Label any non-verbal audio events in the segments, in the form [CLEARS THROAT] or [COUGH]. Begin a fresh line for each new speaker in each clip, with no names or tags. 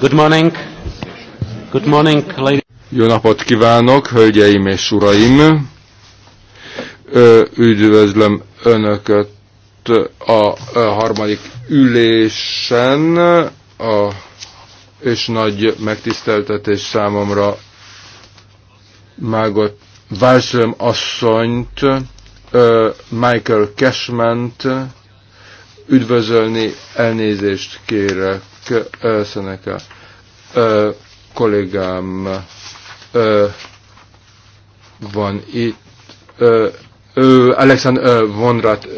Good morning. Good morning, ladies. Jó napot kívánok, hölgyeim és uraim! Üdvözlöm Önöket a harmadik ülésen, a, és nagy megtiszteltetés számomra Mágot Wallström asszonyt, Michael Cashment, üdvözölni, elnézést kérek Szöneke kollégám van itt. Alexander Vonrat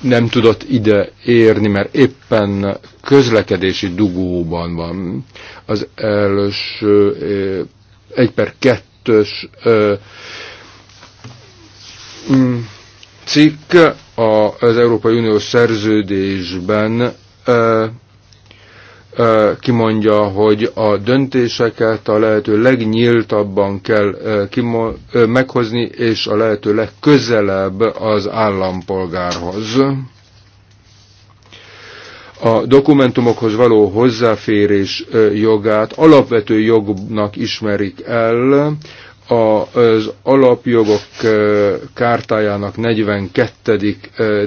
nem tudott ide érni, mert éppen közlekedési dugóban van. Az első egy per kettős mm, cikk az Európai Unió szerződésben kimondja, hogy a döntéseket a lehető legnyíltabban kell meghozni, és a lehető legközelebb az állampolgárhoz. A dokumentumokhoz való hozzáférés jogát alapvető jognak ismerik el, az alapjogok kártájának 42.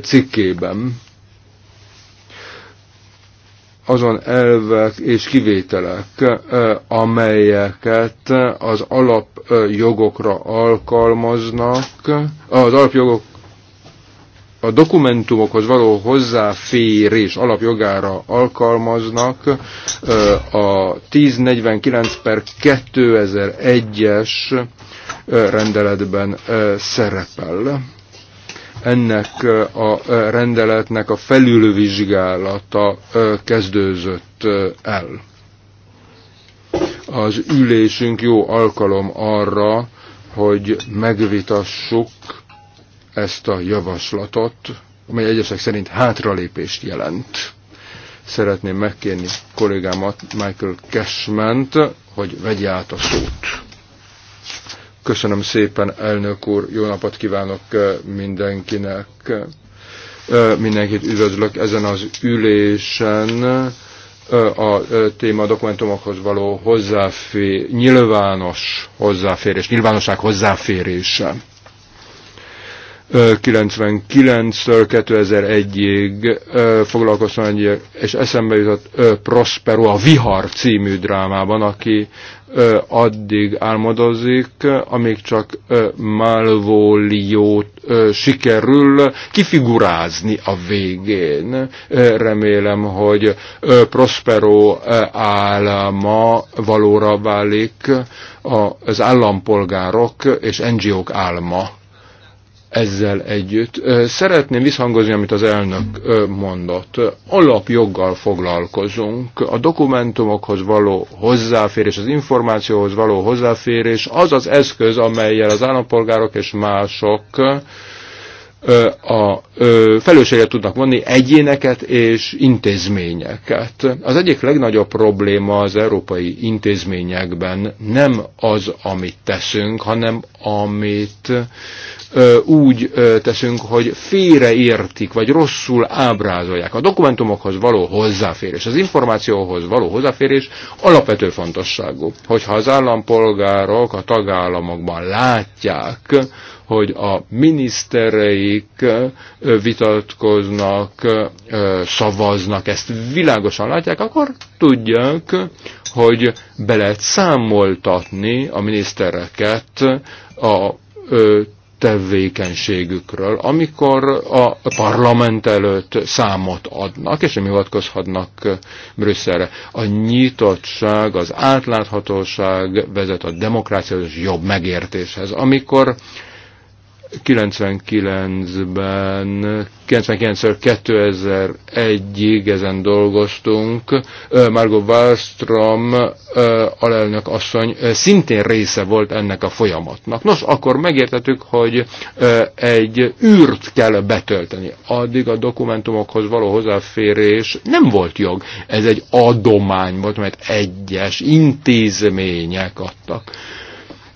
cikkében azon elvek és kivételek, amelyeket az alapjogokra alkalmaznak, az alapjogok a dokumentumokhoz való hozzáférés alapjogára alkalmaznak a 1049 per 2001-es rendeletben szerepel ennek a rendeletnek a felülvizsgálata kezdőzött el. Az ülésünk jó alkalom arra, hogy megvitassuk ezt a javaslatot, amely egyesek szerint hátralépést jelent. Szeretném megkérni kollégámat, Michael Cashment, hogy vegye át a szót. Köszönöm szépen, elnök úr, jó napot kívánok mindenkinek. Mindenkit üdvözlök ezen az ülésen a téma dokumentumokhoz való hozzáfér, nyilvános hozzáférés, nyilvánosság hozzáférése. 99-től 2001-ig foglalkoztam egy, és eszembe jutott Prospero a Vihar című drámában, aki addig álmodozik, amíg csak Malvóliót sikerül kifigurázni a végén. Remélem, hogy Prospero álma valóra válik az állampolgárok és NGO-k álma ezzel együtt. Szeretném visszhangozni, amit az elnök mondott. Alapjoggal foglalkozunk. A dokumentumokhoz való hozzáférés, az információhoz való hozzáférés az az eszköz, amelyel az állampolgárok és mások a felelősséget tudnak vonni egyéneket és intézményeket. Az egyik legnagyobb probléma az európai intézményekben nem az, amit teszünk, hanem amit úgy teszünk, hogy félreértik, vagy rosszul ábrázolják. A dokumentumokhoz való hozzáférés, az információhoz való hozzáférés alapvető fontosságú. Hogyha az állampolgárok a tagállamokban látják, hogy a minisztereik vitatkoznak, szavaznak, ezt világosan látják, akkor tudják, hogy be lehet számoltatni a minisztereket a tevékenységükről, amikor a parlament előtt számot adnak, és nem hivatkozhatnak Brüsszelre. A nyitottság, az átláthatóság vezet a demokráciához és jobb megértéshez. Amikor 99-ben, 99-től 2001-ig ezen dolgoztunk. Margot Wallström alelnök asszony szintén része volt ennek a folyamatnak. Nos, akkor megértettük, hogy egy űrt kell betölteni. Addig a dokumentumokhoz való hozzáférés nem volt jog. Ez egy adomány volt, mert egyes intézmények adtak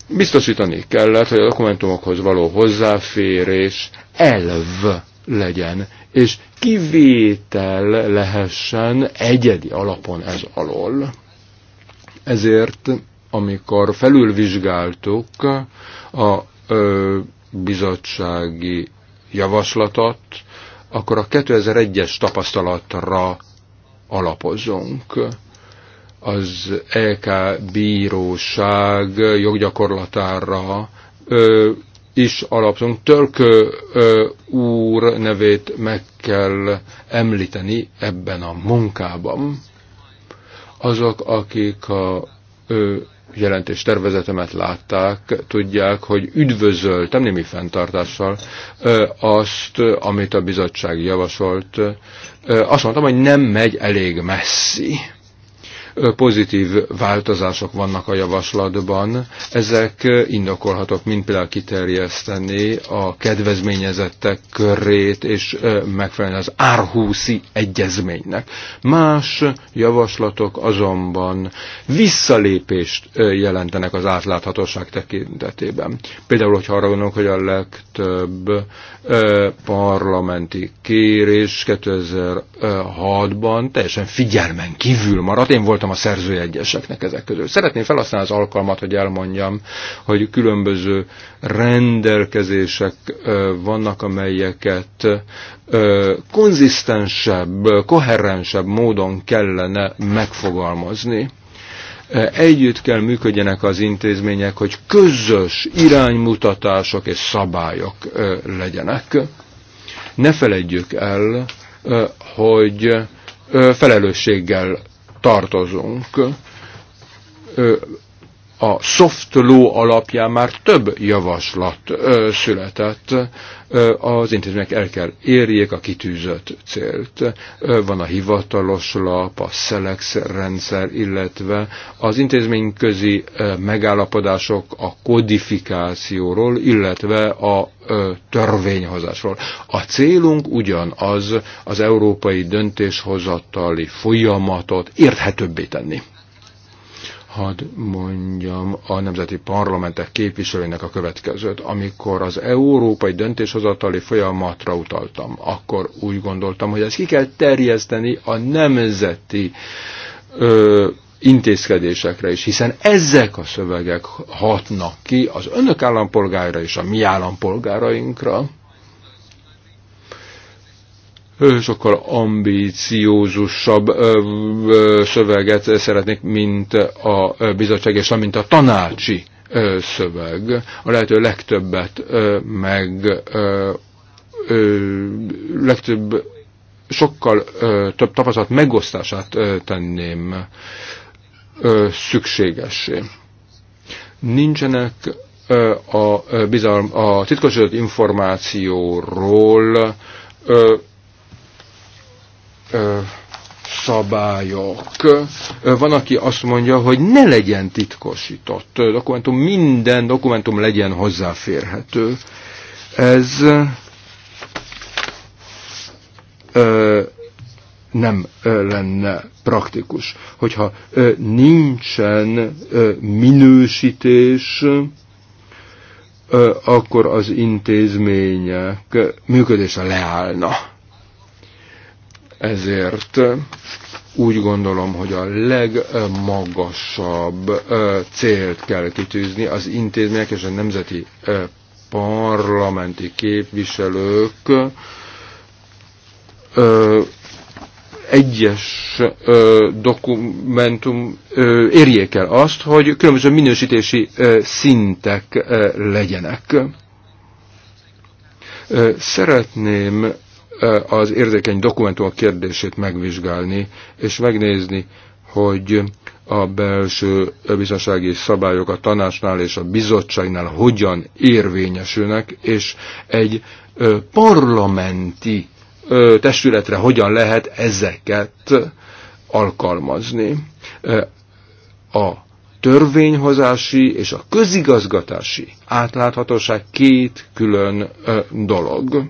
Biztosítani kellett, hogy a dokumentumokhoz való hozzáférés elv legyen, és kivétel lehessen egyedi alapon ez alól. Ezért, amikor felülvizsgáltuk a ö, bizottsági javaslatot, akkor a 2001-es tapasztalatra alapozunk az EK bíróság joggyakorlatára ö, is alapszunk. Törkö ö, úr nevét meg kell említeni ebben a munkában. Azok, akik a ö, jelentés tervezetemet látták, tudják, hogy üdvözöltem némi fenntartással azt, amit a bizottság javasolt. Azt mondtam, hogy nem megy elég messzi Pozitív változások vannak a javaslatban, ezek indokolhatók, mint például kiterjeszteni a kedvezményezettek körét és megfelelni az árhúszi egyezménynek. Más javaslatok azonban visszalépést jelentenek az átláthatóság tekintetében. Például, hogyha arra gondolunk, hogy a legtöbb parlamenti kérés 2006-ban teljesen figyelmen kívül maradt. Én voltam voltam a szerzője egyeseknek ezek közül. Szeretném felhasználni az alkalmat, hogy elmondjam, hogy különböző rendelkezések vannak, amelyeket konzisztensebb, koherensebb módon kellene megfogalmazni együtt kell működjenek az intézmények, hogy közös iránymutatások és szabályok legyenek. Ne feledjük el, hogy felelősséggel tartozunk a soft law alapján már több javaslat ö, született, ö, az intézmények el kell érjék a kitűzött célt. Ö, van a hivatalos lap, a szelex rendszer, illetve az intézményközi ö, megállapodások a kodifikációról, illetve a ö, törvényhozásról. A célunk ugyanaz az európai döntéshozatali folyamatot érthetőbbé tenni hadd mondjam a nemzeti parlamentek képviselőinek a következőt. Amikor az európai döntéshozatali folyamatra utaltam, akkor úgy gondoltam, hogy ezt ki kell terjeszteni a nemzeti ö, intézkedésekre is, hiszen ezek a szövegek hatnak ki az önök állampolgára és a mi állampolgárainkra, sokkal ambíciózusabb szöveget szeretnék, mint a bizottság és mint a tanácsi szöveg. A lehető legtöbbet meg legtöbb sokkal több tapasztalat megosztását tenném szükségessé. Nincsenek a, bizalm, a titkosított információról szabályok. Van, aki azt mondja, hogy ne legyen titkosított dokumentum, minden dokumentum legyen hozzáférhető. Ez ö, nem ö, lenne praktikus. Hogyha ö, nincsen ö, minősítés, ö, akkor az intézmények működése leállna ezért úgy gondolom, hogy a legmagasabb célt kell kitűzni az intézmények és a nemzeti parlamenti képviselők egyes dokumentum érjék el azt, hogy különböző minősítési szintek legyenek. szeretném az érzékeny dokumentumok kérdését megvizsgálni, és megnézni, hogy a belső biztonsági szabályok a tanácsnál és a bizottságnál hogyan érvényesülnek, és egy parlamenti testületre hogyan lehet ezeket alkalmazni. A törvényhozási és a közigazgatási átláthatóság két külön dolog.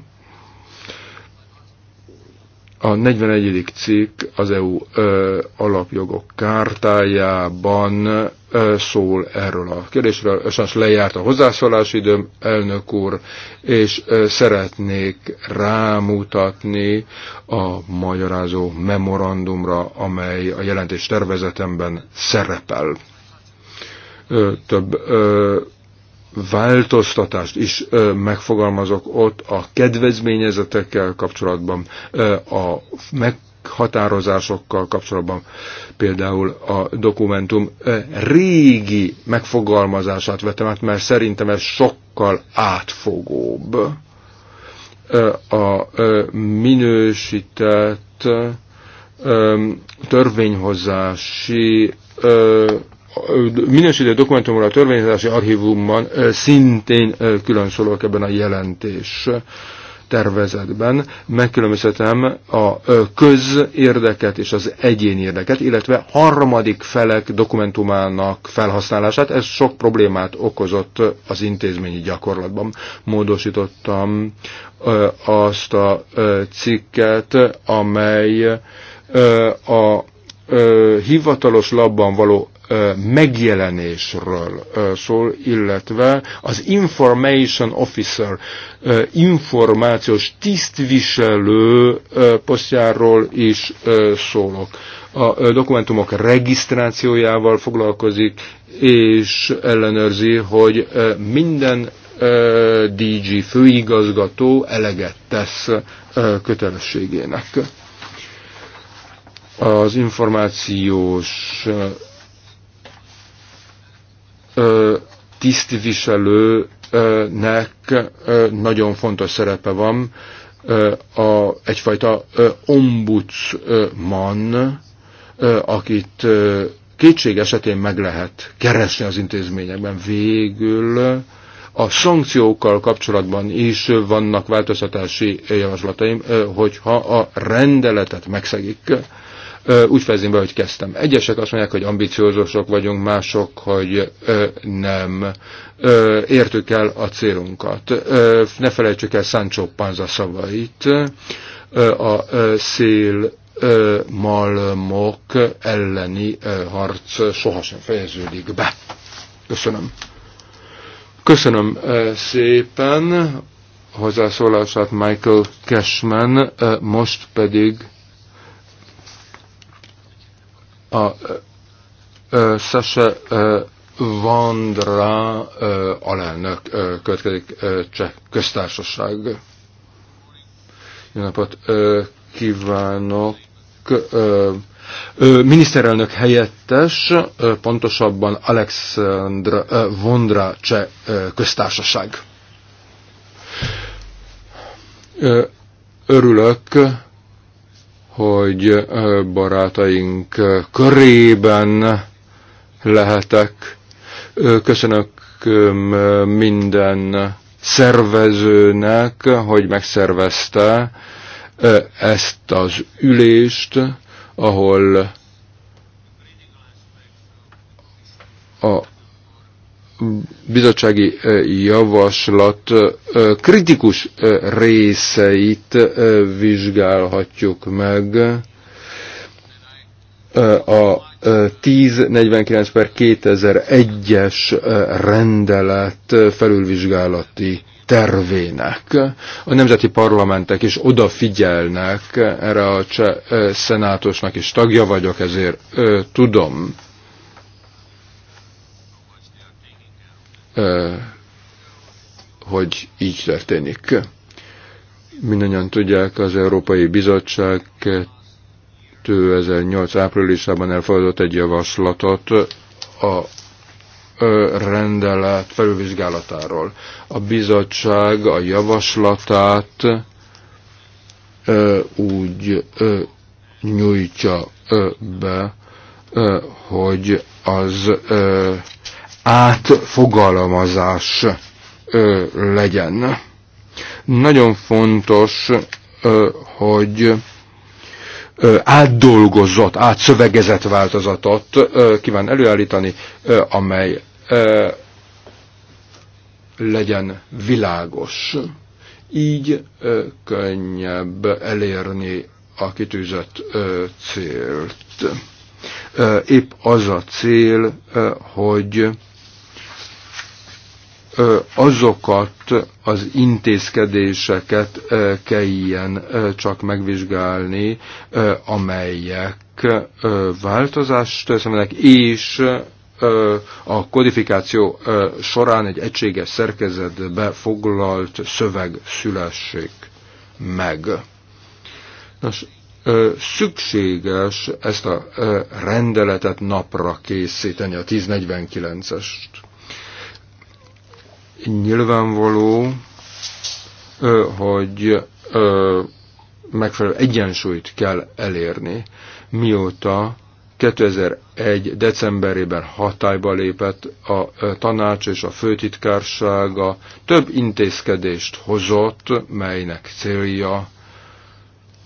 A 41. cikk az EU ö, alapjogok kártájában ö, szól erről a kérdésről. Sajnos lejárt a hozzászólási időm, elnök úr, és ö, szeretnék rámutatni a magyarázó memorandumra, amely a jelentés tervezetemben szerepel. Ö, több ö, változtatást is megfogalmazok ott a kedvezményezetekkel kapcsolatban, a meghatározásokkal kapcsolatban, például a dokumentum régi megfogalmazását vettem át, mert szerintem ez sokkal átfogóbb. A minősített törvényhozási minősítő dokumentumról a törvényhozási archívumban szintén külön szólok ebben a jelentés tervezetben. Megkülönböztetem a közérdeket és az egyén érdeket, illetve harmadik felek dokumentumának felhasználását. Ez sok problémát okozott az intézményi gyakorlatban. Módosítottam azt a cikket, amely a hivatalos labban való megjelenésről szól, illetve az information officer, információs tisztviselő posztjáról is szólok. A dokumentumok regisztrációjával foglalkozik, és ellenőrzi, hogy minden DG főigazgató eleget tesz kötelességének. Az információs tisztviselőnek nagyon fontos szerepe van, a, egyfajta ombudsman, akit kétség esetén meg lehet keresni az intézményekben. Végül a szankciókkal kapcsolatban is vannak változtatási javaslataim, hogyha a rendeletet megszegik úgy fejezem be, hogy kezdtem. Egyesek azt mondják, hogy ambiciózusok vagyunk, mások, hogy nem értük el a célunkat. Ne felejtsük el Sancho Panza szavait, a szél malmok elleni harc sohasem fejeződik be. Köszönöm. Köszönöm szépen hozzászólását Michael Cashman, most pedig a Sasa Vandra alelnök következik Cseh köztársaság. Jó napot kívánok! Miniszterelnök helyettes, pontosabban Alexandr Vondra cseh köztársaság. Örülök, hogy barátaink körében lehetek. Köszönök minden szervezőnek, hogy megszervezte ezt az ülést, ahol a bizottsági javaslat kritikus részeit vizsgálhatjuk meg. A 1049 per 2001-es rendelet felülvizsgálati tervének. A nemzeti parlamentek is odafigyelnek erre a cseh szenátusnak is tagja vagyok, ezért tudom hogy így történik. Mindannyian tudják, az Európai Bizottság 2008 áprilisában elfogadott egy javaslatot a rendelet felülvizsgálatáról. A bizottság a javaslatát úgy nyújtja be, hogy az átfogalmazás ö, legyen. Nagyon fontos, ö, hogy ö, átdolgozott, átszövegezett változatot ö, kíván előállítani, ö, amely ö, legyen világos. Így ö, könnyebb elérni a kitűzött ö, célt. épp az a cél, hogy azokat az intézkedéseket kelljen csak megvizsgálni, amelyek változást szenvednek, és a kodifikáció során egy egységes szerkezetbe foglalt szöveg szülessék meg. Nos, szükséges ezt a rendeletet napra készíteni, a 1049-est Nyilvánvaló, hogy megfelelő egyensúlyt kell elérni, mióta 2001. decemberében hatályba lépett a tanács és a főtitkársága, több intézkedést hozott, melynek célja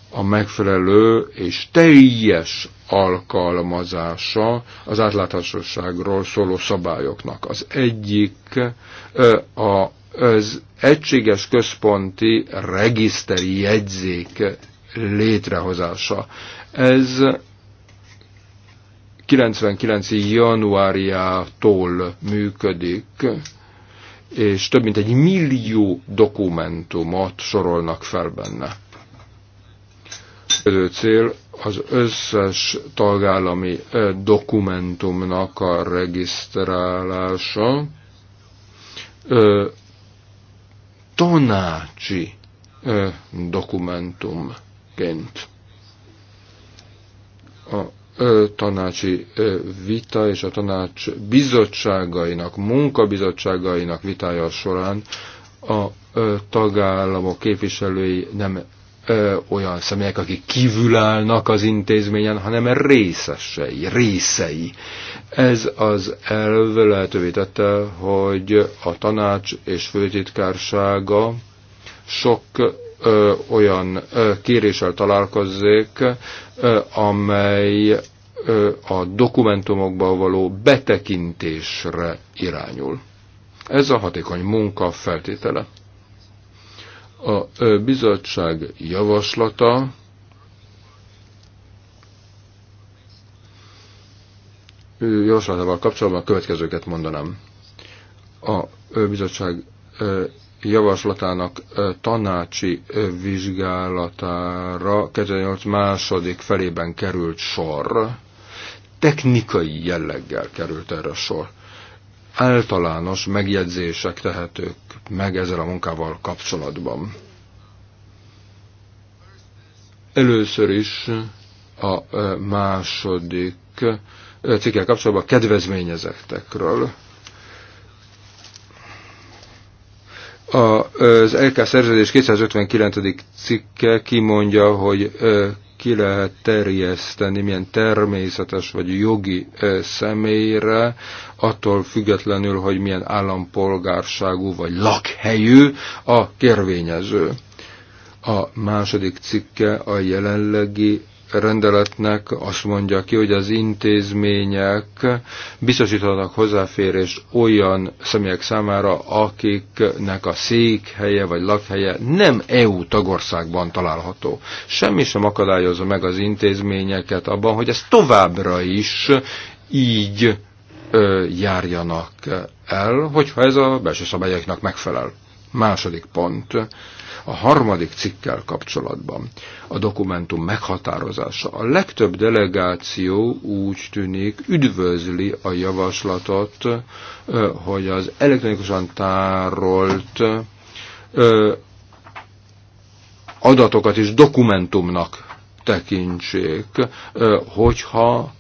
a megfelelő és teljes alkalmazása az átláthatóságról szóló szabályoknak. Az egyik a az egységes központi regiszteri jegyzék létrehozása. Ez 99. januárjától működik, és több mint egy millió dokumentumot sorolnak fel benne. A cél az összes tagállami dokumentumnak a regisztrálása tanácsi dokumentumként. A tanácsi vita és a tanács bizottságainak, munkabizottságainak vitája során a tagállamok képviselői nem ö, olyan személyek, akik kívülállnak az intézményen, hanem részesei, részei. Ez az elv lehetővé tette, hogy a tanács és főtitkársága sok ö, olyan ö, kéréssel találkozzék, ö, amely ö, a dokumentumokba való betekintésre irányul. Ez a hatékony munka feltétele. A bizottság javaslata javaslatával kapcsolatban a következőket mondanám. A bizottság javaslatának tanácsi vizsgálatára 2008 második felében került sor, technikai jelleggel került erre sor általános megjegyzések tehetők meg ezzel a munkával kapcsolatban. Először is a e, második e, cikkel kapcsolatban kedvezményezettekről. E, az LK szerződés 259. cikke kimondja, hogy ki lehet terjeszteni, milyen természetes vagy jogi személyre, attól függetlenül, hogy milyen állampolgárságú vagy lakhelyű a kérvényező. A második cikke a jelenlegi rendeletnek azt mondja ki, hogy az intézmények biztosítanak hozzáférést olyan személyek számára, akiknek a székhelye vagy lakhelye nem EU tagországban található. Semmi sem akadályozza meg az intézményeket abban, hogy ezt továbbra is így ö, járjanak el, hogyha ez a belső szabályoknak megfelel. Második pont a harmadik cikkel kapcsolatban a dokumentum meghatározása. A legtöbb delegáció úgy tűnik üdvözli a javaslatot, hogy az elektronikusan tárolt adatokat is dokumentumnak tekintsék, hogyha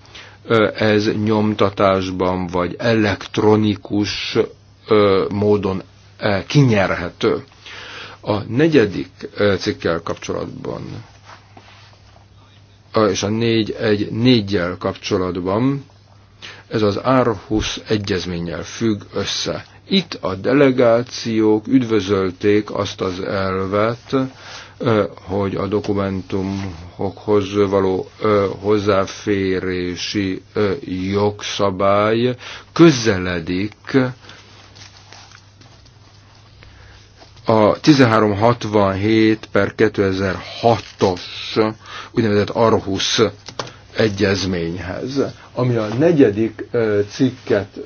ez nyomtatásban vagy elektronikus módon kinyerhető. A negyedik cikkel kapcsolatban, és a négy egy négyel kapcsolatban, ez az Árhusz egyezménnyel függ össze. Itt a delegációk üdvözölték azt az elvet, hogy a dokumentumokhoz való hozzáférési jogszabály közeledik a 1367 per 2006-os úgynevezett Arhus egyezményhez, ami a negyedik cikket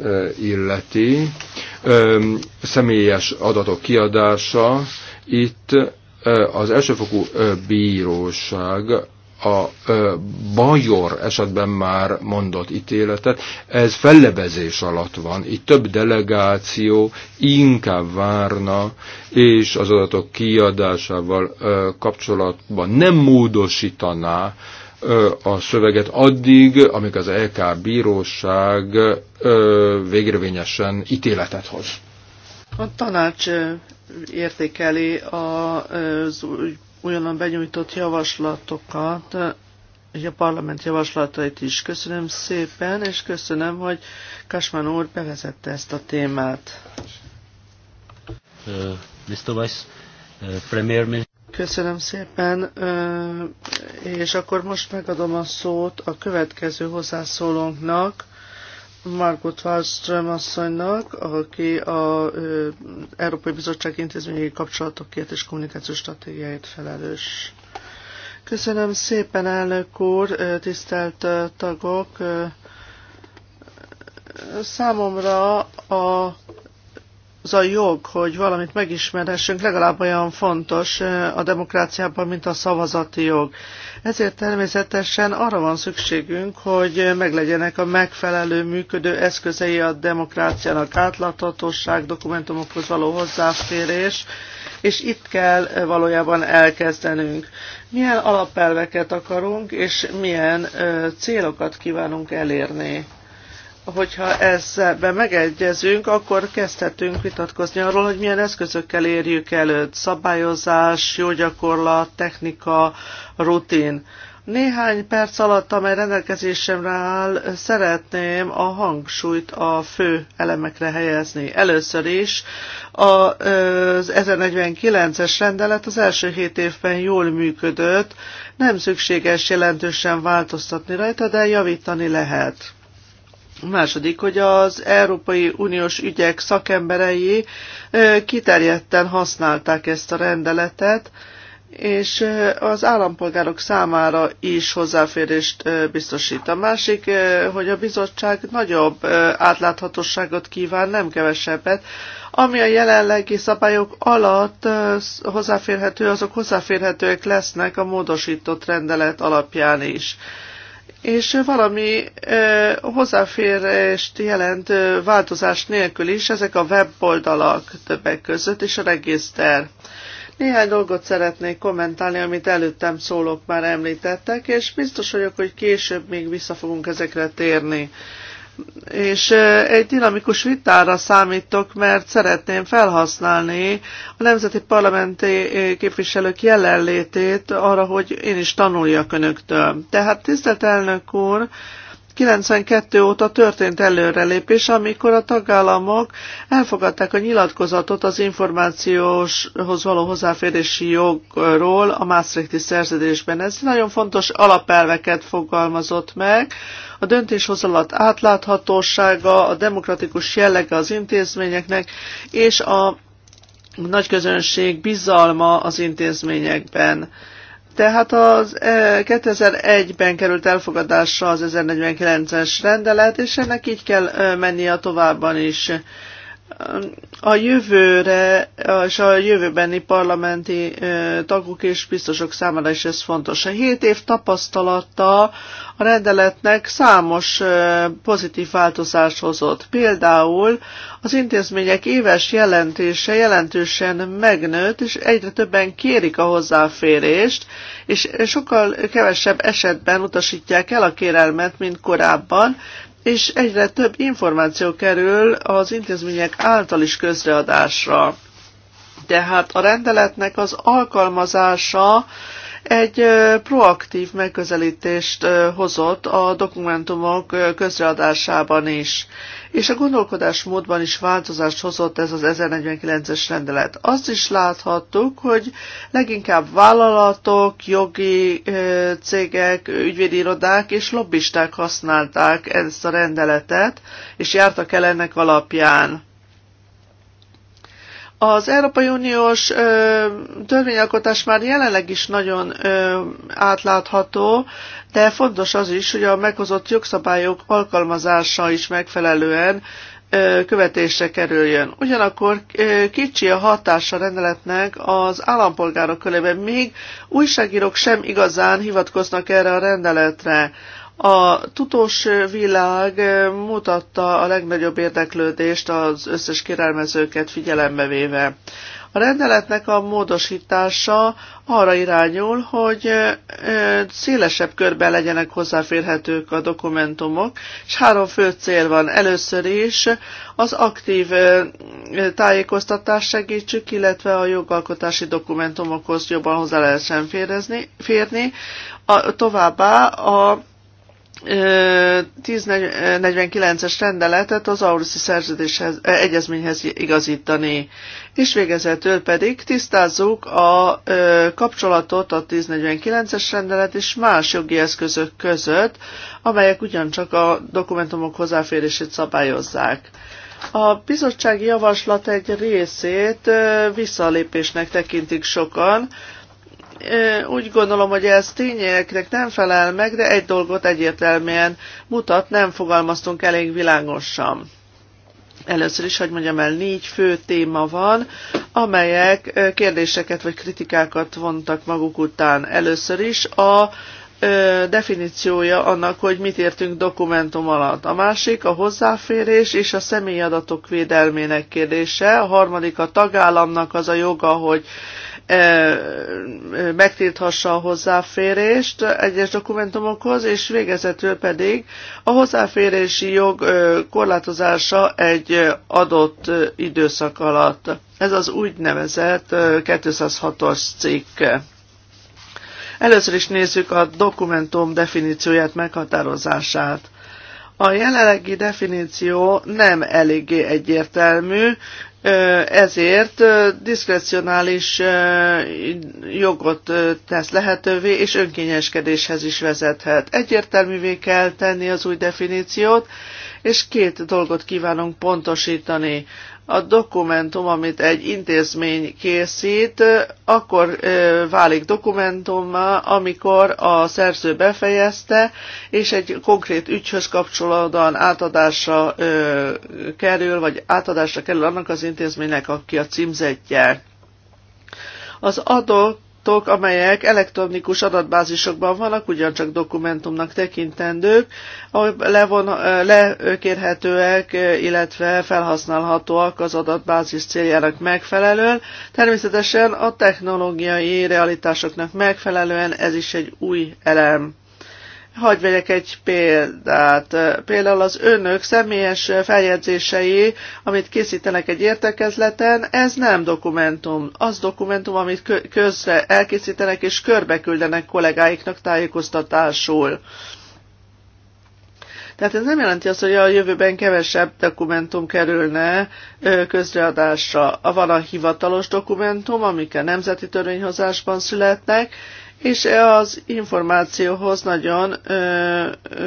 illeti, személyes adatok kiadása, itt az elsőfokú bíróság a Bajor esetben már mondott ítéletet, ez fellebezés alatt van. Itt több delegáció inkább várna, és az adatok kiadásával kapcsolatban nem módosítaná a szöveget addig, amíg az LK bíróság végrevényesen ítéletet hoz.
A tanács értékeli az újonnan benyújtott javaslatokat, és a parlament javaslatait is. Köszönöm szépen, és köszönöm, hogy Kasman úr bevezette ezt a témát.
Uh, Mr. Vice, uh, Premier
Köszönöm szépen, uh, és akkor most megadom a szót a következő hozzászólónknak, Margot Wallström asszonynak, aki a Európai Bizottság intézményi kapcsolatokért és kommunikációs stratégiáért felelős. Köszönöm szépen, elnök úr, tisztelt tagok! Számomra a az a jog, hogy valamit megismerhessünk, legalább olyan fontos a demokráciában, mint a szavazati jog. Ezért természetesen arra van szükségünk, hogy meglegyenek a megfelelő működő eszközei a demokráciának átláthatóság, dokumentumokhoz való hozzáférés, és itt kell valójában elkezdenünk. Milyen alapelveket akarunk, és milyen célokat kívánunk elérni hogyha ezzel megegyezünk, akkor kezdhetünk vitatkozni arról, hogy milyen eszközökkel érjük előtt. Szabályozás, jó gyakorlat, technika, rutin. Néhány perc alatt, amely rendelkezésemre áll, szeretném a hangsúlyt a fő elemekre helyezni. Először is az 1049-es rendelet az első hét évben jól működött, nem szükséges jelentősen változtatni rajta, de javítani lehet. Második, hogy az Európai Uniós ügyek szakemberei kiterjedten használták ezt a rendeletet, és az állampolgárok számára is hozzáférést biztosít. A másik, hogy a bizottság nagyobb átláthatóságot kíván, nem kevesebbet, ami a jelenlegi szabályok alatt hozzáférhető, azok hozzáférhetőek lesznek a módosított rendelet alapján is és valami ö, hozzáférést jelent ö, változás nélkül is ezek a weboldalak többek között és a regiszter. Néhány dolgot szeretnék kommentálni, amit előttem szólok már említettek, és biztos vagyok, hogy később még vissza fogunk ezekre térni és egy dinamikus vitára számítok, mert szeretném felhasználni a nemzeti parlamenti képviselők jelenlétét arra, hogy én is tanuljak önöktől. Tehát tisztelt elnök úr, 92 óta történt előrelépés, amikor a tagállamok elfogadták a nyilatkozatot az információshoz való hozzáférési jogról a Maastrichti szerződésben. Ez nagyon fontos alapelveket fogalmazott meg, a döntéshozalat átláthatósága, a demokratikus jellege az intézményeknek, és a nagy közönség bizalma az intézményekben. Tehát az 2001-ben e, került elfogadásra az 1049-es rendelet, és ennek így kell e, mennie a továbban is a jövőre és a jövőbeni parlamenti tagok és biztosok számára is ez fontos. A 7 év tapasztalata a rendeletnek számos pozitív változást hozott. Például az intézmények éves jelentése jelentősen megnőtt, és egyre többen kérik a hozzáférést, és sokkal kevesebb esetben utasítják el a kérelmet, mint korábban, és egyre több információ kerül az intézmények által is közreadásra. Tehát a rendeletnek az alkalmazása egy proaktív megközelítést hozott a dokumentumok közreadásában is és a gondolkodásmódban is változást hozott ez az 1049-es rendelet. Azt is láthattuk, hogy leginkább vállalatok, jogi cégek, ügyvédi irodák és lobbisták használták ezt a rendeletet, és jártak el ennek alapján. Az Európai Uniós ö, törvényalkotás már jelenleg is nagyon ö, átlátható, de fontos az is, hogy a meghozott jogszabályok alkalmazása is megfelelően ö, követésre kerüljön. Ugyanakkor ö, kicsi a hatása rendeletnek az állampolgárok körében, még újságírók sem igazán hivatkoznak erre a rendeletre. A tutós világ mutatta a legnagyobb érdeklődést az összes kérelmezőket figyelembe véve. A rendeletnek a módosítása arra irányul, hogy szélesebb körben legyenek hozzáférhetők a dokumentumok, és három fő cél van. Először is az aktív tájékoztatás segítsük, illetve a jogalkotási dokumentumokhoz jobban hozzá lehessen férni, a, továbbá a 1049-es rendeletet az Auruszi szerződéshez, egyezményhez igazítani. És végezetül pedig tisztázzuk a kapcsolatot a 1049-es rendelet és más jogi eszközök között, amelyek ugyancsak a dokumentumok hozzáférését szabályozzák. A bizottsági javaslat egy részét visszalépésnek tekintik sokan, úgy gondolom, hogy ez tényeknek nem felel meg, de egy dolgot egyértelműen mutat, nem fogalmaztunk elég világosan. Először is, hogy mondjam el, négy fő téma van, amelyek kérdéseket vagy kritikákat vontak maguk után. Először is a definíciója annak, hogy mit értünk dokumentum alatt. A másik a hozzáférés és a személyi adatok védelmének kérdése. A harmadik a tagállamnak az a joga, hogy megtilthassa a hozzáférést egyes dokumentumokhoz, és végezetül pedig a hozzáférési jog korlátozása egy adott időszak alatt. Ez az úgynevezett 206-os cikk. Először is nézzük a dokumentum definícióját, meghatározását. A jelenlegi definíció nem eléggé egyértelmű, ezért diszkrecionális jogot tesz lehetővé, és önkényeskedéshez is vezethet. Egyértelművé kell tenni az új definíciót, és két dolgot kívánunk pontosítani a dokumentum, amit egy intézmény készít, akkor válik dokumentummá, amikor a szerző befejezte, és egy konkrét ügyhöz kapcsolódóan átadásra kerül, vagy átadásra kerül annak az intézménynek, aki a címzetje. Az adott adatok, amelyek elektronikus adatbázisokban vannak, ugyancsak dokumentumnak tekintendők, ahol levon, lekérhetőek, illetve felhasználhatóak az adatbázis céljának megfelelően. Természetesen a technológiai realitásoknak megfelelően ez is egy új elem. Hagy vegyek egy példát. Például az önök személyes feljegyzései, amit készítenek egy értekezleten, ez nem dokumentum. Az dokumentum, amit közre elkészítenek és körbeküldenek kollégáiknak tájékoztatásul. Tehát ez nem jelenti azt, hogy a jövőben kevesebb dokumentum kerülne közreadásra. Van a hivatalos dokumentum, amik a nemzeti törvényhozásban születnek, és e az információhoz nagyon ö,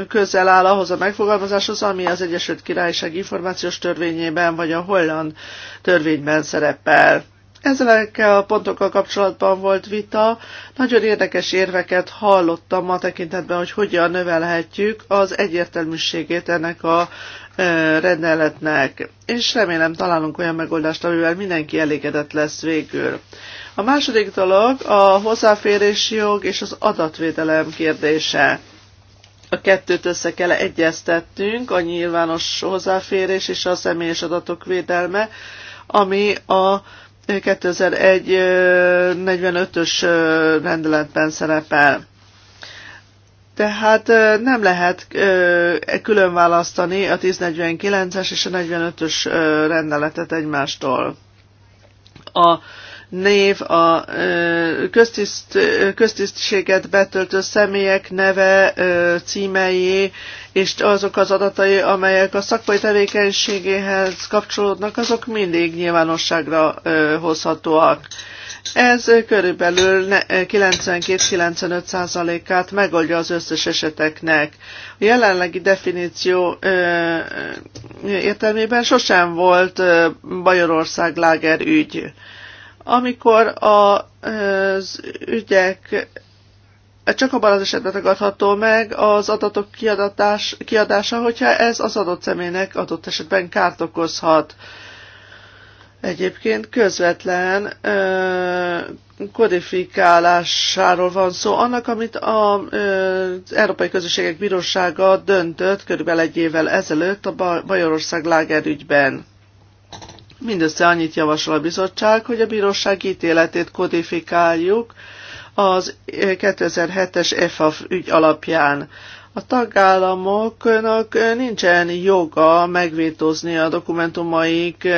közel áll ahhoz a megfogalmazáshoz, ami az Egyesült Királyság információs törvényében vagy a holland törvényben szerepel. Ezekkel a pontokkal kapcsolatban volt vita, nagyon érdekes érveket hallottam ma tekintetben, hogy hogyan növelhetjük az egyértelműségét ennek a rendeletnek, és remélem találunk olyan megoldást, amivel mindenki elégedett lesz végül. A második dolog a hozzáférési jog és az adatvédelem kérdése. A kettőt össze kell egyeztetnünk, a nyilvános hozzáférés és a személyes adatok védelme, ami a 2001-45-ös rendeletben szerepel. Tehát nem lehet külön választani a 1049-es és a 45-ös rendeletet egymástól. A név, a köztiszt, köztisztséget betöltő személyek neve, címei, és azok az adatai, amelyek a szakmai tevékenységéhez kapcsolódnak, azok mindig nyilvánosságra hozhatóak. Ez körülbelül 92-95%-át megoldja az összes eseteknek. A jelenlegi definíció ö, értelmében sosem volt Bajorország láger ügy amikor a, az ügyek csak abban az esetben tagadható meg az adatok kiadatás, kiadása, hogyha ez az adott személynek adott esetben kárt okozhat. Egyébként közvetlen ö, kodifikálásáról van szó, annak, amit a, ö, az Európai Közösségek Bírósága döntött körülbelül egy évvel ezelőtt a Bajorország lágerügyben. Mindössze annyit javasol a bizottság, hogy a bíróság ítéletét kodifikáljuk az 2007-es EFAF ügy alapján. A tagállamoknak nincsen joga megvétózni a dokumentumaik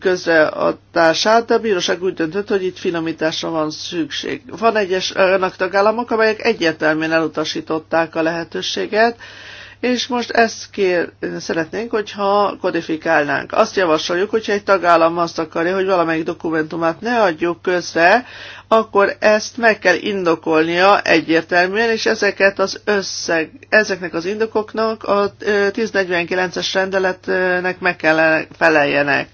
közreadását, de a bíróság úgy döntött, hogy itt finomításra van szükség. Van egyes önök tagállamok, amelyek egyértelműen elutasították a lehetőséget, és most ezt kér, szeretnénk, hogyha kodifikálnánk. Azt javasoljuk, hogyha egy tagállam azt akarja, hogy valamelyik dokumentumát ne adjuk közre, akkor ezt meg kell indokolnia egyértelműen, és ezeket az összeg, ezeknek az indokoknak a 1049-es rendeletnek meg kell feleljenek.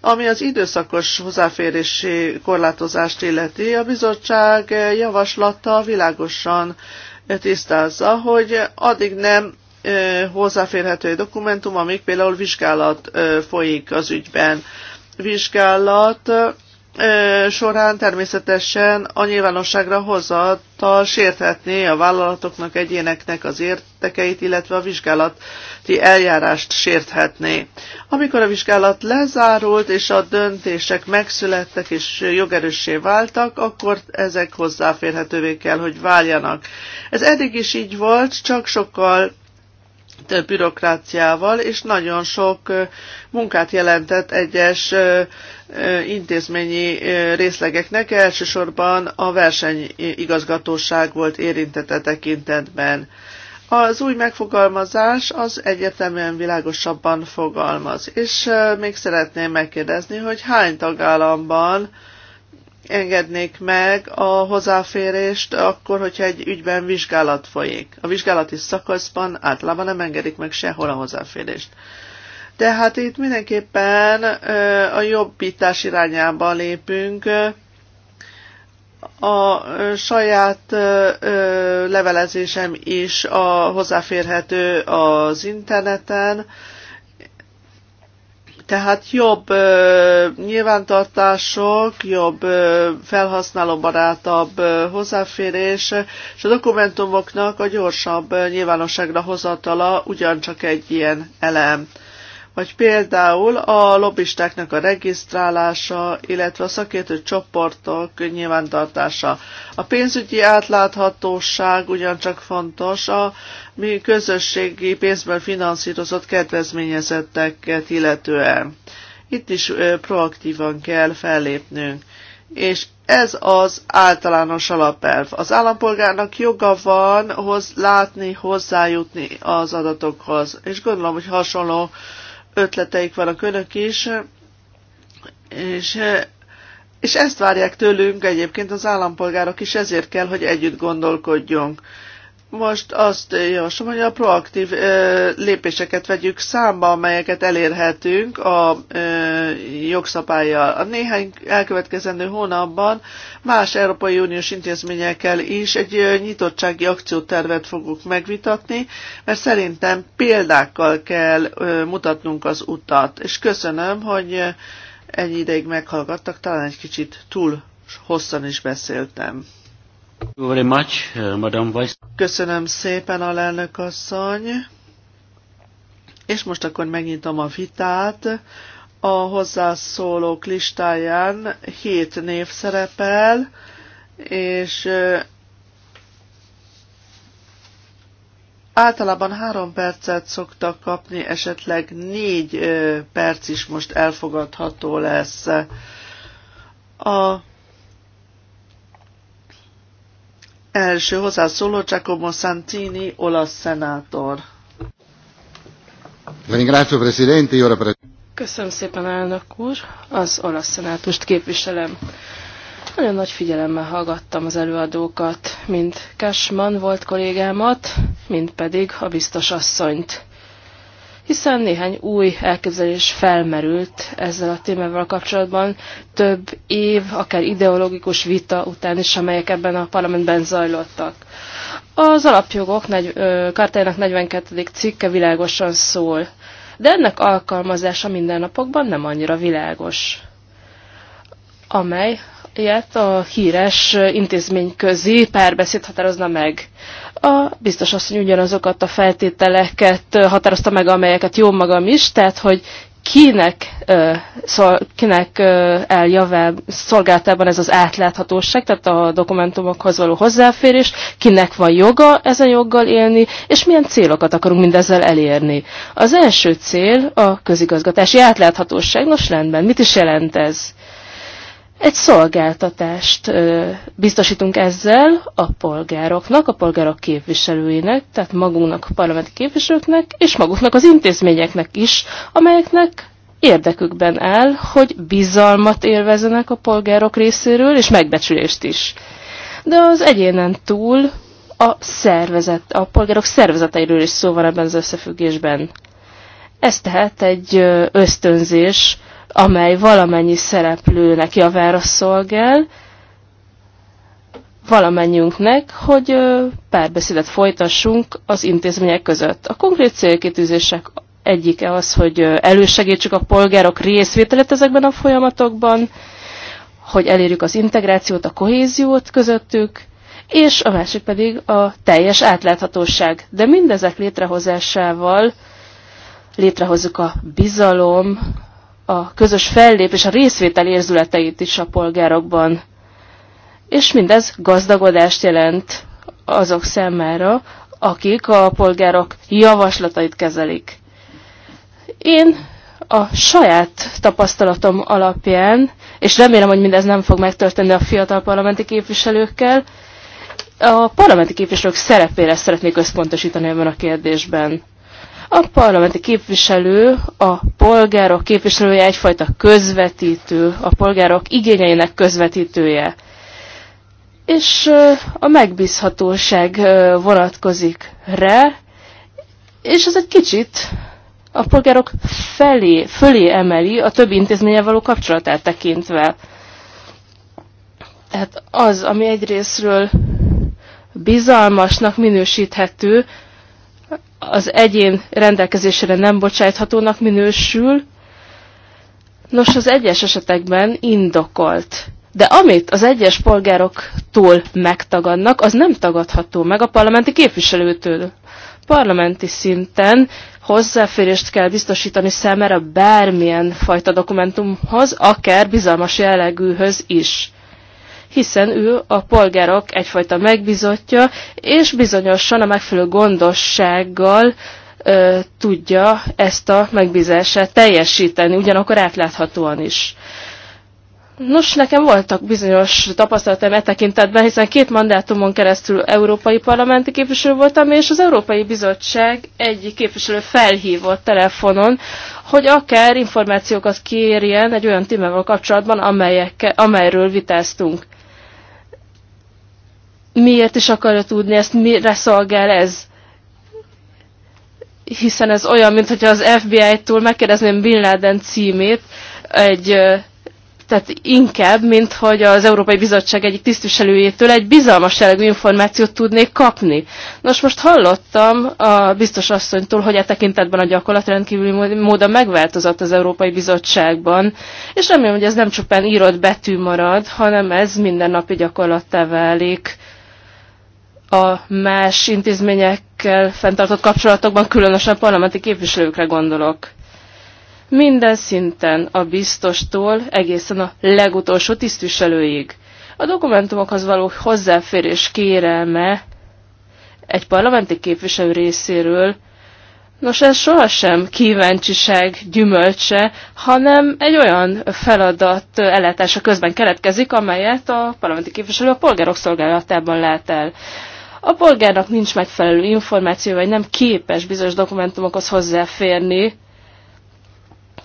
Ami az időszakos hozzáférési korlátozást illeti, a bizottság javaslata világosan tisztázza, hogy addig nem hozzáférhető dokumentum, amik például vizsgálat folyik az ügyben. Vizsgálat során természetesen a nyilvánosságra hozattal sérthetné a vállalatoknak, egyéneknek az értekeit, illetve a vizsgálati eljárást sérthetné. Amikor a vizsgálat lezárult és a döntések megszülettek és jogerőssé váltak, akkor ezek hozzáférhetővé kell, hogy váljanak. Ez eddig is így volt, csak sokkal bürokráciával, és nagyon sok munkát jelentett egyes intézményi részlegeknek, elsősorban a versenyigazgatóság volt érintette tekintetben. Az új megfogalmazás az egyetemen világosabban fogalmaz, és még szeretném megkérdezni, hogy hány tagállamban engednék meg a hozzáférést akkor, hogyha egy ügyben vizsgálat folyik. A vizsgálati szakaszban általában nem engedik meg sehol a hozzáférést. De hát itt mindenképpen a jobbítás irányába lépünk. A saját levelezésem is a hozzáférhető az interneten, tehát jobb ö, nyilvántartások, jobb ö, felhasználóbarátabb ö, hozzáférés, és a dokumentumoknak a gyorsabb ö, nyilvánosságra hozatala ugyancsak egy ilyen elem vagy például a lobbistáknak a regisztrálása, illetve a szakértő csoportok nyilvántartása. A pénzügyi átláthatóság ugyancsak fontos a mi közösségi pénzből finanszírozott kedvezményezetteket illetően. Itt is proaktívan kell fellépnünk. És ez az általános alapelv. Az állampolgárnak joga van hoz látni, hozzájutni az adatokhoz. És gondolom, hogy hasonló uh, ötleteik vannak önök is, és, és ezt várják tőlünk egyébként az állampolgárok is, ezért kell, hogy együtt gondolkodjunk. Most azt javaslom, hogy a proaktív ö, lépéseket vegyük számba, amelyeket elérhetünk a ö, jogszabályjal. A néhány elkövetkezendő hónapban más Európai Uniós intézményekkel is egy ö, nyitottsági akciótervet fogunk megvitatni, mert szerintem példákkal kell ö, mutatnunk az utat. És köszönöm, hogy ennyi ideig meghallgattak, talán egy kicsit túl hosszan is beszéltem. Very much, uh, Vice. Köszönöm szépen, alelnök asszony. És most akkor megnyitom a vitát. A hozzászólók listáján hét név szerepel, és Általában három percet szoktak kapni, esetleg négy perc is most elfogadható lesz. A Első hozzászóló Giacomo Santini, olasz szenátor. Köszönöm
szépen, elnök úr. Az olasz szenátust képviselem. Nagyon nagy figyelemmel hallgattam az előadókat, mint Cashman volt kollégámat, mint pedig a biztos asszonyt hiszen néhány új elképzelés felmerült ezzel a témával kapcsolatban több év, akár ideológikus vita után is, amelyek ebben a parlamentben zajlottak. Az alapjogok negy, ö, kartájának 42. cikke világosan szól, de ennek alkalmazása mindennapokban nem annyira világos amely ilyet a híres intézményközi párbeszéd határozna meg. A biztos asszony ugyanazokat a feltételeket határozta meg, amelyeket jó magam is, tehát hogy kinek, szol, kinek eljavá, szolgáltában ez az átláthatóság, tehát a dokumentumokhoz való hozzáférés, kinek van joga ezen joggal élni, és milyen célokat akarunk mindezzel elérni. Az első cél a közigazgatási átláthatóság. Nos, rendben, mit is jelent ez? Egy szolgáltatást biztosítunk ezzel a polgároknak, a polgárok képviselőinek, tehát magunknak, a parlamenti képviselőknek, és maguknak az intézményeknek is, amelyeknek érdekükben áll, hogy bizalmat élvezenek a polgárok részéről, és megbecsülést is. De az egyénen túl a szervezet, a polgárok szervezeteiről is szó van ebben az összefüggésben. Ez tehát egy ösztönzés amely valamennyi szereplőnek javára szolgál, valamennyünknek, hogy párbeszédet folytassunk az intézmények között. A konkrét célkitűzések egyike az, hogy elősegítsük a polgárok részvételét ezekben a folyamatokban, hogy elérjük az integrációt, a kohéziót közöttük, és a másik pedig a teljes átláthatóság. De mindezek létrehozásával létrehozzuk a bizalom a közös fellépés, a részvétel érzületeit is a polgárokban. És mindez gazdagodást jelent azok számára, akik a polgárok javaslatait kezelik. Én a saját tapasztalatom alapján, és remélem, hogy mindez nem fog megtörténni a fiatal parlamenti képviselőkkel, a parlamenti képviselők szerepére szeretnék összpontosítani ebben a kérdésben. A parlamenti képviselő, a polgárok képviselője egyfajta közvetítő, a polgárok igényeinek közvetítője. És a megbízhatóság vonatkozik rá, és ez egy kicsit a polgárok felé, fölé emeli a többi intézménye való kapcsolatát tekintve. Tehát az, ami egyrésztről bizalmasnak minősíthető, az egyén rendelkezésére nem bocsájthatónak minősül. Nos, az egyes esetekben indokolt. De amit az egyes polgároktól megtagadnak, az nem tagadható meg a parlamenti képviselőtől. Parlamenti szinten hozzáférést kell biztosítani számára bármilyen fajta dokumentumhoz, akár bizalmas jellegűhöz is hiszen ő a polgárok egyfajta megbizotja, és bizonyosan a megfelelő gondossággal ö, tudja ezt a megbízását teljesíteni, ugyanakkor átláthatóan is. Nos, nekem voltak bizonyos tapasztalatom e tekintetben, hiszen két mandátumon keresztül európai parlamenti képviselő voltam, és az Európai Bizottság egyik képviselő felhívott telefonon, hogy akár információkat kérjen egy olyan témával kapcsolatban, amelyek, amelyről vitáztunk miért is akarja tudni ezt, mire szolgál ez? Hiszen ez olyan, mint az FBI-tól megkérdezném Bin Laden címét, egy, tehát inkább, mint hogy az Európai Bizottság egyik tisztviselőjétől egy bizalmas jellegű információt tudnék kapni. Nos, most hallottam a biztos asszonytól, hogy e tekintetben a gyakorlat rendkívüli módon megváltozott az Európai Bizottságban, és remélem, hogy ez nem csupán írott betű marad, hanem ez mindennapi gyakorlattá válik a más intézményekkel fenntartott kapcsolatokban, különösen parlamenti képviselőkre gondolok. Minden szinten a biztostól egészen a legutolsó tisztviselőig. A dokumentumokhoz való hozzáférés kérelme egy parlamenti képviselő részéről Nos, ez sohasem kíváncsiság gyümölcse, hanem egy olyan feladat ellátása közben keletkezik, amelyet a parlamenti képviselő a polgárok szolgálatában lát el. A polgárnak nincs megfelelő információ, vagy nem képes bizonyos dokumentumokhoz hozzáférni,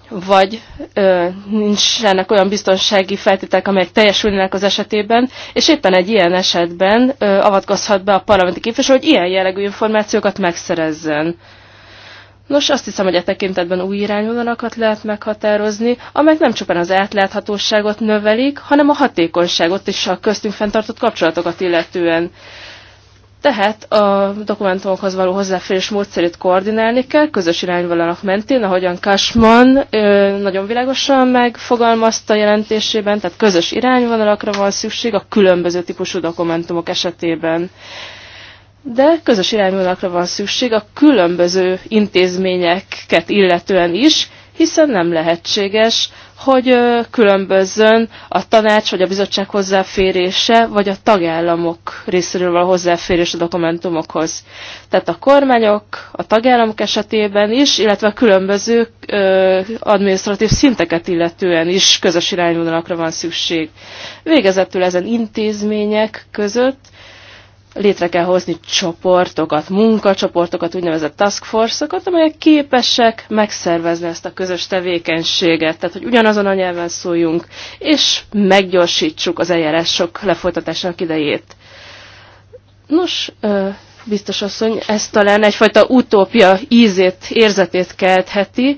vagy ö, nincsenek olyan biztonsági feltételek, amelyek teljesülnek az esetében, és éppen egy ilyen esetben ö, avatkozhat be a parlamenti képviselő, hogy ilyen jellegű információkat megszerezzen. Nos, azt hiszem, hogy a e tekintetben új irányvonalakat lehet meghatározni, amelyek nem csupán az átláthatóságot növelik, hanem a hatékonyságot és a köztünk fenntartott kapcsolatokat illetően. Tehát a dokumentumokhoz való hozzáférés módszerét koordinálni kell, közös irányvonalak mentén, ahogyan Kasman nagyon világosan megfogalmazta jelentésében, tehát közös irányvonalakra van szükség a különböző típusú dokumentumok esetében. De közös irányvonalakra van szükség a különböző intézményeket illetően is, hiszen nem lehetséges, hogy különbözzön a tanács vagy a bizottság hozzáférése, vagy a tagállamok részéről való hozzáférés a dokumentumokhoz. Tehát a kormányok a tagállamok esetében is, illetve a különböző ö, administratív szinteket illetően is közös irányvonalakra van szükség. Végezetül ezen intézmények között létre kell hozni csoportokat, munkacsoportokat, úgynevezett task force-okat, amelyek képesek megszervezni ezt a közös tevékenységet, tehát hogy ugyanazon a nyelven szóljunk, és meggyorsítsuk az eljárások lefolytatásának idejét. Nos, biztos asszony, ez talán egyfajta utópia ízét, érzetét keltheti,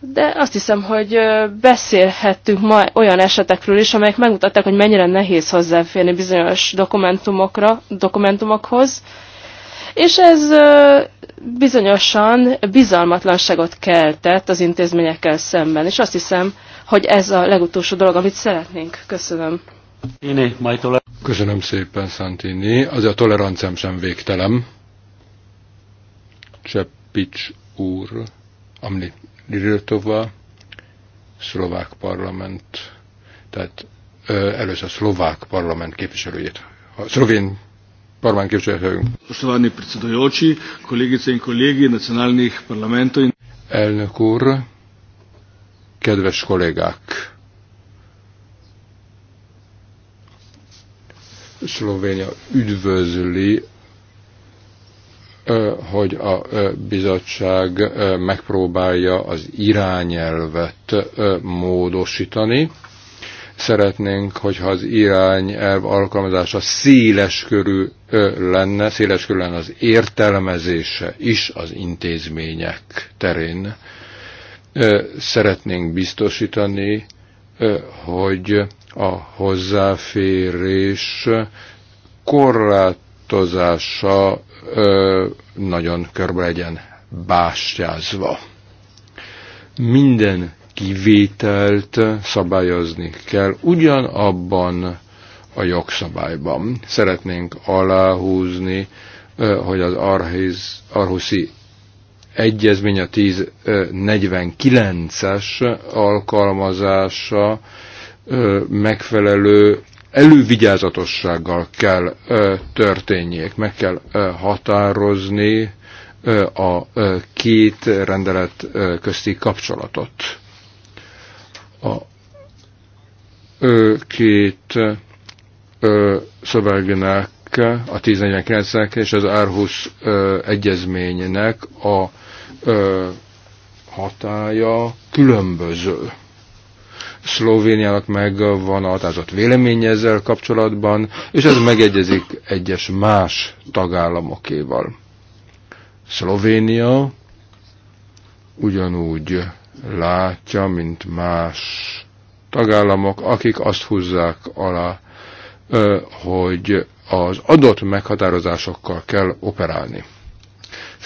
de azt hiszem, hogy beszélhettünk ma olyan esetekről is, amelyek megmutatták, hogy mennyire nehéz hozzáférni bizonyos dokumentumokra, dokumentumokhoz, és ez bizonyosan bizalmatlanságot keltett az intézményekkel szemben, és azt hiszem, hogy ez a legutolsó dolog, amit szeretnénk. Köszönöm.
Iné, majd Köszönöm szépen, Santini. Az a toleranciám sem végtelem. Cseppics úr. amni Liriltova, szlovák parlament, tehát először a szlovák parlament képviselőjét, a szlovén parlament képviselőjét. Poštovani predsedujoči, kollégice és kollégi, nacionálnych parlamentov. Elnök úr, kedves kollégák! Szlovénia üdvözli hogy a bizottság megpróbálja az irányelvet módosítani. Szeretnénk, hogyha az irányelv alkalmazása széles körű lenne, széles körül lenne az értelmezése is az intézmények terén. Szeretnénk biztosítani, hogy a hozzáférés korlát tartozása nagyon körbe legyen bástyázva. Minden kivételt szabályozni kell ugyanabban a jogszabályban. Szeretnénk aláhúzni, hogy az Arhiz, Arhuszi egyezmény a 1049-es alkalmazása megfelelő elővigyázatossággal kell történjék, meg kell határozni a két rendelet közti kapcsolatot. A két szövegnek, a 1049-nek és az ÁRHUS egyezménynek a hatája különböző. Szlovéniának meg van határozott véleménye ezzel kapcsolatban, és ez megegyezik egyes más tagállamokéval. Szlovénia ugyanúgy látja, mint más tagállamok, akik azt húzzák alá, hogy az adott meghatározásokkal kell operálni.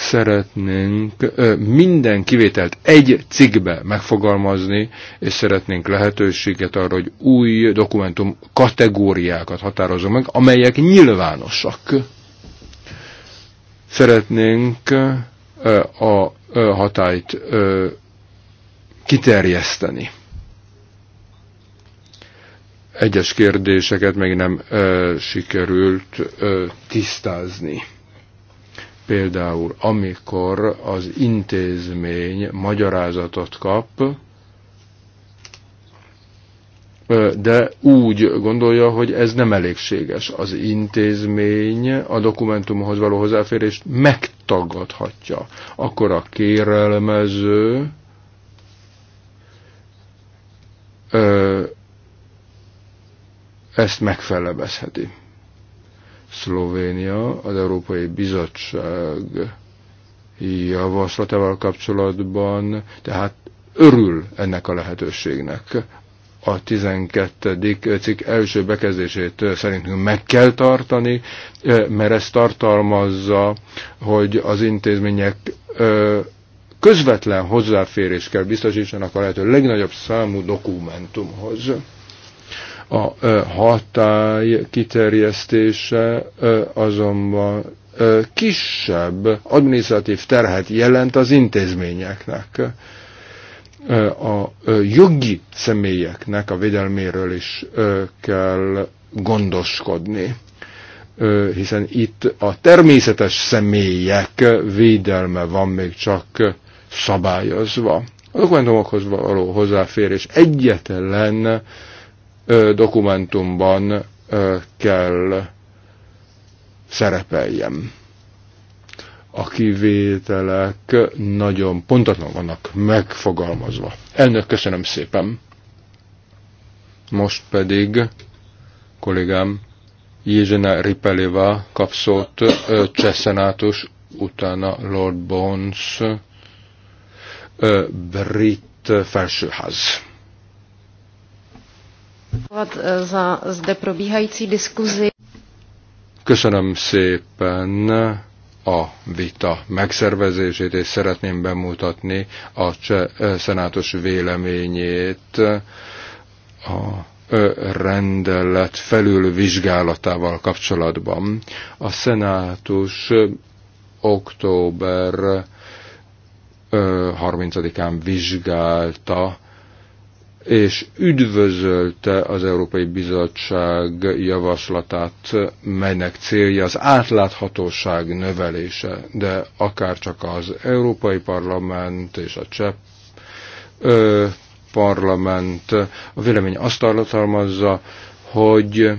Szeretnénk minden kivételt egy cikkbe megfogalmazni, és szeretnénk lehetőséget arra, hogy új dokumentum kategóriákat határozunk meg, amelyek nyilvánosak. Szeretnénk a hatályt kiterjeszteni egyes kérdéseket még nem ö, sikerült ö, tisztázni. Például, amikor az intézmény magyarázatot kap, de úgy gondolja, hogy ez nem elégséges. Az intézmény a dokumentumhoz való hozzáférést megtagadhatja. Akkor a kérelmező ezt megfelebezheti. Szlovénia az Európai Bizottság javaslatával kapcsolatban, tehát örül ennek a lehetőségnek. A 12. cikk első bekezdését szerintünk meg kell tartani, mert ez tartalmazza, hogy az intézmények közvetlen hozzáférés kell biztosítsanak a lehető legnagyobb számú dokumentumhoz. A hatály kiterjesztése azonban kisebb administratív terhet jelent az intézményeknek. A jogi személyeknek a védelméről is kell gondoskodni, hiszen itt a természetes személyek védelme van még csak szabályozva. A dokumentumokhoz való hozzáférés egyetlen dokumentumban kell szerepeljem. A kivételek nagyon pontatlan vannak megfogalmazva. Elnök, köszönöm szépen. Most pedig kollégám Jezsena Ripeléva kapszott szót csehszenátus, utána Lord Bones, brit felsőház.
Eh, za zde probíhající diskuzi.
Köszönöm szépen a vita megszervezését, és szeretném bemutatni a eh, szenátus véleményét a eh, rendelet felülvizsgálatával kapcsolatban. A szenátus október 30-án vizsgálta és üdvözölte az Európai Bizottság javaslatát, melynek célja az átláthatóság növelése, de akár csak az Európai Parlament és a CSEP ö, parlament a vélemény azt tartalmazza, hogy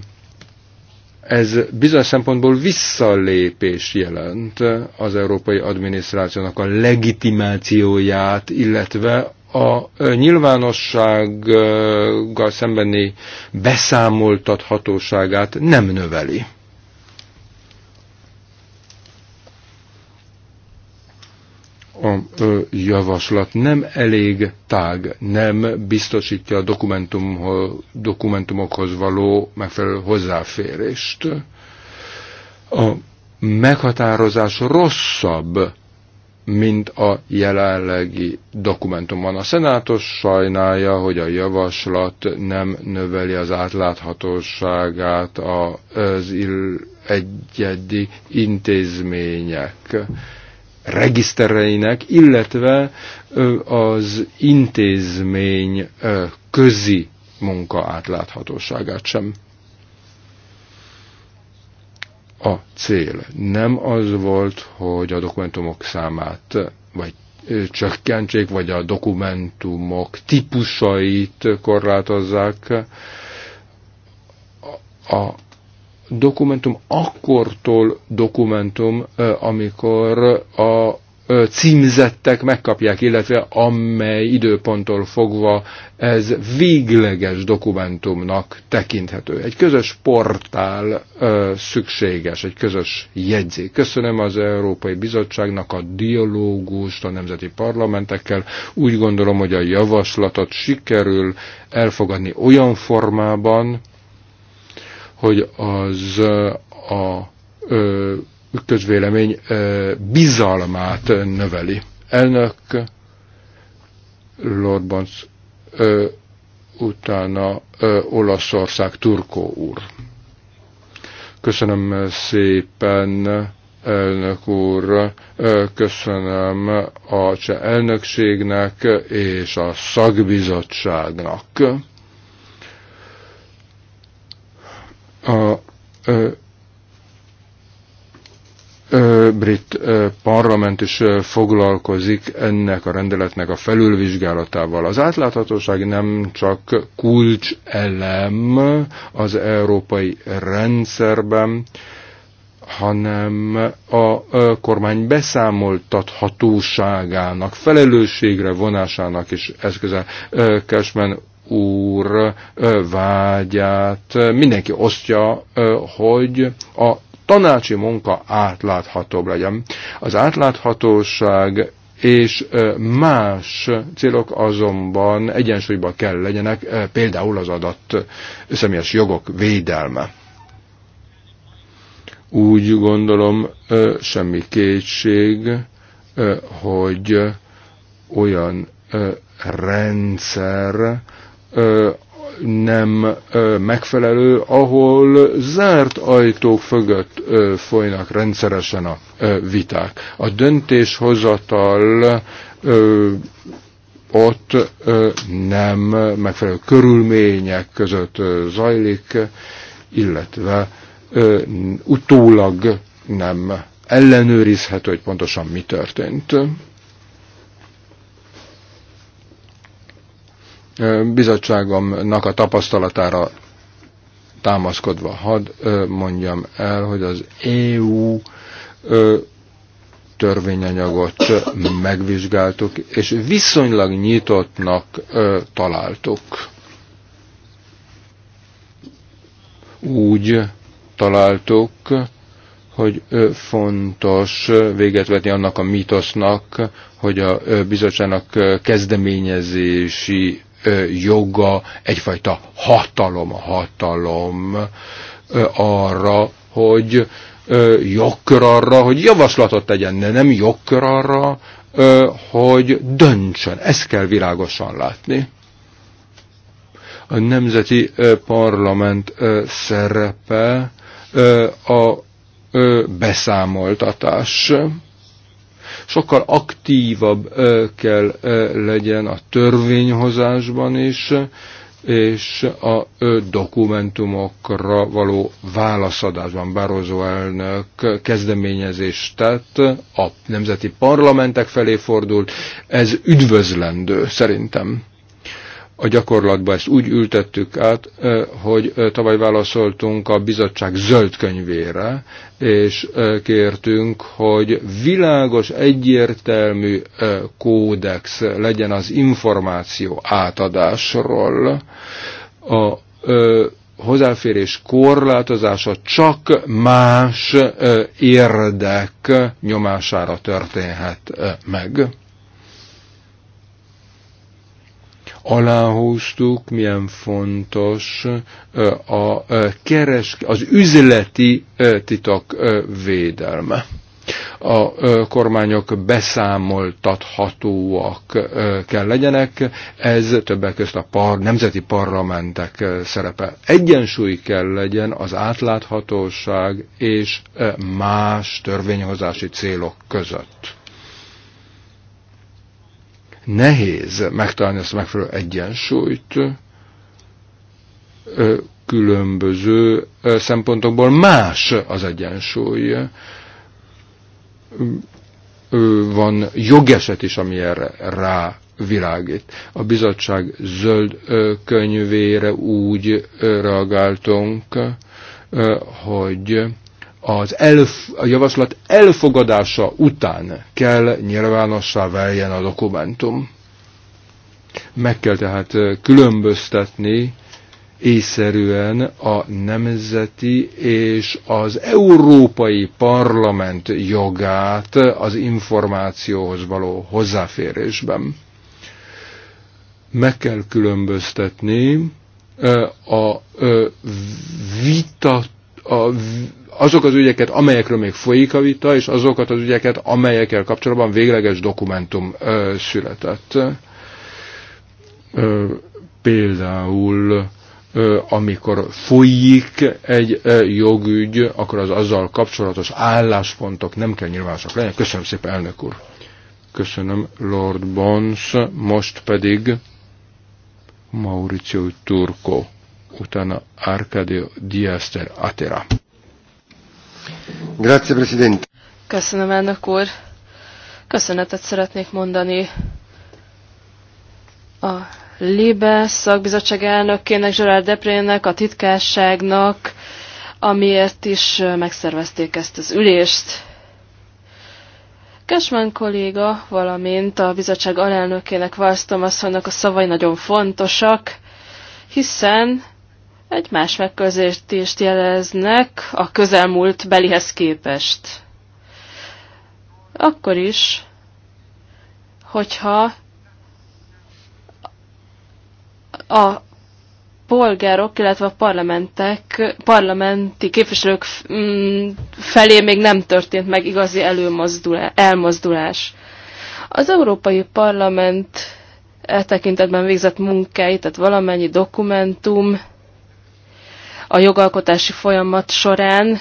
ez bizonyos szempontból visszalépés jelent az európai adminisztrációnak a legitimációját, illetve a nyilvánossággal szembeni beszámoltathatóságát nem növeli. a javaslat nem elég tág, nem biztosítja a dokumentumokhoz való megfelelő hozzáférést. A meghatározás rosszabb, mint a jelenlegi dokumentumban. A szenátus sajnálja, hogy a javaslat nem növeli az átláthatóságát az egyedi intézmények regisztereinek, illetve az intézmény közi munka átláthatóságát sem a cél. Nem az volt, hogy a dokumentumok számát vagy csökkentsék, vagy a dokumentumok típusait korlátozzák. A dokumentum akkortól dokumentum, amikor a címzettek megkapják, illetve amely időponttól fogva ez végleges dokumentumnak tekinthető. Egy közös portál ö, szükséges, egy közös jegyzék. Köszönöm az Európai Bizottságnak a dialógust a nemzeti parlamentekkel. Úgy gondolom, hogy a javaslatot sikerül elfogadni olyan formában, hogy az a ö, közvélemény bizalmát növeli. Elnök Lord Bons utána Olaszország Turkó úr. Köszönöm szépen, elnök úr, köszönöm a cseh elnökségnek és a szakbizottságnak. A brit parlament is foglalkozik ennek a rendeletnek a felülvizsgálatával. Az átláthatóság nem csak kulcselem az európai rendszerben, hanem a kormány beszámoltathatóságának, felelősségre vonásának is eszköze. Cashman úr vágyát mindenki osztja, hogy a tanácsi munka átláthatóbb legyen. Az átláthatóság és más célok azonban egyensúlyba kell legyenek, például az adat személyes jogok védelme. Úgy gondolom, semmi kétség, hogy olyan rendszer, nem megfelelő, ahol zárt ajtók mögött folynak rendszeresen a viták. A döntéshozatal ott nem megfelelő körülmények között zajlik, illetve utólag nem ellenőrizhető, hogy pontosan mi történt. bizottságomnak a tapasztalatára támaszkodva hadd mondjam el, hogy az EU törvényanyagot megvizsgáltuk, és viszonylag nyitottnak találtuk. Úgy találtuk, hogy fontos véget vetni annak a mítosznak, hogy a bizottságnak kezdeményezési joga, egyfajta hatalom, a hatalom arra, hogy jogkör arra, hogy javaslatot tegyen, de nem jogkör arra, hogy döntsön. Ezt kell világosan látni. A nemzeti parlament szerepe a beszámoltatás sokkal aktívabb kell legyen a törvényhozásban is, és a dokumentumokra való válaszadásban Barroso elnök kezdeményezést tett, a nemzeti parlamentek felé fordult, ez üdvözlendő szerintem a gyakorlatba ezt úgy ültettük át, hogy tavaly válaszoltunk a bizottság zöld könyvére, és kértünk, hogy világos, egyértelmű kódex legyen az információ átadásról, a hozzáférés korlátozása csak más érdek nyomására történhet meg aláhúztuk, milyen fontos a keres, az üzleti titok védelme. A kormányok beszámoltathatóak kell legyenek, ez többek között a par, nemzeti parlamentek szerepe. Egyensúly kell legyen az átláthatóság és más törvényhozási célok között Nehéz megtalálni azt a megfelelő egyensúlyt különböző szempontokból más az egyensúly. Van jogeset is, ami erre rá világít. A bizottság zöld könyvére úgy reagáltunk, hogy az elf, a javaslat elfogadása után kell nyilvánossá váljen a dokumentum. Meg kell tehát különböztetni észszerűen a nemzeti és az európai parlament jogát az információhoz való hozzáférésben. Meg kell különböztetni a vita, a azok az ügyeket, amelyekről még folyik a vita, és azokat az ügyeket, amelyekkel kapcsolatban végleges dokumentum ö, született. Ö, például ö, amikor folyik egy ö, jogügy, akkor az azzal kapcsolatos álláspontok nem kell nyilvánosak lenni. Köszönöm szépen, elnök úr! Köszönöm, Lord Bons, most pedig Mauricio Turco, utána Arcadio Diaster Atera.
Köszönöm, elnök úr. Köszönetet szeretnék mondani a Libe szakbizottság elnökének, Gerard Deprének, a titkárságnak, amiért is megszervezték ezt az ülést. Kesmen kolléga, valamint a bizottság alelnökének azt, hogy a szavai nagyon fontosak, hiszen egy más megközelítést jeleznek a közelmúlt belihez képest. Akkor is, hogyha a polgárok, illetve a parlamentek, parlamenti képviselők mm, felé még nem történt meg igazi előmozdulás, elmozdulás. Az Európai Parlament e tekintetben végzett munkáit, tehát valamennyi dokumentum, a jogalkotási folyamat során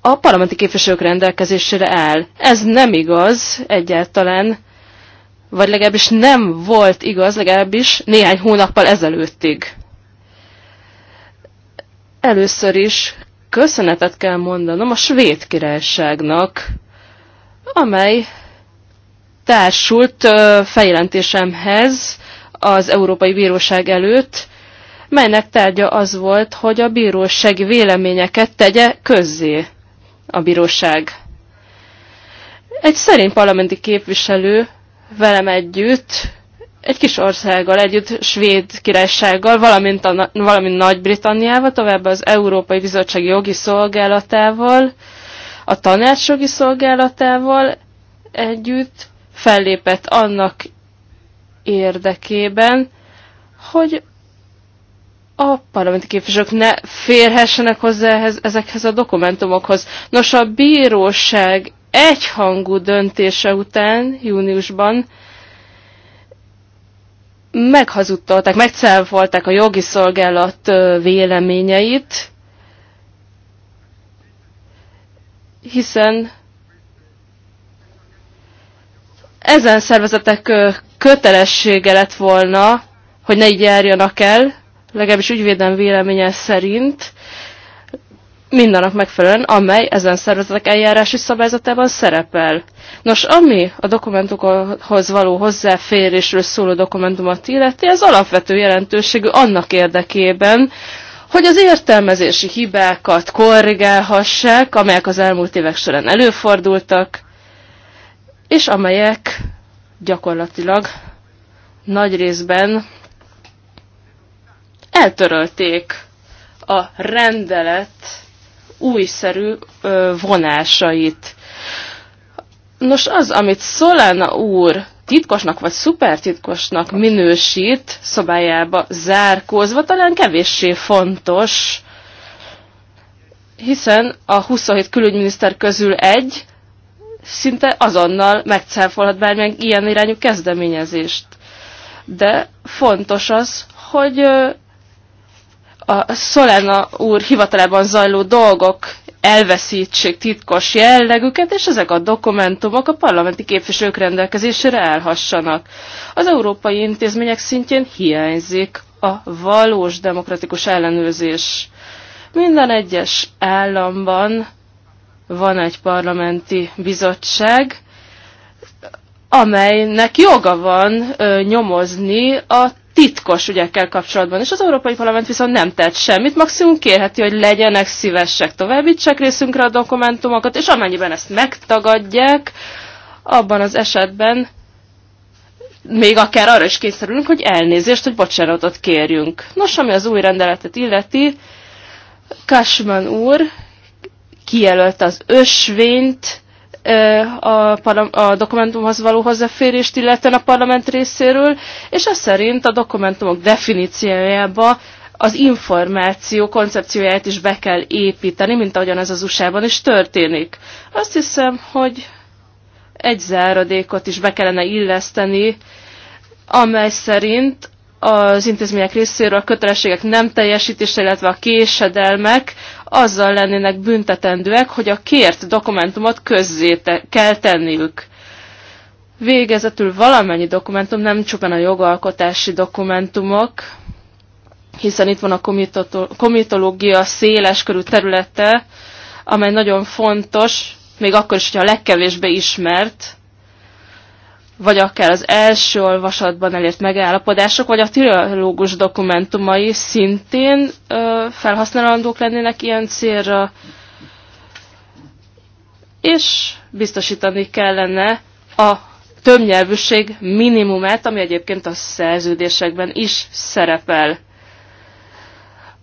a parlamenti képviselők rendelkezésére áll. Ez nem igaz egyáltalán, vagy legalábbis nem volt igaz, legalábbis néhány hónappal ezelőttig. Először is köszönetet kell mondanom a svéd királyságnak, amely társult fejlentésemhez az Európai Bíróság előtt, melynek tárgya az volt, hogy a bíróság véleményeket tegye közzé a bíróság. Egy szerint parlamenti képviselő velem együtt, egy kis országgal együtt, Svéd királysággal, valamint, a, valamint Nagy-Britanniával, továbbá az Európai Bizottsági jogi szolgálatával, a tanács jogi szolgálatával együtt fellépett annak érdekében, hogy a parlamenti képviselők ne férhessenek hozzá ehhez, ezekhez a dokumentumokhoz. Nos, a bíróság egyhangú döntése után, júniusban, meghazudtolták, megcáfolták a jogi szolgálat véleményeit, hiszen ezen szervezetek kötelessége lett volna, hogy ne így járjanak el, legalábbis ügyvédem véleménye szerint mindannak megfelelően, amely ezen szervezetek eljárási szabályzatában szerepel. Nos, ami a dokumentumokhoz való hozzáférésről szóló dokumentumot illeti, ez alapvető jelentőségű annak érdekében, hogy az értelmezési hibákat korrigálhassák, amelyek az elmúlt évek során előfordultak, és amelyek gyakorlatilag nagy részben eltörölték a rendelet újszerű vonásait. Nos, az, amit Solana úr titkosnak vagy szupertitkosnak minősít, szobájába zárkózva, talán kevéssé fontos, hiszen a 27 külügyminiszter közül egy szinte azonnal megcáfolhat bármilyen ilyen irányú kezdeményezést. De fontos az, hogy a Szolena úr hivatalában zajló dolgok elveszítsék titkos jellegüket, és ezek a dokumentumok a parlamenti képviselők rendelkezésére elhassanak. Az európai intézmények szintjén hiányzik a valós demokratikus ellenőrzés. Minden egyes államban van egy parlamenti bizottság, amelynek joga van ö, nyomozni a titkos ügyekkel kapcsolatban, és az Európai Parlament viszont nem tett semmit, maximum kérheti, hogy legyenek szívesek, továbbítsák részünkre a dokumentumokat, és amennyiben ezt megtagadják, abban az esetben még akár arra is kényszerülünk, hogy elnézést, hogy bocsánatot kérjünk. Nos, ami az új rendeletet illeti, Kasman úr kijelölt az ösvényt, a, a dokumentumhoz való hozzáférést illetve a parlament részéről, és az szerint a dokumentumok definíciójába az információ koncepcióját is be kell építeni, mint ahogyan ez az USA-ban is történik. Azt hiszem, hogy egy záradékot is be kellene illeszteni, amely szerint az intézmények részéről a kötelességek nem teljesítése, illetve a késedelmek azzal lennének büntetendőek, hogy a kért dokumentumot közzé te kell tenniük. Végezetül valamennyi dokumentum, nem csupán a jogalkotási dokumentumok, hiszen itt van a komitológia széles körű területe, amely nagyon fontos, még akkor is, hogyha a legkevésbé ismert, vagy akár az első olvasatban elért megállapodások, vagy a trilógus dokumentumai szintén ö, felhasználandók lennének ilyen célra, és biztosítani kellene a többnyelvűség minimumát, ami egyébként a szerződésekben is szerepel.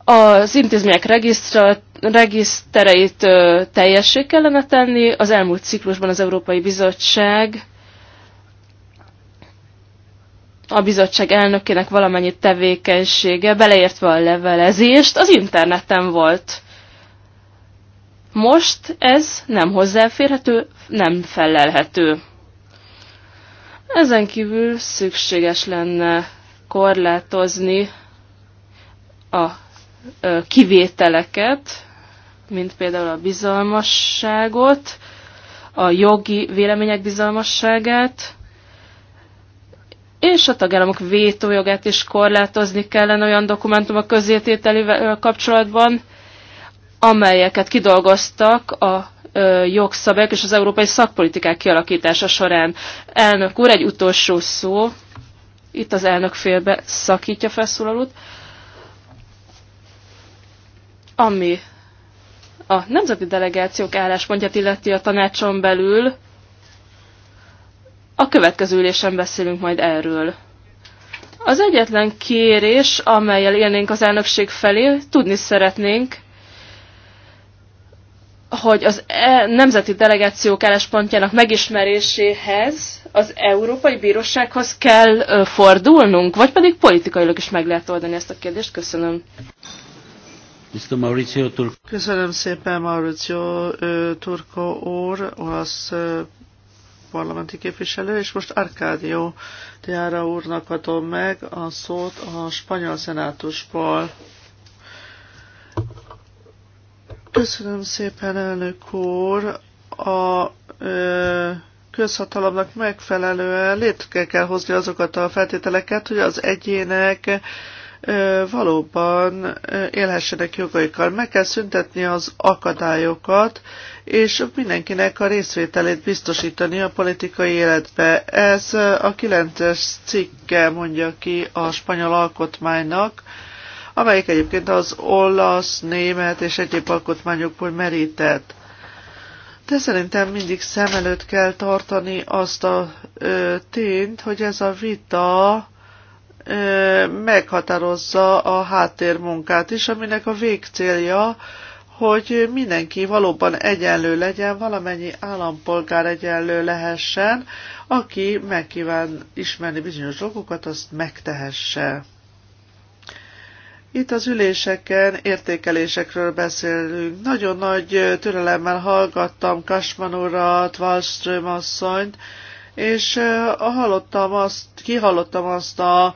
Az intézmények regisztereit teljessé kellene tenni. Az elmúlt ciklusban az Európai Bizottság a bizottság elnökének valamennyi tevékenysége, beleértve a levelezést, az interneten volt. Most ez nem hozzáférhető, nem felelhető. Ezen kívül szükséges lenne korlátozni a kivételeket, mint például a bizalmasságot, a jogi vélemények bizalmasságát, és a tagállamok vétójogát is korlátozni kellene olyan dokumentumok közétételével kapcsolatban, amelyeket kidolgoztak a jogszabályok és az európai szakpolitikák kialakítása során. Elnök úr, egy utolsó szó. Itt az elnök félbe szakítja felszólalót. Ami a nemzeti delegációk álláspontját illeti a tanácson belül, a következő ülésen beszélünk majd erről. Az egyetlen kérés, amelyel élnénk az elnökség felé, tudni szeretnénk, hogy az e nemzeti delegációk álláspontjának megismeréséhez az Európai Bírósághoz kell ö, fordulnunk, vagy pedig politikailag is meg lehet oldani ezt a kérdést. Köszönöm.
Köszönöm szépen Mauricio Turko úr, olasz parlamenti képviselő, és most Arkádió Tiára úrnak adom meg a szót a spanyol szenátusból. Köszönöm szépen, elnök úr. A ö, közhatalomnak megfelelően létre kell hozni azokat a feltételeket, hogy az egyének valóban élhessenek jogaikkal. Meg kell szüntetni az akadályokat, és mindenkinek a részvételét biztosítani a politikai életbe. Ez a 9-es cikke mondja ki a spanyol alkotmánynak, amelyik egyébként az olasz, német és egyéb alkotmányokból merített. De szerintem mindig szem előtt kell tartani azt a ö, tényt, hogy ez a vita meghatározza a háttérmunkát is, aminek a végcélja, hogy mindenki valóban egyenlő legyen, valamennyi állampolgár egyenlő lehessen, aki megkíván ismerni bizonyos dolgokat, azt megtehesse. Itt az üléseken értékelésekről beszélünk. Nagyon nagy türelemmel hallgattam Kasman urat, Wallström asszonyt, és hallottam azt, kihallottam azt a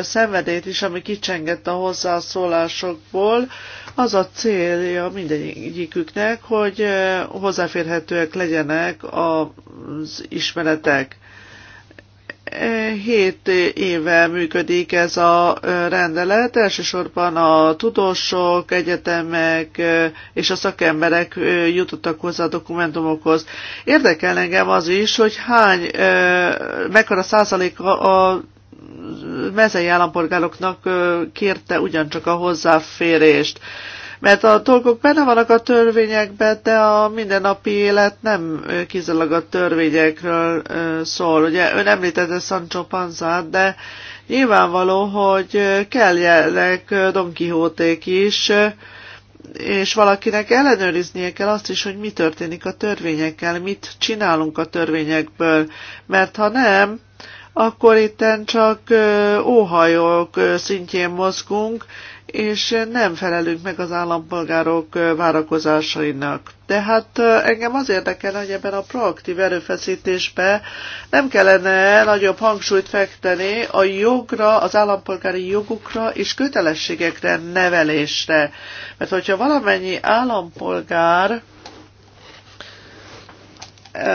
szenvedét is, ami kicsengett a hozzászólásokból. Az a célja mindegyiküknek, hogy hozzáférhetőek legyenek az ismeretek. Hét éve működik ez a rendelet, elsősorban a tudósok, egyetemek és a szakemberek jutottak hozzá a dokumentumokhoz. Érdekel engem az is, hogy hány, mekkora százalék a mezei állampolgároknak kérte ugyancsak a hozzáférést. Mert a dolgok benne vannak a törvényekben, de a mindennapi élet nem kizárólag a törvényekről szól. Ugye ön említette Sancho Panzát, de nyilvánvaló, hogy kelljenek Don Quixoték is, és valakinek ellenőriznie kell azt is, hogy mi történik a törvényekkel, mit csinálunk a törvényekből, mert ha nem, akkor itten csak óhajok szintjén mozgunk, és nem felelünk meg az állampolgárok várakozásainak. Tehát engem az érdekel, hogy ebben a proaktív erőfeszítésbe nem kellene nagyobb hangsúlyt fekteni a jogra, az állampolgári jogukra és kötelességekre, nevelésre. Mert hogyha valamennyi állampolgár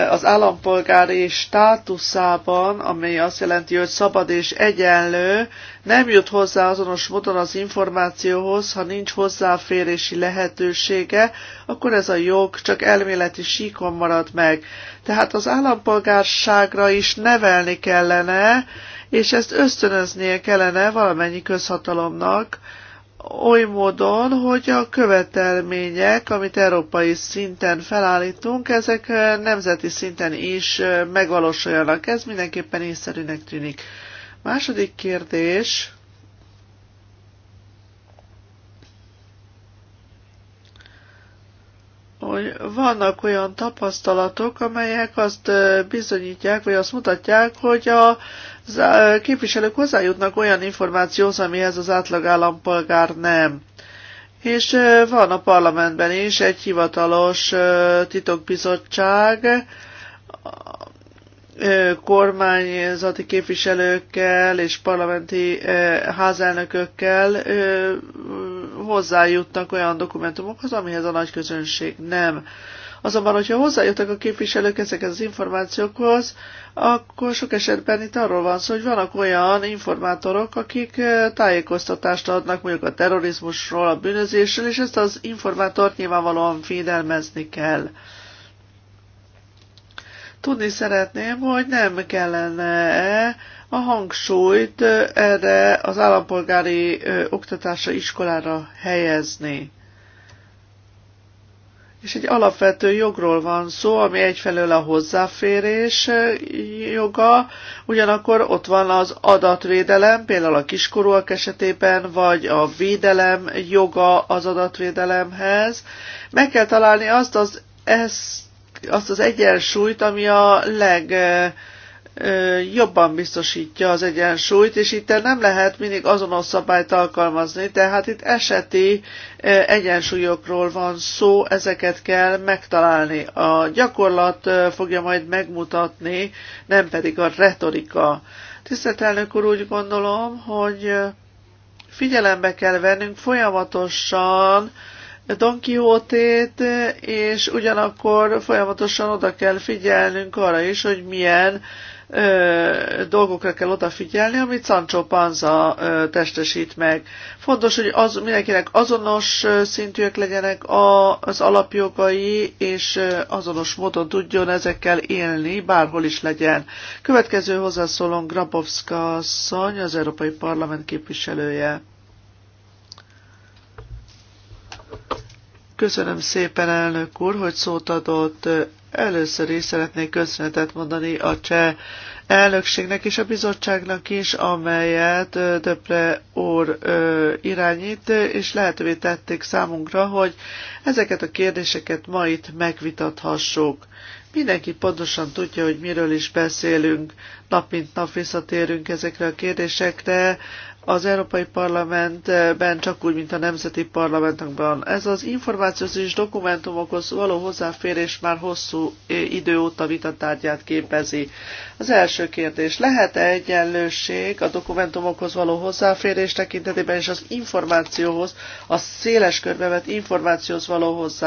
az állampolgári státuszában, ami azt jelenti, hogy szabad és egyenlő, nem jut hozzá azonos módon az információhoz, ha nincs hozzáférési lehetősége, akkor ez a jog csak elméleti síkon marad meg. Tehát az állampolgárságra is nevelni kellene, és ezt ösztönöznie kellene valamennyi közhatalomnak, oly módon, hogy a követelmények, amit európai szinten felállítunk, ezek nemzeti szinten is megvalósuljanak. Ez mindenképpen észszerűnek tűnik. Második kérdés. hogy vannak olyan tapasztalatok, amelyek azt bizonyítják, vagy azt mutatják, hogy a képviselők hozzájutnak olyan információhoz, amihez az átlag állampolgár nem. És van a parlamentben is egy hivatalos titokbizottság, kormányzati képviselőkkel és parlamenti házelnökökkel hozzájuttak olyan dokumentumokhoz, amihez a nagy közönség nem. Azonban, hogyha hozzájutnak a képviselők ezekhez az információkhoz, akkor sok esetben itt arról van szó, hogy vannak olyan informátorok, akik tájékoztatást adnak mondjuk a terrorizmusról, a bűnözésről, és ezt az informátort nyilvánvalóan védelmezni kell. Tudni szeretném, hogy nem kellene-e a hangsúlyt erre az állampolgári oktatásra, iskolára helyezni. És egy alapvető jogról van szó, ami egyfelől a hozzáférés joga, ugyanakkor ott van az adatvédelem, például a kiskorúak esetében, vagy a védelem joga az adatvédelemhez. Meg kell találni azt az ezt azt az egyensúlyt, ami a leg jobban biztosítja az egyensúlyt, és itt nem lehet mindig azonos szabályt alkalmazni, tehát itt eseti egyensúlyokról van szó, ezeket kell megtalálni. A gyakorlat fogja majd megmutatni, nem pedig a retorika. Tisztelt elnök úr, úgy gondolom, hogy figyelembe kell vennünk folyamatosan, Don Quixote-t, és ugyanakkor folyamatosan oda kell figyelnünk arra is, hogy milyen ö, dolgokra kell odafigyelni, amit Sancho Panza ö, testesít meg. Fontos, hogy az, mindenkinek azonos szintűek legyenek a, az alapjogai, és ö, azonos módon tudjon ezekkel élni, bárhol is legyen. Következő hozzászólón Grabowska asszony, az Európai Parlament képviselője. Köszönöm szépen, elnök úr, hogy szót adott. Először is szeretnék köszönetet mondani a cseh elnökségnek és a bizottságnak is, amelyet Döpre úr irányít, és lehetővé tették számunkra, hogy ezeket a kérdéseket ma itt megvitathassuk. Mindenki pontosan tudja, hogy miről is beszélünk. Nap mint nap visszatérünk ezekre a kérdésekre, az Európai Parlamentben csak úgy, mint a nemzeti parlamentekben. Ez az információs és dokumentumokhoz való hozzáférés már hosszú eh, idő óta vitatárgyát képezi. Az első kérdés, lehet-e egyenlőség a dokumentumokhoz való hozzáférés tekintetében és az információhoz, a széles körbevet információhoz való hozzáférés?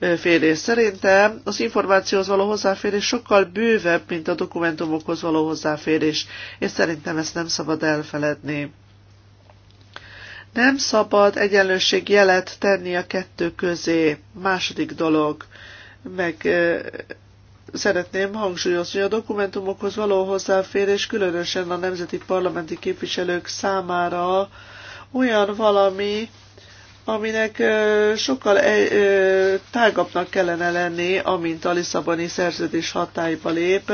félés. Szerintem az információhoz való hozzáférés sokkal bővebb, mint a dokumentumokhoz való hozzáférés, és szerintem ezt nem szabad elfeledni. Nem szabad egyenlőség jelet tenni a kettő közé. Második dolog, meg szeretném hangsúlyozni, hogy a dokumentumokhoz való hozzáférés különösen a nemzeti parlamenti képviselők számára olyan valami, aminek sokkal tágabbnak kellene lenni, amint a Lisszaboni szerződés hatályba lép,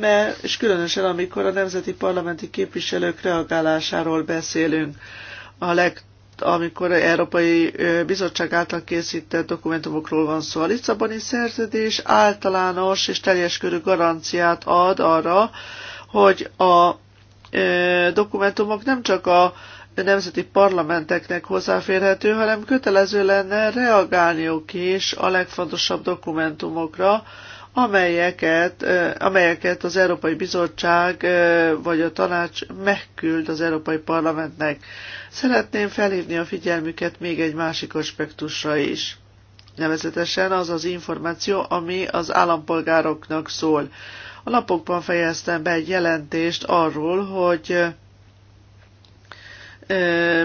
mert, és különösen amikor a nemzeti parlamenti képviselők reagálásáról beszélünk, a leg, amikor a Európai Bizottság által készített dokumentumokról van szó. A Lisszaboni szerződés általános és teljes körű garanciát ad arra, hogy a dokumentumok nem csak a nemzeti parlamenteknek hozzáférhető, hanem kötelező lenne reagálniuk is a legfontosabb dokumentumokra, amelyeket, amelyeket az Európai Bizottság vagy a tanács megküld az Európai Parlamentnek. Szeretném felhívni a figyelmüket még egy másik aspektusra is. Nevezetesen az az információ, ami az állampolgároknak szól. A napokban fejeztem be egy jelentést arról, hogy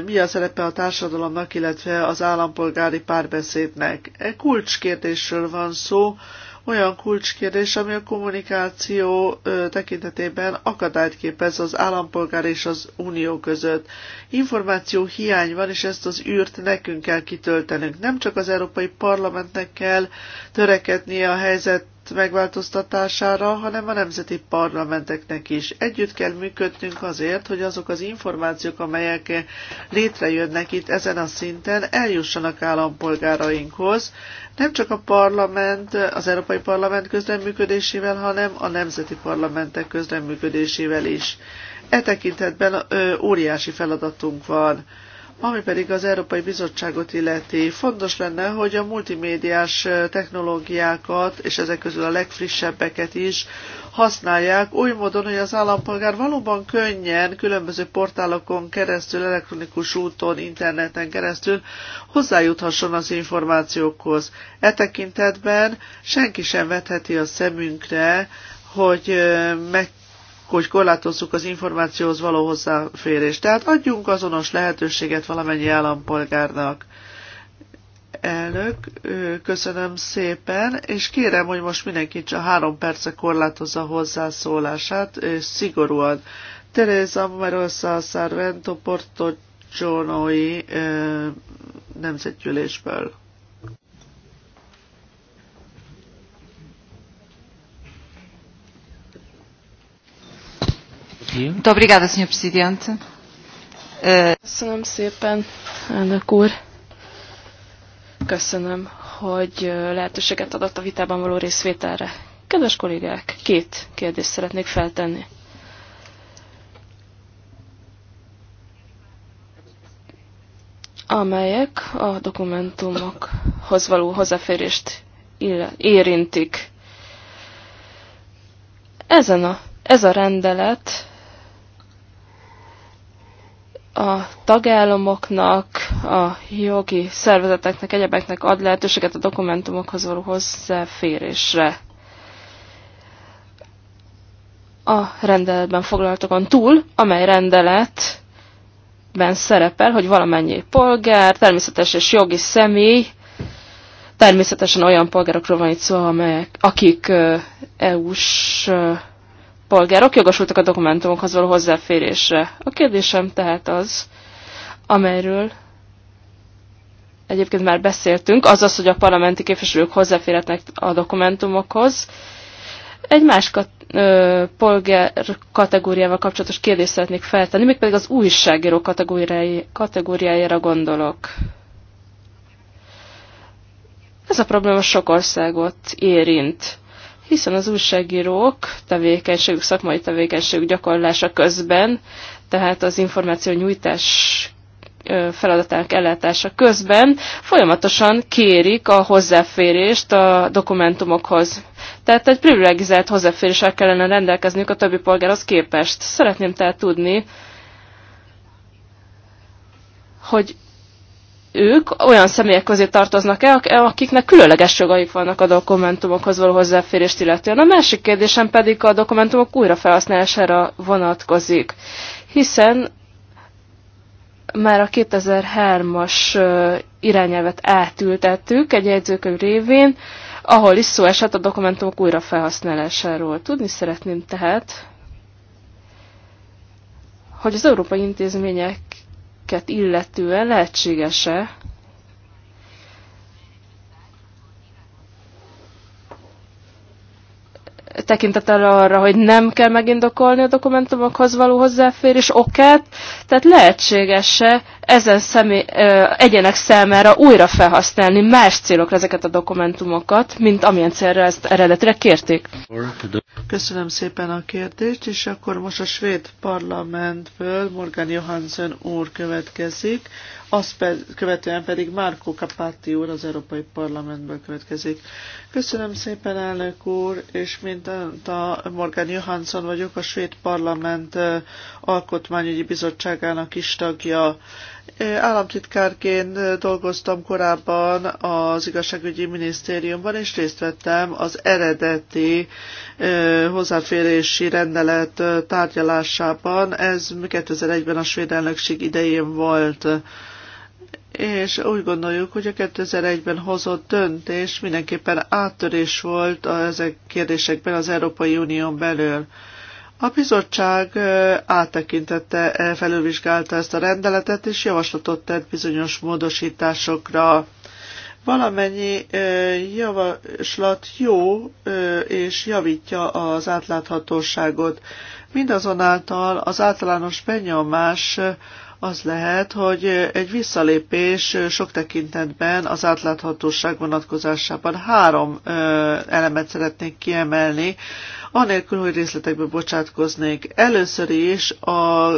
mi a szerepe a társadalomnak, illetve az állampolgári párbeszédnek. E kulcskérdésről van szó, olyan kulcskérdés, ami a kommunikáció tekintetében akadályt képez az állampolgár és az unió között. Információ hiány van, és ezt az űrt nekünk kell kitöltenünk. Nem csak az Európai Parlamentnek kell törekednie a helyzet megváltoztatására, hanem a nemzeti parlamenteknek is. Együtt kell működnünk azért, hogy azok az információk, amelyek létrejönnek itt ezen a szinten, eljussanak állampolgárainkhoz, nem csak a parlament, az Európai Parlament közreműködésével, hanem a nemzeti parlamentek közreműködésével is. E tekintetben ö, óriási feladatunk van ami pedig az Európai Bizottságot illeti, fontos lenne, hogy a multimédiás technológiákat, és ezek közül a legfrissebbeket is használják, oly módon, hogy az állampolgár valóban könnyen különböző portálokon keresztül, elektronikus úton, interneten keresztül hozzájuthasson az információkhoz. E tekintetben senki sem vetheti a szemünkre, hogy meg hogy korlátozzuk az információhoz való hozzáférést. Tehát adjunk azonos lehetőséget valamennyi állampolgárnak. Elnök, köszönöm szépen, és kérem, hogy most mindenki csak három perce korlátozza hozzászólását, és szigorúan. Teresa Marosa Sarvento Porto Csónói nemzetgyűlésből. Muito obrigada, Sr. Presidente. Eh, Köszönöm szépen,
elnök úr. Köszönöm, hogy eh, lehetőséget adott a vitában való részvételre. Kedves kollégák, két kérdést szeretnék feltenni. amelyek a dokumentumokhoz való hozzáférést érintik. Ezen a, ez a rendelet a tagállamoknak, a jogi szervezeteknek, egyebeknek ad lehetőséget a dokumentumokhoz való hozzáférésre. A rendeletben foglaltakon túl, amely rendeletben szerepel, hogy valamennyi polgár, természetes és jogi személy, természetesen olyan polgárokról van itt szó, amelyek, akik EU-s polgárok jogosultak a dokumentumokhoz való hozzáférésre. A kérdésem tehát az, amelyről egyébként már beszéltünk, az az, hogy a parlamenti képviselők hozzáférhetnek a dokumentumokhoz. Egy más kat, ö, polgár kategóriával kapcsolatos kérdést szeretnék feltenni, mégpedig az újságíró kategóriájára gondolok. Ez a probléma sok országot érint hiszen az újságírók tevékenységük, szakmai tevékenységük gyakorlása közben, tehát az információ nyújtás feladatának ellátása közben folyamatosan kérik a hozzáférést a dokumentumokhoz. Tehát egy privilegizált hozzáféréssel kellene rendelkezniük a többi polgárhoz képest. Szeretném tehát tudni, hogy ők olyan személyek közé tartoznak-e, akiknek különleges jogaik vannak a dokumentumokhoz való hozzáférést illetően. A másik kérdésem pedig a dokumentumok újrafelhasználására vonatkozik, hiszen már a 2003-as irányelvet átültettük egy jegyzőkönyv révén, ahol is szó esett a dokumentumok újrafelhasználásáról. Tudni szeretném tehát, hogy az európai intézmények illetően lehetséges-e tekintettel arra, hogy nem kell megindokolni a dokumentumokhoz való hozzáférés okát, tehát lehetséges-e ezen személy, ö, egyének számára újra felhasználni más célokra ezeket a dokumentumokat, mint amilyen
célra ezt eredetileg kérték? Köszönöm szépen a kérdést, és akkor most a svéd parlamentből Morgan Johansson úr következik, azt pe- követően pedig Márko Kapáti úr az Európai Parlamentből következik. Köszönöm szépen, elnök úr, és mint a Morgan Johansson vagyok, a Svéd Parlament Alkotmányügyi Bizottságának is tagja. Államtitkárként dolgoztam korábban az igazságügyi minisztériumban, és részt vettem az eredeti hozzáférési rendelet tárgyalásában. Ez 2001-ben a svéd elnökség idején volt és úgy gondoljuk, hogy a 2001-ben hozott döntés mindenképpen áttörés volt ezek kérdésekben az Európai Unión belül. A bizottság áttekintette, felülvizsgálta ezt a rendeletet, és javaslatot tett bizonyos módosításokra. Valamennyi javaslat jó és javítja az átláthatóságot. Mindazonáltal az általános benyomás az lehet, hogy egy visszalépés sok tekintetben az átláthatóság vonatkozásában három elemet szeretnék kiemelni, anélkül, hogy részletekbe bocsátkoznék. Először is a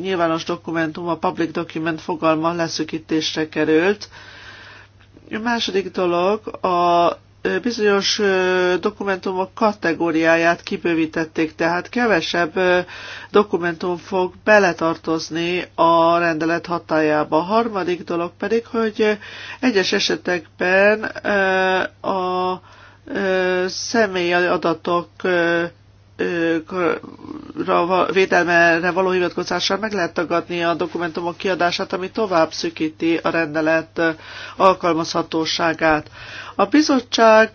nyilvános dokumentum, a public document fogalma leszükítésre került, a második dolog a bizonyos dokumentumok kategóriáját kibővítették, tehát kevesebb dokumentum fog beletartozni a rendelet hatájába. A harmadik dolog pedig, hogy egyes esetekben a személyi adatok védelmere való hivatkozással meg lehet tagadni a dokumentumok kiadását, ami tovább szükíti a rendelet alkalmazhatóságát. A bizottság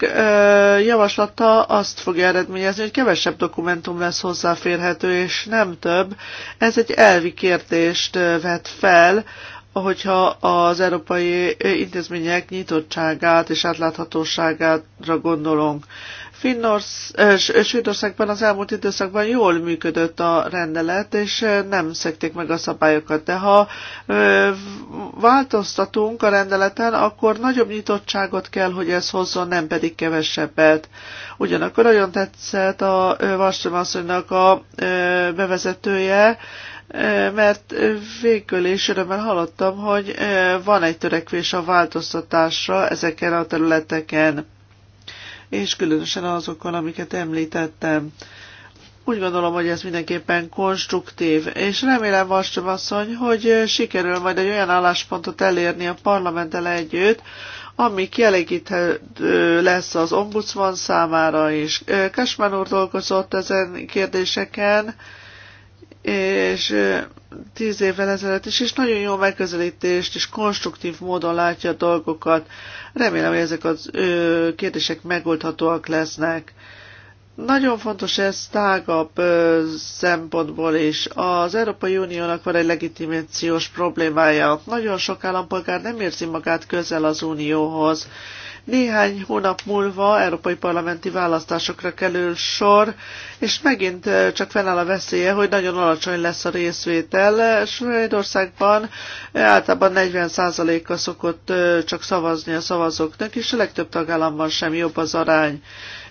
javaslata azt fogja eredményezni, hogy kevesebb dokumentum lesz hozzáférhető, és nem több. Ez egy elvi kérdést vet fel, hogyha az európai intézmények nyitottságát és átláthatóságára gondolunk. Finnors, Svédországban az elmúlt időszakban jól működött a rendelet, és nem szekték meg a szabályokat. De ha változtatunk a rendeleten, akkor nagyobb nyitottságot kell, hogy ez hozzon, nem pedig kevesebbet. Ugyanakkor nagyon tetszett a Vastam a bevezetője, mert végül is örömmel hallottam, hogy van egy törekvés a változtatásra ezeken a területeken és különösen azokkal, amiket említettem. Úgy gondolom, hogy ez mindenképpen konstruktív, és remélem, Vastrom asszony, hogy sikerül majd egy olyan álláspontot elérni a parlamenttel együtt, ami kielégíthető lesz az ombudsman számára is. Kasmán úr dolgozott ezen kérdéseken, és tíz évvel ezelőtt is, és nagyon jó megközelítést és konstruktív módon látja a dolgokat. Remélem, hogy ezek az kérdések megoldhatóak lesznek. Nagyon fontos ez tágabb ö, szempontból is. Az Európai Uniónak van egy legitimációs problémája. Nagyon sok állampolgár nem érzi magát közel az Unióhoz, néhány hónap múlva európai parlamenti választásokra kerül sor, és megint csak fennáll a veszélye, hogy nagyon alacsony lesz a részvétel. Svédországban általában 40%-a szokott csak szavazni a szavazóknak, és a legtöbb tagállamban sem jobb az arány.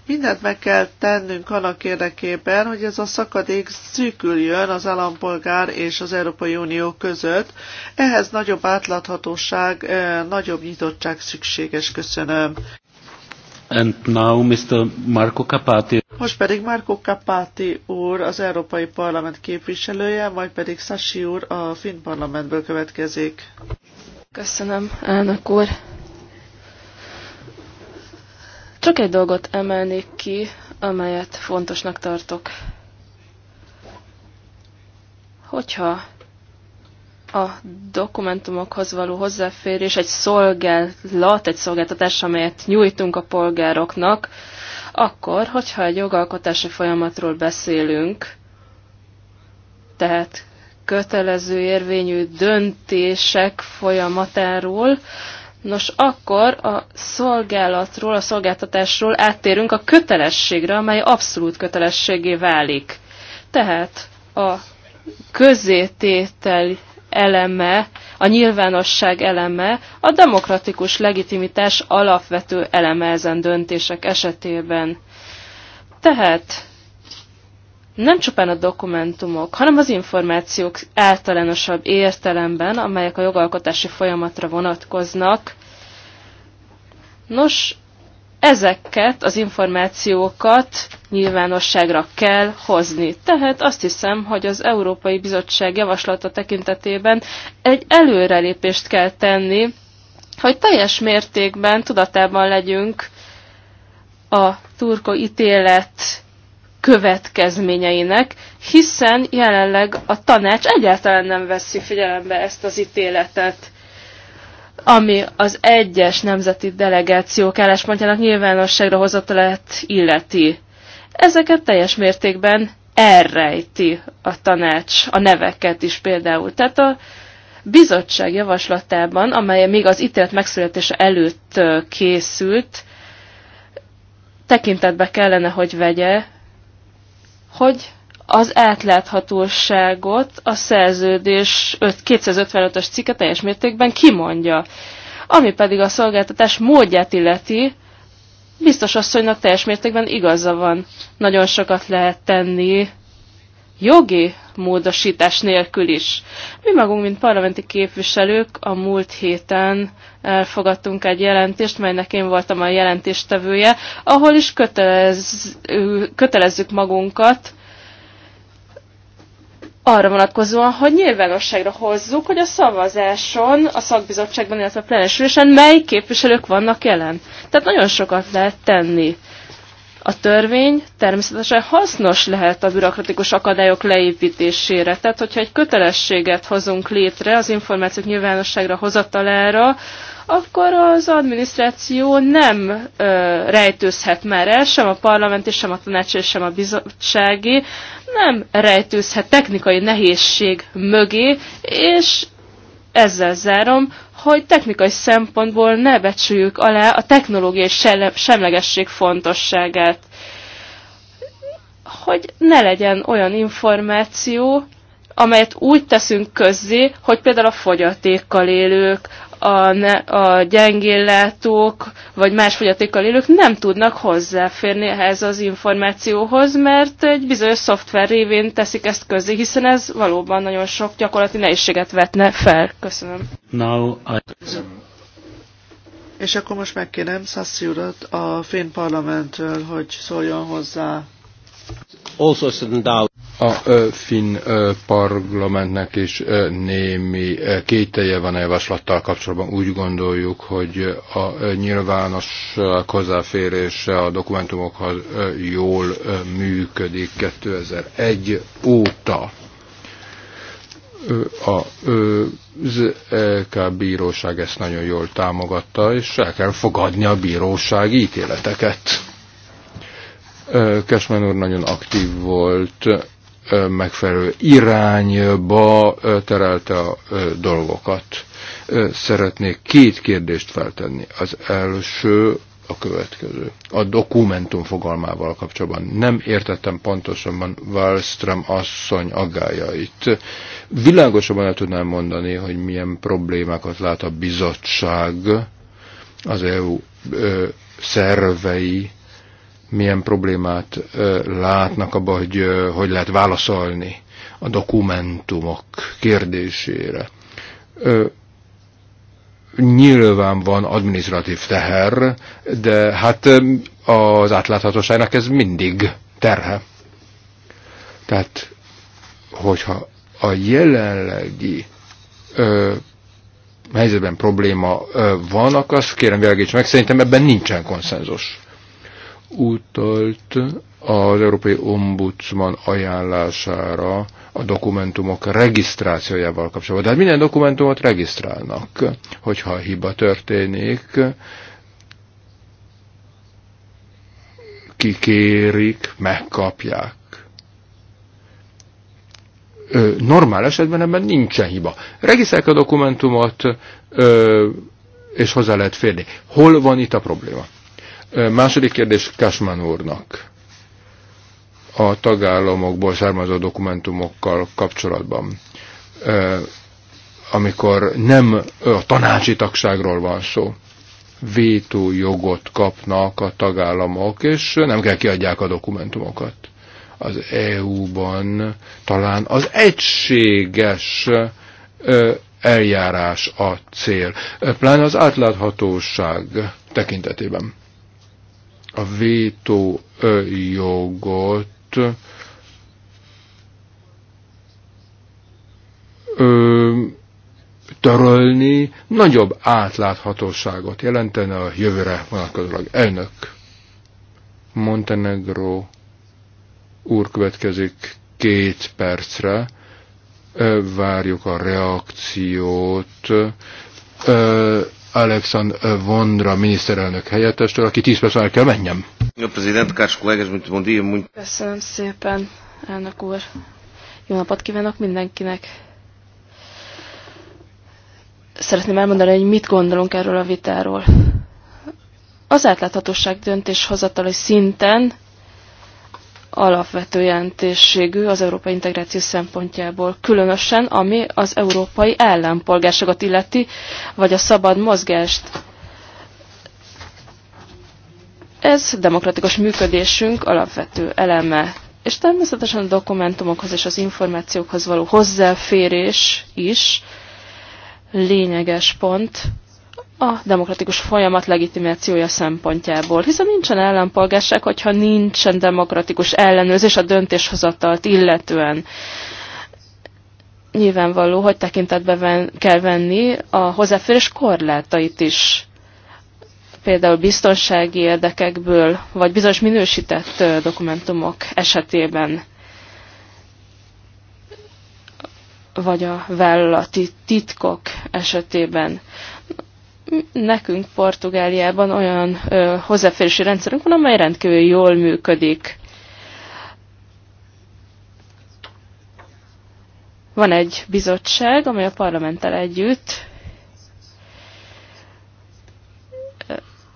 Mindent meg kell tennünk annak érdekében, hogy ez a szakadék szűküljön az állampolgár és az Európai Unió között. Ehhez nagyobb átláthatóság, nagyobb nyitottság szükséges. Köszönöm. And now Mr. Marco Capati. Most pedig Marco Capati úr, az Európai Parlament képviselője, majd pedig Sassi úr a Finn Parlamentből következik.
Köszönöm, elnök úr. Csak egy dolgot emelnék ki, amelyet fontosnak tartok. Hogyha a dokumentumokhoz való hozzáférés egy szolgálat, egy szolgáltatás, amelyet nyújtunk a polgároknak, akkor, hogyha egy jogalkotási folyamatról beszélünk, tehát kötelező érvényű döntések folyamatáról, Nos, akkor a szolgálatról, a szolgáltatásról áttérünk a kötelességre, amely abszolút kötelességé válik. Tehát a közététel eleme, a nyilvánosság eleme, a demokratikus legitimitás alapvető eleme ezen döntések esetében. Tehát nem csupán a dokumentumok, hanem az információk általánosabb értelemben, amelyek a jogalkotási folyamatra vonatkoznak. Nos, ezeket az információkat nyilvánosságra kell hozni. Tehát azt hiszem, hogy az Európai Bizottság javaslata tekintetében egy előrelépést kell tenni, hogy teljes mértékben tudatában legyünk a turko ítélet következményeinek, hiszen jelenleg a tanács egyáltalán nem veszi figyelembe ezt az ítéletet ami az egyes nemzeti delegációk álláspontjának nyilvánosságra hozatalát illeti. Ezeket teljes mértékben elrejti a tanács, a neveket is például. Tehát a bizottság javaslatában, amely még az ítélet megszületése előtt készült, tekintetbe kellene, hogy vegye, hogy az átláthatóságot a szerződés 255-ös cikke teljes mértékben kimondja. Ami pedig a szolgáltatás módját illeti, biztos asszonynak teljes mértékben igaza van. Nagyon sokat lehet tenni jogi módosítás nélkül is. Mi magunk, mint parlamenti képviselők a múlt héten elfogadtunk egy jelentést, melynek én voltam a jelentéstevője, ahol is kötelez, kötelezzük magunkat arra vonatkozóan, hogy nyilvánosságra hozzuk, hogy a szavazáson, a szakbizottságban, illetve a plenesülésen mely képviselők vannak jelen. Tehát nagyon sokat lehet tenni. A törvény természetesen hasznos lehet a bürokratikus akadályok leépítésére. Tehát, hogyha egy kötelességet hozunk létre az információk nyilvánosságra hozatalára, akkor az adminisztráció nem ö, rejtőzhet már el, sem a parlament, és sem a tanács, és sem a bizottsági, nem rejtőzhet technikai nehézség mögé, és ezzel zárom, hogy technikai szempontból ne becsüljük alá a technológiai semlegesség fontosságát. Hogy ne legyen olyan információ, amelyet úgy teszünk közzé, hogy például a fogyatékkal élők, a, ne, a gyengéllátók vagy más fogyatékkal élők nem tudnak hozzáférni ehhez az információhoz, mert egy bizonyos szoftver révén teszik ezt közé, hiszen
ez valóban nagyon sok gyakorlati nehézséget vetne fel. Köszönöm. Now I... És akkor most megkérem Szassi urat a Finn Parlamentről, hogy szóljon hozzá
a finn parlamentnek is némi kételje van a javaslattal kapcsolatban. Úgy gondoljuk, hogy a nyilvános hozzáférése a dokumentumokhoz jól működik 2001 óta a, az bíróság ezt nagyon jól támogatta, és el kell fogadni a bíróság ítéleteket. Kesmen úr nagyon aktív volt, megfelelő irányba terelte a dolgokat. Szeretnék két kérdést feltenni. Az első a következő. A dokumentum fogalmával kapcsolatban nem értettem pontosabban Wallström asszony aggájait. Világosabban el tudnám mondani, hogy milyen problémákat lát a bizottság, az EU ö, szervei milyen problémát látnak abban, hogy hogy lehet válaszolni a dokumentumok kérdésére. Nyilván van administratív teher, de hát az átláthatóságnak ez mindig terhe. Tehát, hogyha a jelenlegi ö, helyzetben probléma ö, van, akkor azt kérem világíts meg, szerintem ebben nincsen konszenzus utalt az Európai Ombudsman ajánlására a dokumentumok regisztrációjával kapcsolatban. Tehát minden dokumentumot regisztrálnak, hogyha hiba történik, kikérik, megkapják. normál esetben ebben nincsen hiba. Regisztrálják a dokumentumot, és hozzá lehet férni. Hol van itt a probléma? Második kérdés Kasman úrnak a tagállamokból származó dokumentumokkal kapcsolatban. Amikor nem a tanácsi tagságról van szó, vétójogot kapnak a tagállamok, és nem kell kiadják a dokumentumokat. Az EU-ban talán az egységes eljárás a cél, pláne az átláthatóság tekintetében a vétó jogot ö, törölni, nagyobb átláthatóságot jelentene a jövőre vonatkozólag. Elnök Montenegro úr következik két percre, várjuk a reakciót. Ö, Alexandre Vondra miniszterelnök helyettestől, aki 10 perc el kell menjem.
Köszönöm szépen, elnök úr. Jó napot kívánok mindenkinek. Szeretném elmondani, hogy mit gondolunk erről a vitáról. Az átláthatóság döntéshozatali szinten alapvető jelentőségű az európai integráció szempontjából, különösen ami az európai állampolgárságot illeti, vagy a szabad mozgást. Ez demokratikus működésünk alapvető eleme, és természetesen a dokumentumokhoz és az információkhoz való hozzáférés is lényeges pont, a demokratikus folyamat legitimációja szempontjából, hiszen nincsen ellenpolgárság, hogyha nincsen demokratikus ellenőrzés a döntéshozatalt illetően. Nyilvánvaló, hogy tekintetbe ven, kell venni a hozzáférés korlátait is, például biztonsági érdekekből, vagy bizonyos minősített dokumentumok esetében, vagy a vállalati titkok esetében Nekünk Portugáliában olyan ö, hozzáférési rendszerünk van, amely rendkívül jól működik. Van egy bizottság, amely a parlamenttel együtt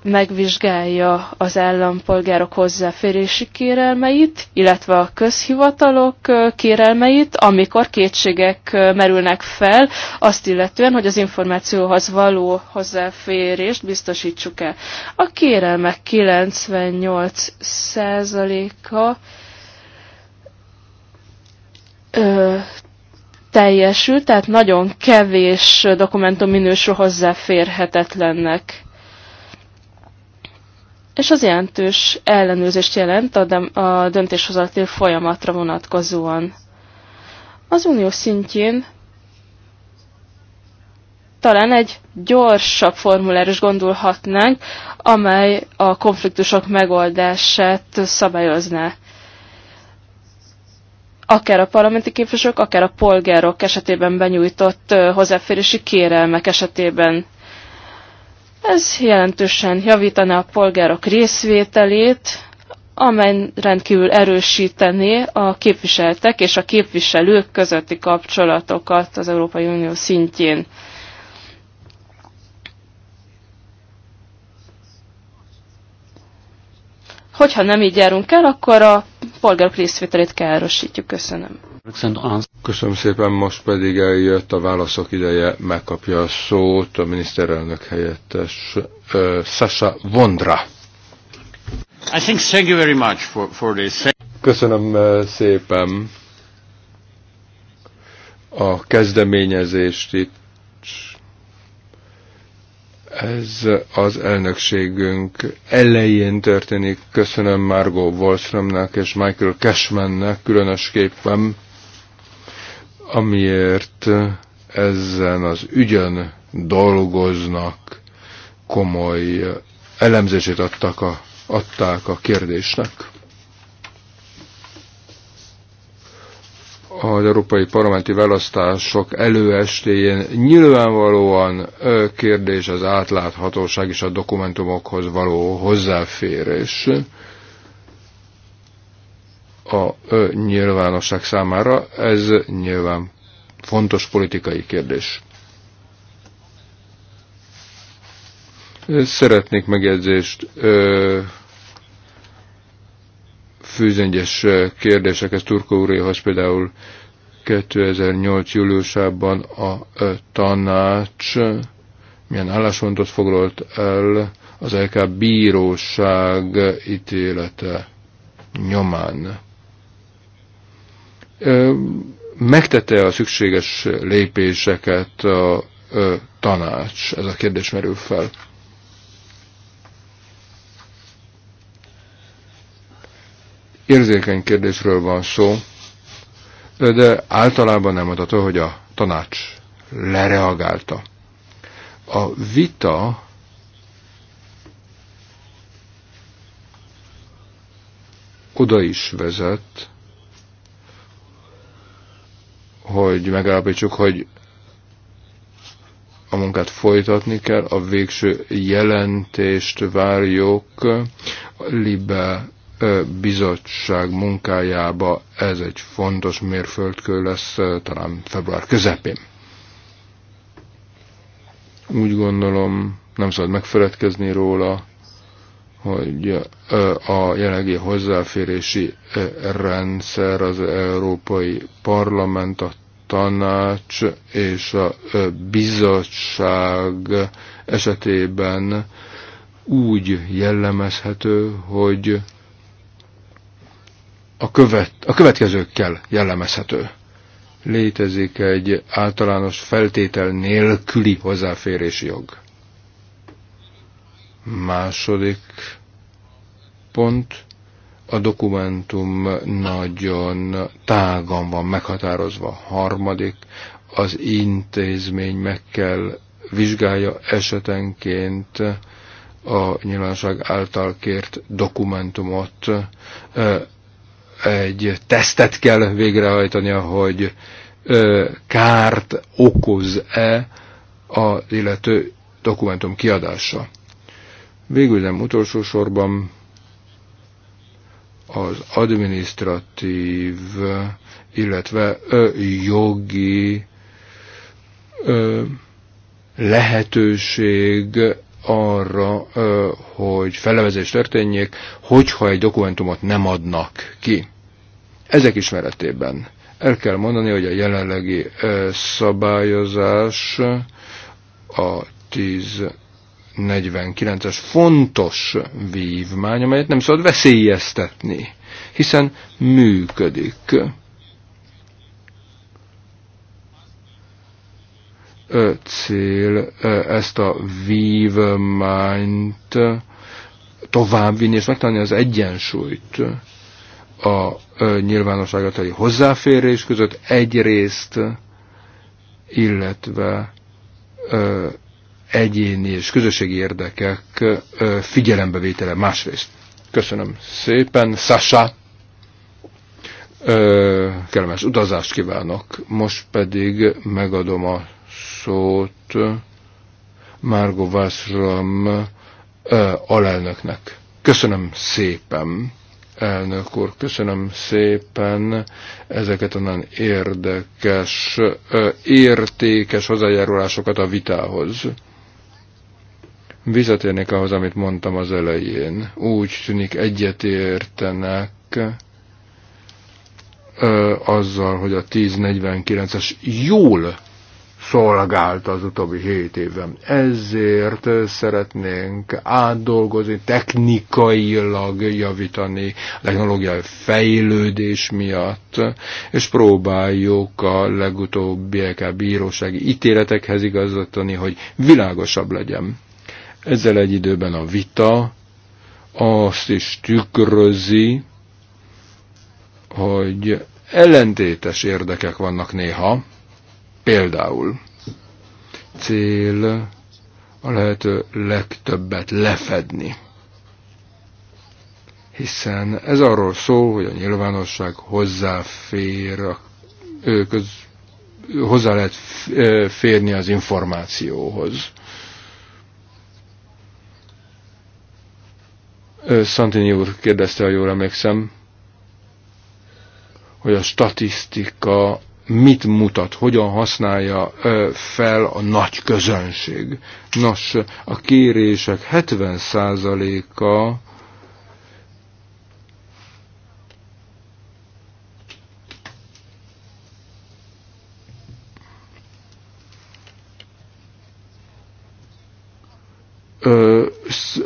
megvizsgálja az állampolgárok hozzáférési kérelmeit, illetve a közhivatalok kérelmeit, amikor kétségek merülnek fel, azt illetően, hogy az információhoz való hozzáférést biztosítsuk el. A kérelmek 98%-a teljesül, tehát nagyon kevés dokumentum minősül hozzáférhetetlennek és az jelentős ellenőrzést jelent a, de- a döntéshozati folyamatra vonatkozóan. Az unió szintjén talán egy gyorsabb formulár is gondolhatnánk, amely a konfliktusok megoldását szabályozná. Akár a parlamenti képviselők, akár a polgárok esetében benyújtott hozzáférési kérelmek esetében ez jelentősen javítaná a polgárok részvételét, amely rendkívül erősítené a képviseltek és a képviselők közötti kapcsolatokat az Európai Unió szintjén. Hogyha nem így járunk el, akkor a polgárok részvételét erősítjük. Köszönöm.
Köszönöm szépen, most pedig eljött a válaszok ideje, megkapja a szót a miniszterelnök helyettes uh, Sasa Vondra. I think thank you very much for, for this. Köszönöm szépen a kezdeményezést itt. Ez az elnökségünk elején történik. Köszönöm Margot Wallströmnek és Michael Cashmannek különösképpen amiért ezen az ügyön dolgoznak, komoly elemzését adtak a, adták a kérdésnek. az európai parlamenti választások előestéjén nyilvánvalóan kérdés az átláthatóság és a dokumentumokhoz való hozzáférés a nyilvánosság számára. Ez nyilván fontos politikai kérdés. Szeretnék megjegyzést fűzengyes kérdésekhez Turko úréhoz például 2008. júliusában a tanács milyen álláspontot foglalt el az LK bíróság ítélete nyomán. Megtette a szükséges lépéseket a tanács? Ez a kérdés merül fel. Érzékeny kérdésről van szó, de általában nem adható, hogy a tanács lereagálta. A vita oda is vezet, hogy megállapítsuk, hogy a munkát folytatni kell, a végső jelentést várjuk Libe bizottság munkájába. Ez egy fontos mérföldkő lesz talán február közepén. Úgy gondolom, nem szabad megfeledkezni róla, hogy a jelenlegi hozzáférési rendszer az Európai Parlament, a tanács és a bizottság esetében úgy jellemezhető, hogy a, követ, a következőkkel jellemezhető. Létezik egy általános feltétel nélküli hozzáférési jog Második pont, a dokumentum nagyon tágan van meghatározva. Harmadik, az intézmény meg kell vizsgálja esetenként a nyilvánosság által kért dokumentumot. Egy tesztet kell végrehajtania, hogy kárt okoz-e az illető dokumentum kiadása. Végül nem utolsó sorban az administratív, illetve ö, jogi ö, lehetőség arra, ö, hogy felevezés történjék, hogyha egy dokumentumot nem adnak ki. Ezek ismeretében el kell mondani, hogy a jelenlegi ö, szabályozás a 10 49-es fontos vívmány, amelyet nem szabad veszélyeztetni, hiszen működik. cél ezt a vívmányt továbbvinni és megtalálni az egyensúlyt a nyilvánosságatali hozzáférés között egyrészt, illetve egyéni és közösségi érdekek figyelembevétele másrészt. Köszönöm szépen, Sasa! kellemes utazást kívánok. Most pedig megadom a szót Márgo Vászram alelnöknek. Köszönöm szépen, elnök úr, köszönöm szépen ezeket a nagyon érdekes, értékes hozzájárulásokat a vitához. Visszatérnék ahhoz, amit mondtam az elején. Úgy tűnik egyetértenek ö, azzal, hogy a 1049-es jól szolgált az utóbbi hét évben. Ezért szeretnénk átdolgozni, technikailag javítani a technológiai fejlődés miatt, és próbáljuk a legutóbbi bírósági ítéletekhez igazítani, hogy világosabb legyen. Ezzel egy időben a vita azt is tükrözi, hogy ellentétes érdekek vannak néha, például cél a lehető legtöbbet lefedni. Hiszen ez arról szól, hogy a nyilvánosság hozzáfér, köz, hozzá lehet férni az információhoz. Szantini úr kérdezte, ha jól emlékszem, hogy a statisztika mit mutat, hogyan használja fel a nagy közönség. Nos, a kérések 70%-a ö,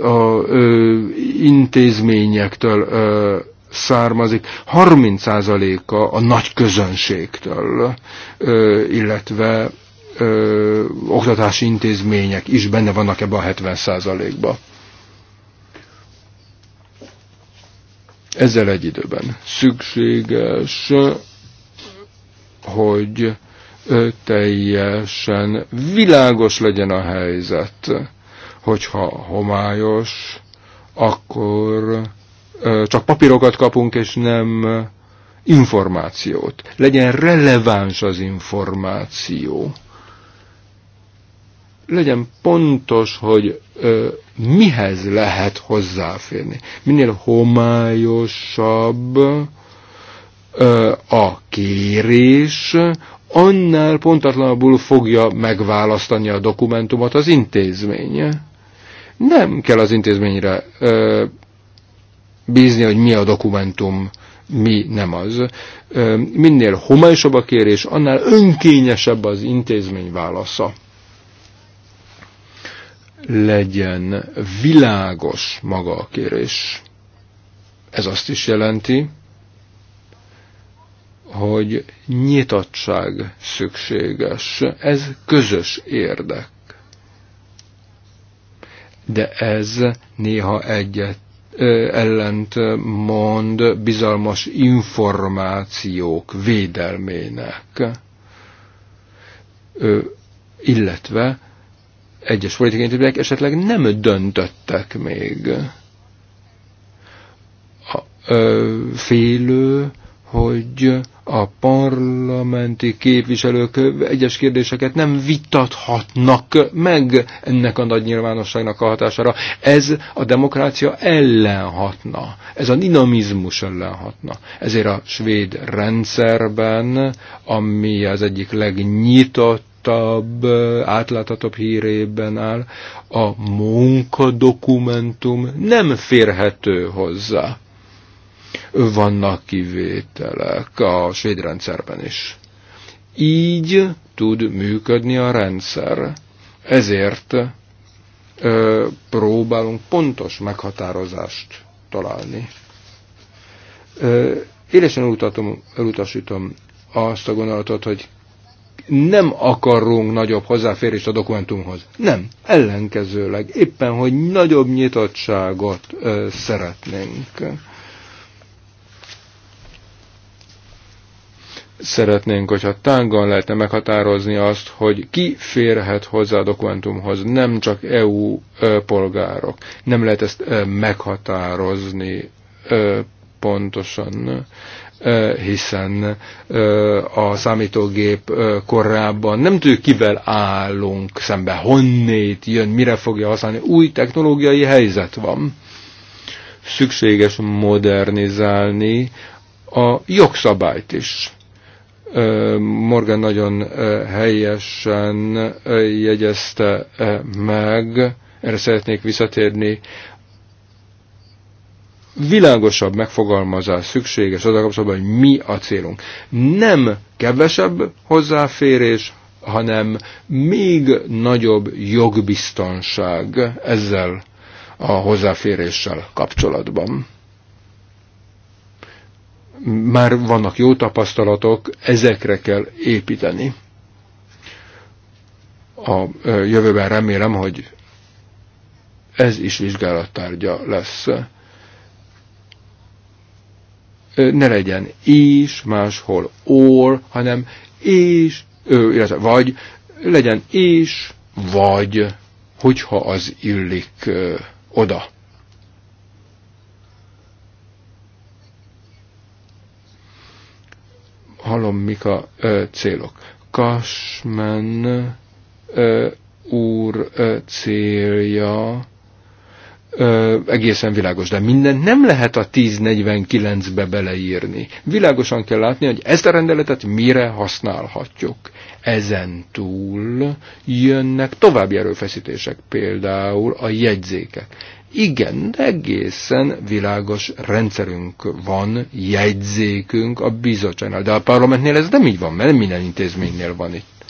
a, ö, intézményektől ö, származik, 30%-a a nagy közönségtől, ö, illetve ö, oktatási intézmények is benne vannak ebben a 70%-ba. Ezzel egy időben szükséges, hogy teljesen világos legyen a helyzet Hogyha homályos, akkor csak papírokat kapunk, és nem információt. Legyen releváns az információ. Legyen pontos, hogy ö, mihez lehet hozzáférni. Minél homályosabb ö, a kérés, annál pontatlanabbul fogja megválasztani a dokumentumot az intézménye nem kell az intézményre ö, bízni, hogy mi a dokumentum, mi nem az. Ö, minél homályosabb a kérés, annál önkényesebb az intézmény válasza. Legyen világos maga a kérés. Ez azt is jelenti, hogy nyitottság szükséges. Ez közös érdek de ez néha egyet ellent mond bizalmas információk védelmének, illetve egyes politikai intézmények esetleg nem döntöttek még. A, ö, félő, hogy a parlamenti képviselők egyes kérdéseket nem vitathatnak meg ennek a nagy nyilvánosságnak a hatására. Ez a demokrácia ellen hatna, ez a dinamizmus ellen hatna. Ezért a svéd rendszerben, ami az egyik legnyitott nyitottabb, átláthatóbb hírében áll, a munkadokumentum nem férhető hozzá. Vannak kivételek a svéd rendszerben is. Így tud működni a rendszer. Ezért ö, próbálunk pontos meghatározást találni. élesen elutasítom azt a gondolatot, hogy nem akarunk nagyobb hozzáférést a dokumentumhoz. Nem, ellenkezőleg, éppen, hogy nagyobb nyitottságot ö, szeretnénk. szeretnénk, hogyha tángan lehetne meghatározni azt, hogy ki férhet hozzá a dokumentumhoz, nem csak EU polgárok. Nem lehet ezt meghatározni pontosan, hiszen a számítógép korábban nem tudjuk, kivel állunk szembe, honnét jön, mire fogja használni. Új technológiai helyzet van. Szükséges modernizálni a jogszabályt is Morgan nagyon helyesen jegyezte meg, erre szeretnék visszatérni, világosabb megfogalmazás szükséges a kapcsolatban, hogy mi a célunk. Nem kevesebb hozzáférés, hanem még nagyobb jogbiztonság ezzel a hozzáféréssel kapcsolatban már vannak jó tapasztalatok, ezekre kell építeni. A jövőben remélem, hogy ez is vizsgálattárgya lesz. Ne legyen is, máshol or, hanem és, illetve vagy, legyen és, vagy, hogyha az illik oda. hallom, mik a ö, célok. Kasmen ö, úr ö, célja ö, egészen világos, de mindent nem lehet a 1049-be beleírni. Világosan kell látni, hogy ezt a rendeletet mire használhatjuk. Ezen túl jönnek további erőfeszítések, például a jegyzékek. Igen, egészen világos rendszerünk van, jegyzékünk a bizottságnál, de a parlamentnél ez nem így van, mert minden intézménynél van itt.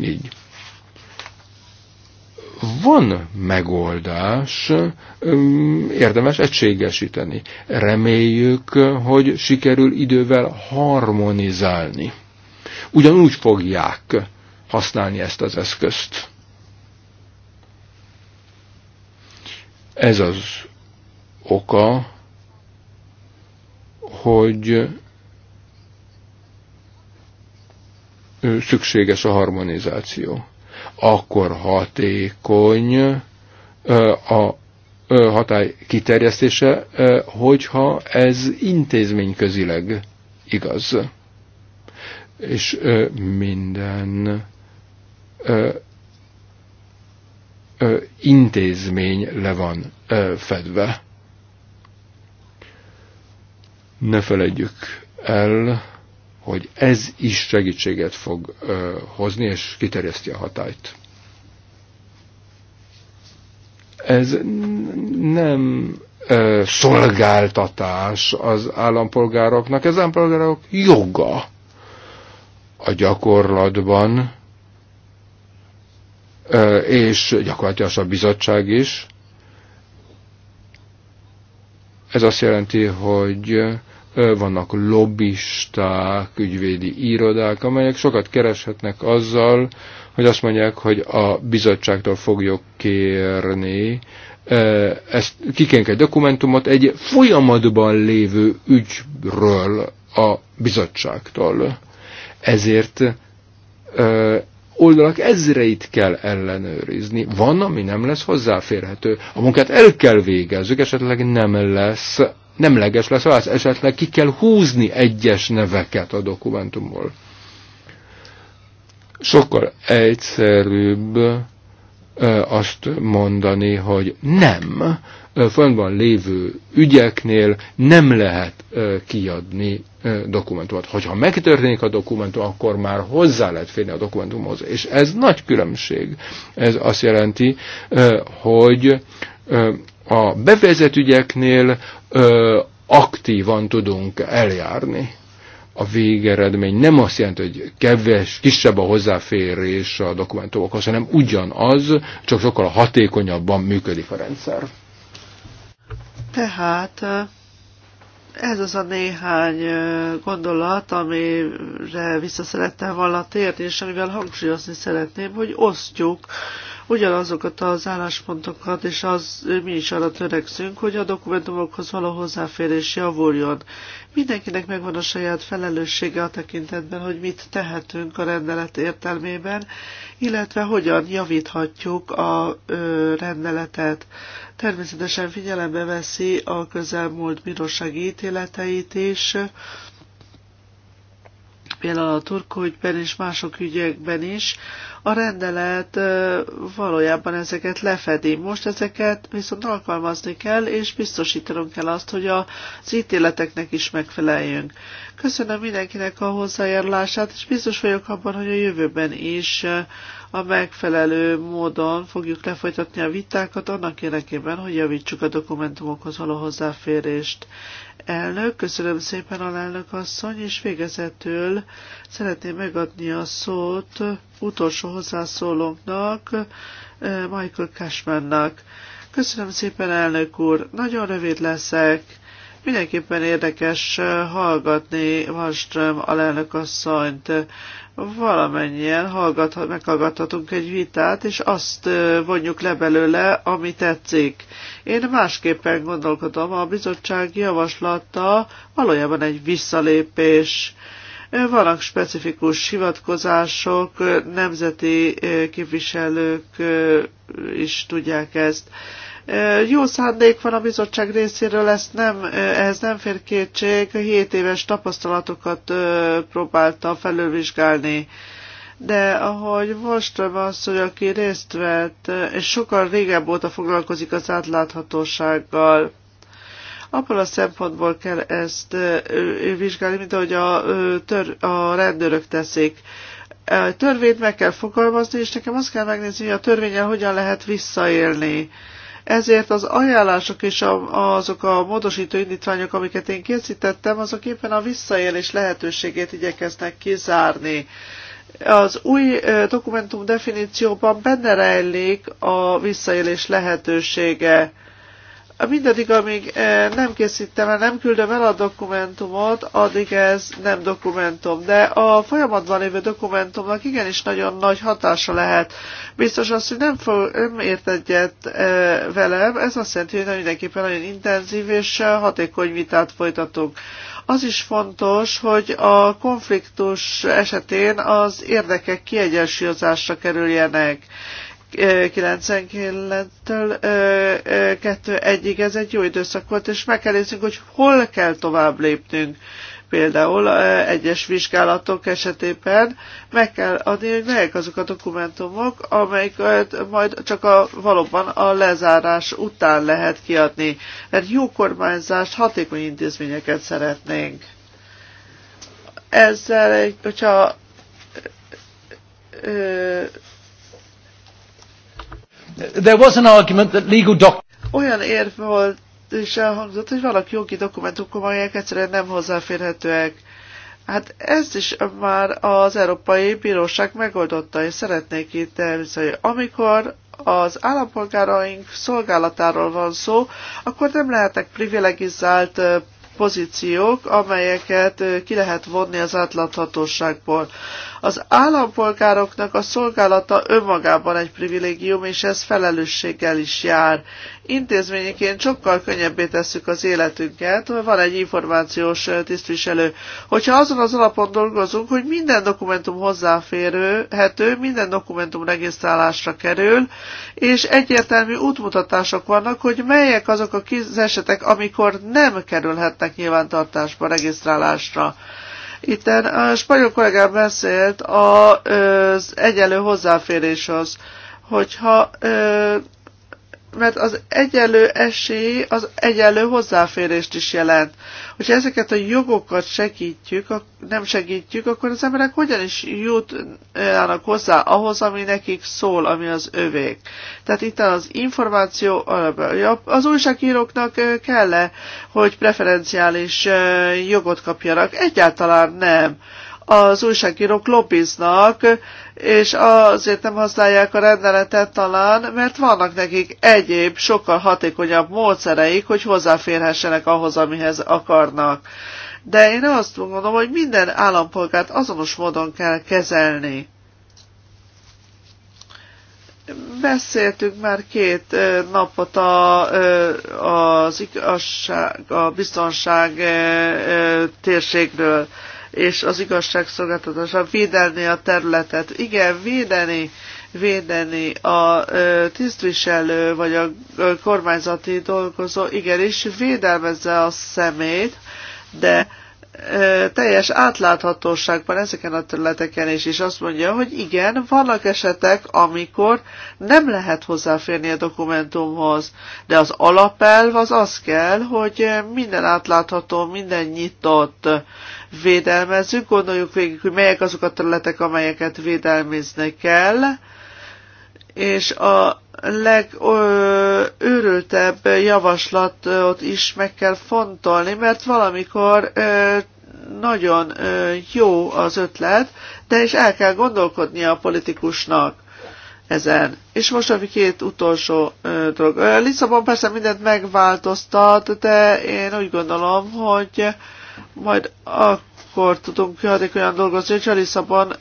Így. Van megoldás, érdemes egységesíteni. Reméljük, hogy sikerül idővel harmonizálni. Ugyanúgy fogják használni ezt az eszközt Ez az oka, hogy szükséges a harmonizáció. Akkor hatékony a hatály kiterjesztése, hogyha ez intézményközileg igaz. És minden ö, intézmény le van ö, fedve. Ne felejtjük el, hogy ez is segítséget fog ö, hozni, és kiterjeszti a hatályt. Ez nem ö, szolgáltatás az állampolgároknak, ez állampolgárok joga a gyakorlatban és gyakorlatilag a bizottság is. Ez azt jelenti, hogy vannak lobbisták, ügyvédi irodák, amelyek sokat kereshetnek azzal, hogy azt mondják, hogy a bizottságtól fogjuk kérni ezt kikénk egy dokumentumot egy folyamatban lévő ügyről a bizottságtól. Ezért oldalak ezreit kell ellenőrizni. Van, ami nem lesz hozzáférhető. A munkát el kell végezzük, esetleg nem lesz, nemleges lesz az, esetleg ki kell húzni egyes neveket a dokumentumból. Sokkal egyszerűbb azt mondani, hogy nem, folyamatban lévő ügyeknél nem lehet kiadni dokumentumot. Hogyha megtörténik a dokumentum, akkor már hozzá lehet férni a dokumentumhoz. És ez nagy különbség. Ez azt jelenti, hogy a bevezet ügyeknél aktívan tudunk eljárni. A végeredmény nem azt jelenti, hogy keves, kisebb a hozzáférés a dokumentumokhoz, hanem ugyanaz, csak sokkal hatékonyabban működik a rendszer.
Tehát ez az a néhány gondolat, amire vissza szerettem volna térni, és amivel hangsúlyozni szeretném, hogy osztjuk ugyanazokat az álláspontokat, és az, mi is arra törekszünk, hogy a dokumentumokhoz való hozzáférés javuljon. Mindenkinek megvan a saját felelőssége a tekintetben, hogy mit tehetünk a rendelet értelmében, illetve hogyan javíthatjuk a ö, rendeletet. Természetesen figyelembe veszi a közelmúlt bírósági ítéleteit is, például a turkúgyben és mások ügyekben is. A rendelet valójában ezeket lefedi. Most ezeket viszont alkalmazni kell, és biztosítanunk kell azt, hogy az ítéleteknek is megfeleljünk. Köszönöm mindenkinek a hozzájárulását, és biztos vagyok abban, hogy a jövőben is a megfelelő módon fogjuk lefolytatni a vitákat annak érdekében, hogy javítsuk a dokumentumokhoz való hozzáférést. Elnök, köszönöm szépen lelnök asszony, és végezetül szeretném megadni a szót utolsó hozzászólónknak, eh, Michael Cashmannak. Köszönöm szépen, elnök úr, nagyon rövid leszek. Mindenképpen érdekes eh, hallgatni Wallström lelnök asszonyt valamennyien hallgathat, meghallgathatunk egy vitát, és azt vonjuk le belőle, ami tetszik. Én másképpen gondolkodom, a bizottság javaslata valójában egy visszalépés. Vannak specifikus hivatkozások, nemzeti képviselők is tudják ezt. Jó szándék van a bizottság részéről, ezt nem, ez nem fér kétség, 7 éves tapasztalatokat próbálta felülvizsgálni. De ahogy most az, hogy aki részt vett, és sokkal régebb óta foglalkozik az átláthatósággal, abból a szempontból kell ezt vizsgálni, mint ahogy a, tör, a rendőrök teszik. A törvényt meg kell fogalmazni, és nekem azt kell megnézni, hogy a törvényen hogyan lehet visszaélni. Ezért az ajánlások és a, azok a módosító indítványok, amiket én készítettem, azok éppen a visszaélés lehetőségét igyekeznek kizárni az új dokumentum definícióban benne rejlik a visszaélés lehetősége. Mindaddig, amíg eh, nem készítem el, nem küldöm el a dokumentumot, addig ez nem dokumentum. De a folyamatban lévő dokumentumnak igenis nagyon nagy hatása lehet. Biztos az, hogy nem, fog, nem ért egyet eh, velem, ez azt jelenti, hogy mindenképpen nagyon intenzív és eh, hatékony vitát folytatunk. Az is fontos, hogy a konfliktus esetén az érdekek kiegyensúlyozásra kerüljenek 99-től 2-1-ig ez egy jó időszak volt, és meg kell néznünk, hogy hol kell tovább lépnünk. Például egyes vizsgálatok esetében meg kell adni, hogy melyek azok a dokumentumok, amelyeket majd csak a, valóban a lezárás után lehet kiadni. Mert jó kormányzást, hatékony intézményeket szeretnénk. Ezzel, hogyha ö, There was an argument
that legal doc
Olyan érv volt és elhangzott, hogy valaki jogi dokumentumok, amelyek egyszerűen nem hozzáférhetőek. Hát ez is már az Európai Bíróság megoldotta, és szeretnék itt elviszni, Amikor az állampolgáraink szolgálatáról van szó, akkor nem lehetnek privilegizált pozíciók, amelyeket ki lehet vonni az átláthatóságból. Az állampolgároknak a szolgálata önmagában egy privilégium, és ez felelősséggel is jár, intézményeként sokkal könnyebbé tesszük az életünket, van egy információs tisztviselő. Hogyha azon az alapon dolgozunk, hogy minden dokumentum hozzáférhető, minden dokumentum regisztrálásra kerül, és egyértelmű útmutatások vannak, hogy melyek azok kis esetek, amikor nem kerülhetnek nyilvántartásba, regisztrálásra. Itt a spanyol kollégám beszélt az egyenlő hozzáféréshoz, hogyha mert az egyenlő esély az egyenlő hozzáférést is jelent. Hogyha ezeket a jogokat segítjük, nem segítjük, akkor az emberek hogyan is jutnának hozzá ahhoz, ami nekik szól, ami az övék. Tehát itt az információ, az újságíróknak kell -e, hogy preferenciális jogot kapjanak? Egyáltalán nem az újságírók lobbiznak, és azért nem használják a rendeletet talán, mert vannak nekik egyéb, sokkal hatékonyabb módszereik, hogy hozzáférhessenek ahhoz, amihez akarnak. De én azt gondolom, hogy minden állampolgárt azonos módon kell kezelni. Beszéltünk már két napot a, az igazság, a biztonság térségről és az igazságszolgáltatása védelni a területet. Igen, védeni, védeni a tisztviselő vagy a kormányzati dolgozó, igenis védelmezze a szemét, de teljes átláthatóságban ezeken a területeken is, és azt mondja, hogy igen, vannak esetek, amikor nem lehet hozzáférni a dokumentumhoz, de az alapelv az az kell, hogy minden átlátható, minden nyitott, védelmezzük, gondoljuk végig, hogy melyek azok a területek, amelyeket védelmezni kell, és a legőrültebb javaslatot is meg kell fontolni, mert valamikor ö, nagyon ö, jó az ötlet, de is el kell gondolkodnia a politikusnak ezen. És most a két utolsó ö, dolog. Lisszabon persze mindent megváltoztat, de én úgy gondolom, hogy ö, majd akkor tudunk hatékonyan dolgozni, hogy a Lisszabon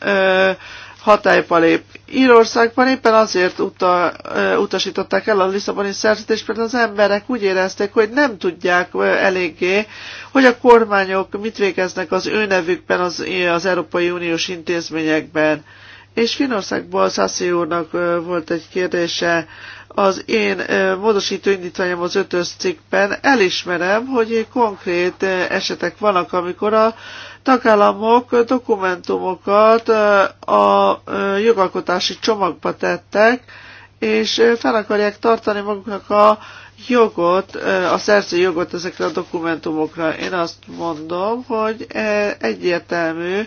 hatályba lép. Írországban éppen azért uta, utasították el a Lisszaboni szerződést, mert az emberek úgy érezték, hogy nem tudják eléggé, hogy a kormányok mit végeznek az ő nevükben az, az Európai Uniós intézményekben. És Finországból Szászi úrnak volt egy kérdése, az én módosító indítványom az ötös cikkben elismerem, hogy konkrét esetek vannak, amikor a tagállamok dokumentumokat a jogalkotási csomagba tettek, és fel akarják tartani maguknak a jogot, a szerző jogot ezekre a dokumentumokra. Én azt mondom, hogy egyértelmű,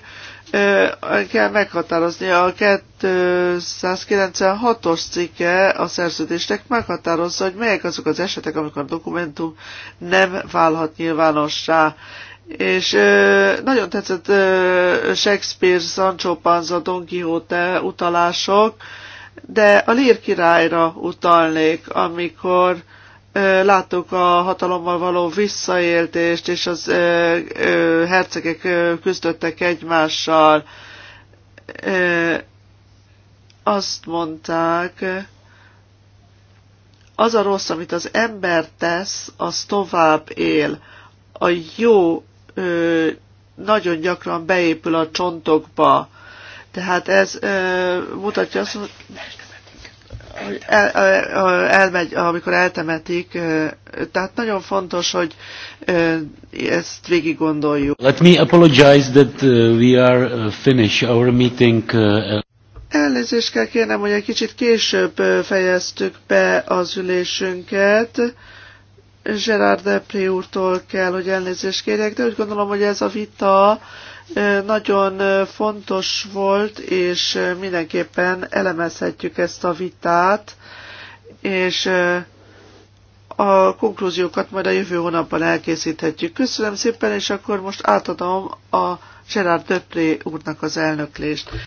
kell meghatározni. A 296-os cikke a szerződésnek meghatározza, hogy melyek azok az esetek, amikor a dokumentum nem válhat nyilvánossá. És ö, nagyon tetszett ö, Shakespeare, Sancho Panza, Don Quixote utalások, de a Lír királyra utalnék, amikor láttuk a hatalommal való visszaéltést, és az hercegek küzdöttek egymással. Azt mondták, az a rossz, amit az ember tesz, az tovább él. A jó nagyon gyakran beépül a csontokba. Tehát ez mutatja azt, hogy el, el, elmegy, amikor eltemetik. Tehát nagyon fontos, hogy ezt végig gondoljuk. Let
me apologize that uh, we are uh, finish our meeting. Uh,
elnézést kell kérnem, hogy egy kicsit később fejeztük be az ülésünket. Gerard Depré úrtól kell, hogy elnézést kérjek, de úgy gondolom, hogy ez a vita nagyon fontos volt, és mindenképpen elemezhetjük ezt a vitát, és a konklúziókat majd a jövő hónapban elkészíthetjük. Köszönöm szépen, és akkor most átadom a Gerard Döpré úrnak az elnöklést.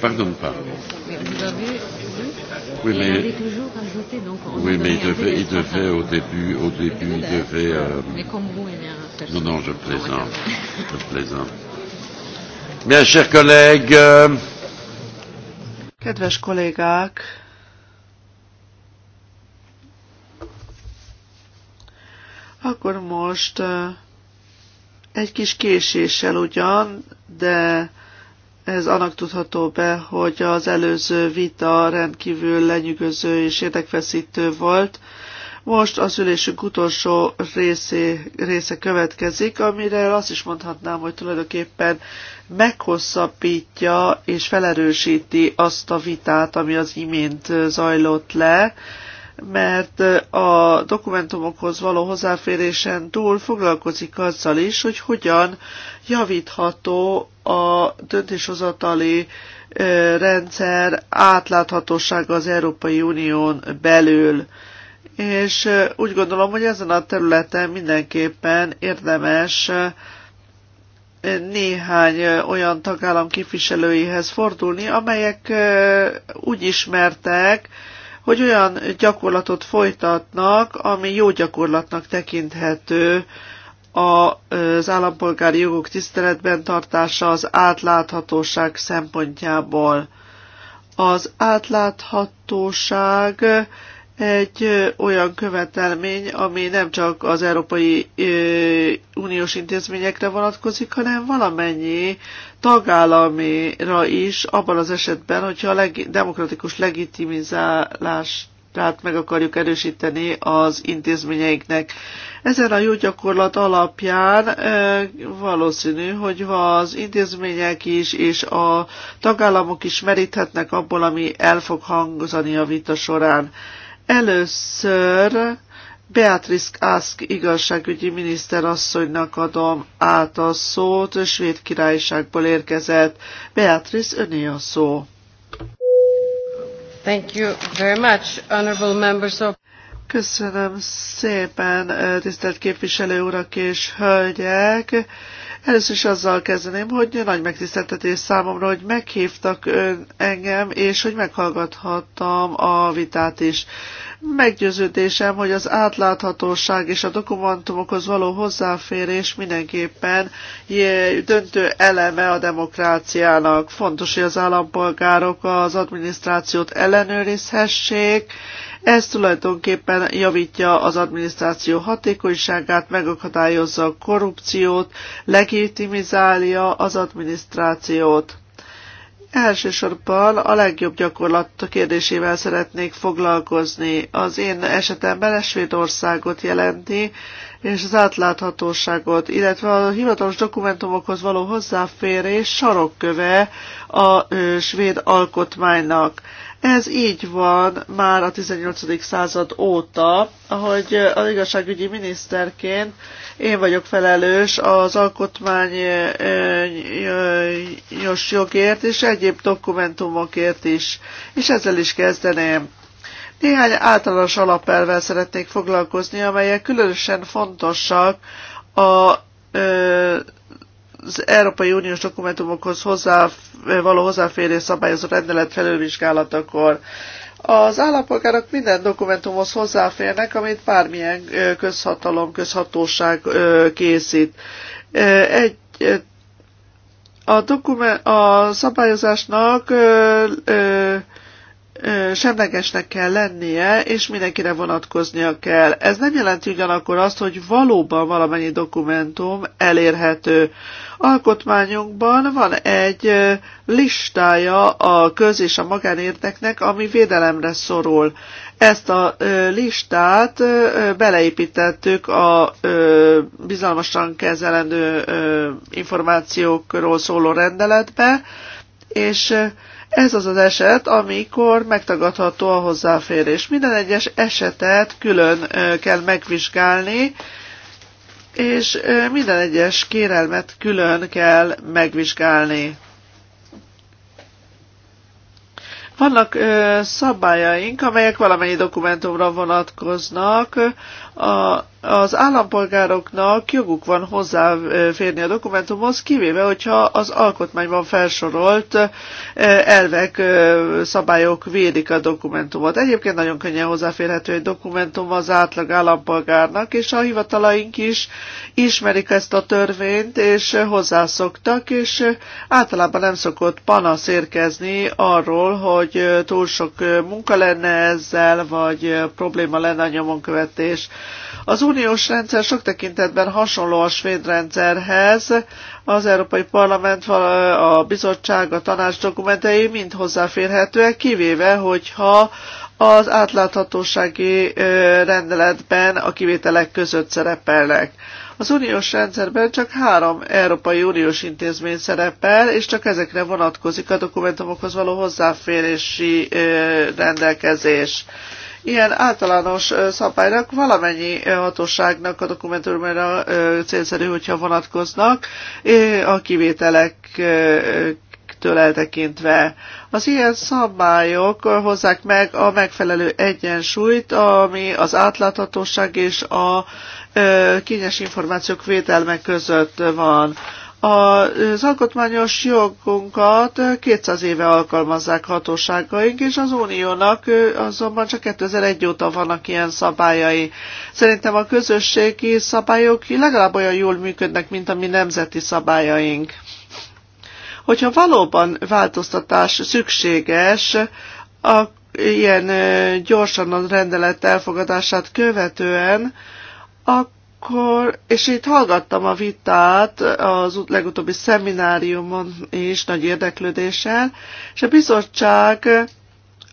pardonne pas. Oui, mais, oui, mais il devait, il devait au début, au début, il devait. Euh... Eh non, non, je plaisante,
je plaisante. Bien, chers collègues. Euh, Kedves kollégák, akkor most egy kis késéssel ugyan, de ez annak tudható be, hogy az előző vita rendkívül lenyűgöző és érdekfeszítő volt. Most az ülésünk utolsó részé, része következik, amire azt is mondhatnám, hogy tulajdonképpen meghosszabbítja és felerősíti azt a vitát, ami az imént zajlott le mert a dokumentumokhoz való hozzáférésen túl foglalkozik azzal is, hogy hogyan javítható a döntéshozatali rendszer átláthatósága az Európai Unión belül. És úgy gondolom, hogy ezen a területen mindenképpen érdemes néhány olyan tagállam képviselőihez fordulni, amelyek úgy ismertek, hogy olyan gyakorlatot folytatnak, ami jó gyakorlatnak tekinthető, az állampolgári jogok tiszteletben tartása az átláthatóság szempontjából. Az átláthatóság egy olyan követelmény, ami nem csak az Európai Uniós intézményekre vonatkozik, hanem valamennyi tagállamira is, abban az esetben, hogyha a legi- demokratikus legitimizálást tehát meg akarjuk erősíteni az intézményeiknek. Ezen a jó gyakorlat alapján e, valószínű, hogy az intézmények is és a tagállamok is meríthetnek abból, ami el fog hangzani a vita során. Először Beatrice Ask igazságügyi miniszter asszonynak adom át a szót, a svéd királyságból érkezett. Beatrice, öné a szó. Thank you very much, honorable members of... Köszönöm szépen, tisztelt képviselő urak és hölgyek! Először is azzal kezdeném, hogy nagy megtiszteltetés számomra, hogy meghívtak ön, engem, és hogy meghallgathattam a vitát is. Meggyőződésem, hogy az átláthatóság és a dokumentumokhoz való hozzáférés mindenképpen döntő eleme a demokráciának. Fontos, hogy az állampolgárok az adminisztrációt ellenőrizhessék, ez tulajdonképpen javítja az adminisztráció hatékonyságát, megakadályozza a korrupciót, legitimizálja az adminisztrációt. Elsősorban a legjobb gyakorlat kérdésével szeretnék foglalkozni. Az én esetemben Svédországot jelenti, és az átláthatóságot, illetve a hivatalos dokumentumokhoz való hozzáférés sarokköve a svéd alkotmánynak. Ez így van már a 18. század óta, ahogy az igazságügyi miniszterként én vagyok felelős az alkotmányos jogért és egyéb dokumentumokért is, és ezzel is kezdeném. Néhány általános alapelvel szeretnék foglalkozni, amelyek különösen fontosak a az Európai Uniós dokumentumokhoz hozzá, való hozzáférés szabályozó rendelet felülvizsgálatakor. Az állampolgárok minden dokumentumhoz hozzáférnek, amit bármilyen közhatalom, közhatóság készít. Egy a, dokumen, a szabályozásnak ö, ö, semlegesnek kell lennie, és mindenkire vonatkoznia kell. Ez nem jelenti ugyanakkor azt, hogy valóban valamennyi dokumentum elérhető. Alkotmányunkban van egy listája a köz- és a magánérteknek, ami védelemre szorul. Ezt a listát beleépítettük a bizalmasan kezelendő információkról szóló rendeletbe, és ez az az eset, amikor megtagadható a hozzáférés. Minden egyes esetet külön kell megvizsgálni, és minden egyes kérelmet külön kell megvizsgálni. Vannak szabályaink, amelyek valamennyi dokumentumra vonatkoznak, a, az állampolgároknak joguk van hozzáférni a dokumentumhoz, kivéve, hogyha az alkotmányban felsorolt elvek, szabályok védik a dokumentumot. Egyébként nagyon könnyen hozzáférhető egy dokumentum az átlag állampolgárnak, és a hivatalaink is ismerik ezt a törvényt, és hozzászoktak, és általában nem szokott panasz érkezni arról, hogy túl sok munka lenne ezzel, vagy probléma lenne a nyomonkövetés az uniós rendszer sok tekintetben hasonló a svéd rendszerhez. Az Európai Parlament, a bizottság, a tanács dokumentei mind hozzáférhetőek, kivéve, hogyha az átláthatósági rendeletben a kivételek között szerepelnek. Az uniós rendszerben csak három Európai Uniós intézmény szerepel, és csak ezekre vonatkozik a dokumentumokhoz való hozzáférési rendelkezés. Ilyen általános szabályok valamennyi hatóságnak a dokumentumra célszerű, hogyha vonatkoznak, a kivételek től eltekintve. Az ilyen szabályok hozzák meg a megfelelő egyensúlyt, ami az átláthatóság és a kényes információk védelme között van. Az alkotmányos jogunkat 200 éve alkalmazzák hatóságaink, és az uniónak azonban csak 2001 óta vannak ilyen szabályai. Szerintem a közösségi szabályok legalább olyan jól működnek, mint a mi nemzeti szabályaink. Hogyha valóban változtatás szükséges, a, ilyen gyorsan a rendelet elfogadását követően, akkor akkor, és itt hallgattam a vitát az legutóbbi szemináriumon is nagy érdeklődéssel, és a bizottság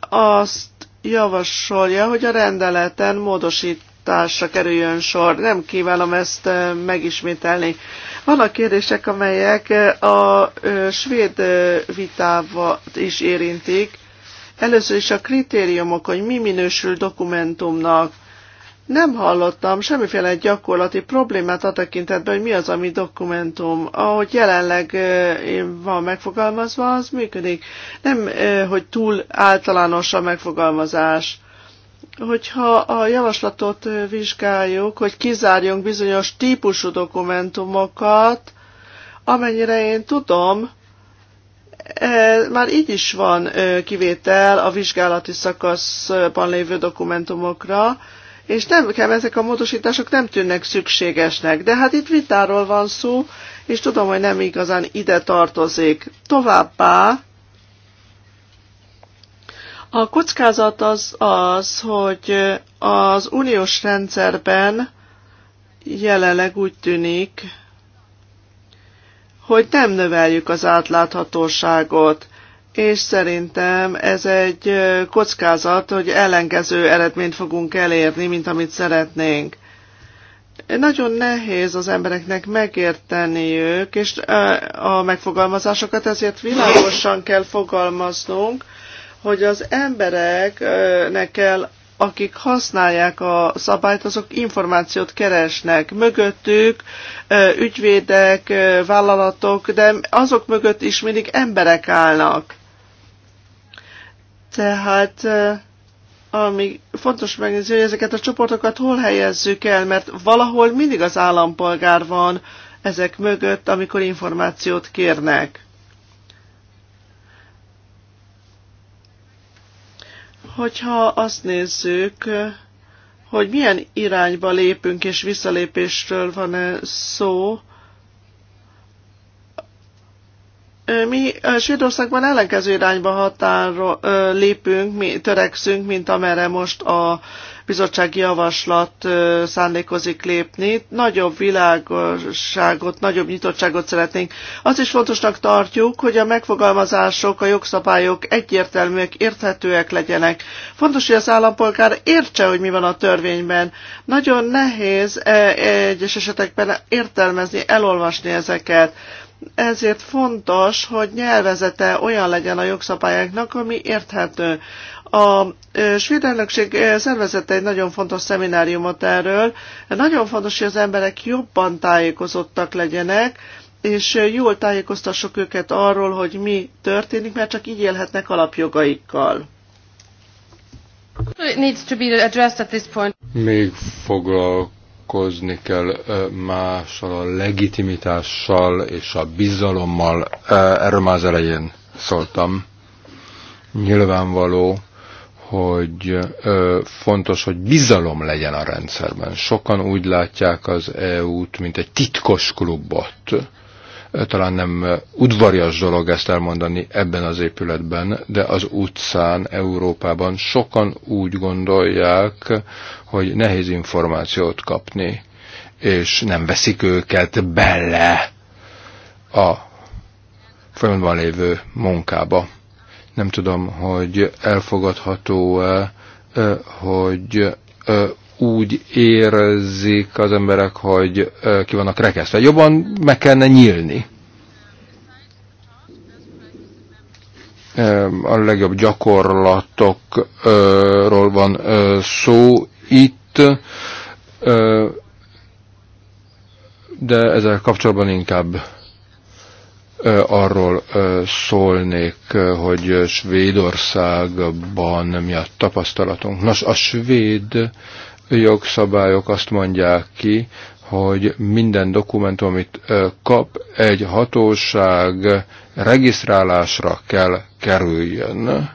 azt javasolja, hogy a rendeleten módosításra kerüljön sor. Nem kívánom ezt megismételni. Vannak kérdések, amelyek a svéd vitával is érintik. Először is a kritériumok, hogy mi minősül dokumentumnak, nem hallottam semmiféle gyakorlati problémát a tekintetben, hogy mi az, ami dokumentum. Ahogy jelenleg van megfogalmazva, az működik. Nem, hogy túl általános a megfogalmazás. Hogyha a javaslatot vizsgáljuk, hogy kizárjunk bizonyos típusú dokumentumokat, amennyire én tudom, e, már így is van kivétel a vizsgálati szakaszban lévő dokumentumokra, és nem kell, ezek a módosítások nem tűnnek szükségesnek, de hát itt vitáról van szó, és tudom, hogy nem igazán ide tartozik. Továbbá a kockázat az az, hogy az uniós rendszerben jelenleg úgy tűnik, hogy nem növeljük az átláthatóságot és szerintem ez egy kockázat, hogy ellenkező eredményt fogunk elérni, mint amit szeretnénk. Nagyon nehéz az embereknek megérteni ők, és a megfogalmazásokat ezért világosan kell fogalmaznunk, hogy az embereknek kell, akik használják a szabályt, azok információt keresnek. Mögöttük ügyvédek, vállalatok, de azok mögött is mindig emberek állnak tehát ami fontos megnézni, hogy ezeket a csoportokat hol helyezzük el, mert valahol mindig az állampolgár van ezek mögött, amikor információt kérnek. Hogyha azt nézzük, hogy milyen irányba lépünk és visszalépésről van -e szó, Mi Svédországban ellenkező irányba határo, lépünk, mi törekszünk, mint amerre most a bizottsági javaslat szándékozik lépni. Nagyobb világosságot, nagyobb nyitottságot szeretnénk. Azt is fontosnak tartjuk, hogy a megfogalmazások, a jogszabályok egyértelműek, érthetőek legyenek. Fontos, hogy az állampolgár értse, hogy mi van a törvényben. Nagyon nehéz e, egyes esetekben értelmezni, elolvasni ezeket ezért fontos, hogy nyelvezete olyan legyen a jogszabályoknak, ami érthető. A svéd elnökség szervezette egy nagyon fontos szemináriumot erről. Nagyon fontos, hogy az emberek jobban tájékozottak legyenek, és jól tájékoztassuk őket arról, hogy mi történik, mert csak így élhetnek alapjogaikkal.
Még foglal foglalkozni kell mással, a legitimitással és a bizalommal. Erről már az elején szóltam. Nyilvánvaló, hogy fontos, hogy bizalom legyen a rendszerben. Sokan úgy látják az EU-t, mint egy titkos klubot. Talán nem udvarias dolog ezt elmondani ebben az épületben, de az utcán, Európában sokan úgy gondolják, hogy nehéz információt kapni, és nem veszik őket bele a folyamatban lévő munkába. Nem tudom, hogy elfogadható-e, hogy úgy érzik az emberek, hogy ki vannak rekesztve. Jobban meg kellene nyílni. A legjobb gyakorlatokról van szó itt, de ezzel kapcsolatban inkább arról szólnék, hogy Svédországban mi a tapasztalatunk. Nos, a svéd jogszabályok azt mondják ki, hogy minden dokumentum, amit kap, egy hatóság regisztrálásra kell kerüljön.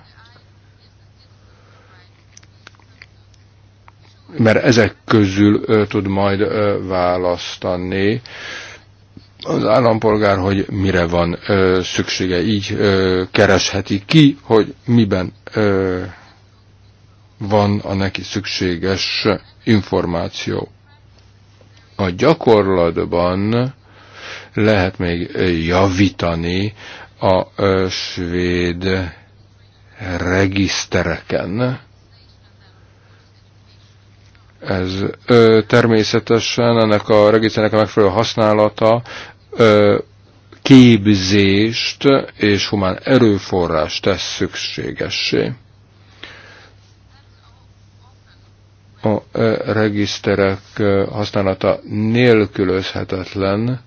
Mert ezek közül tud majd választani az állampolgár, hogy mire van szüksége. Így keresheti ki, hogy miben van a neki szükséges információ. A gyakorlatban lehet még javítani a svéd regisztereken. Ez ö, természetesen ennek a regiszternek a megfelelő használata ö, képzést és humán erőforrás tesz szükségessé. a regiszterek használata nélkülözhetetlen,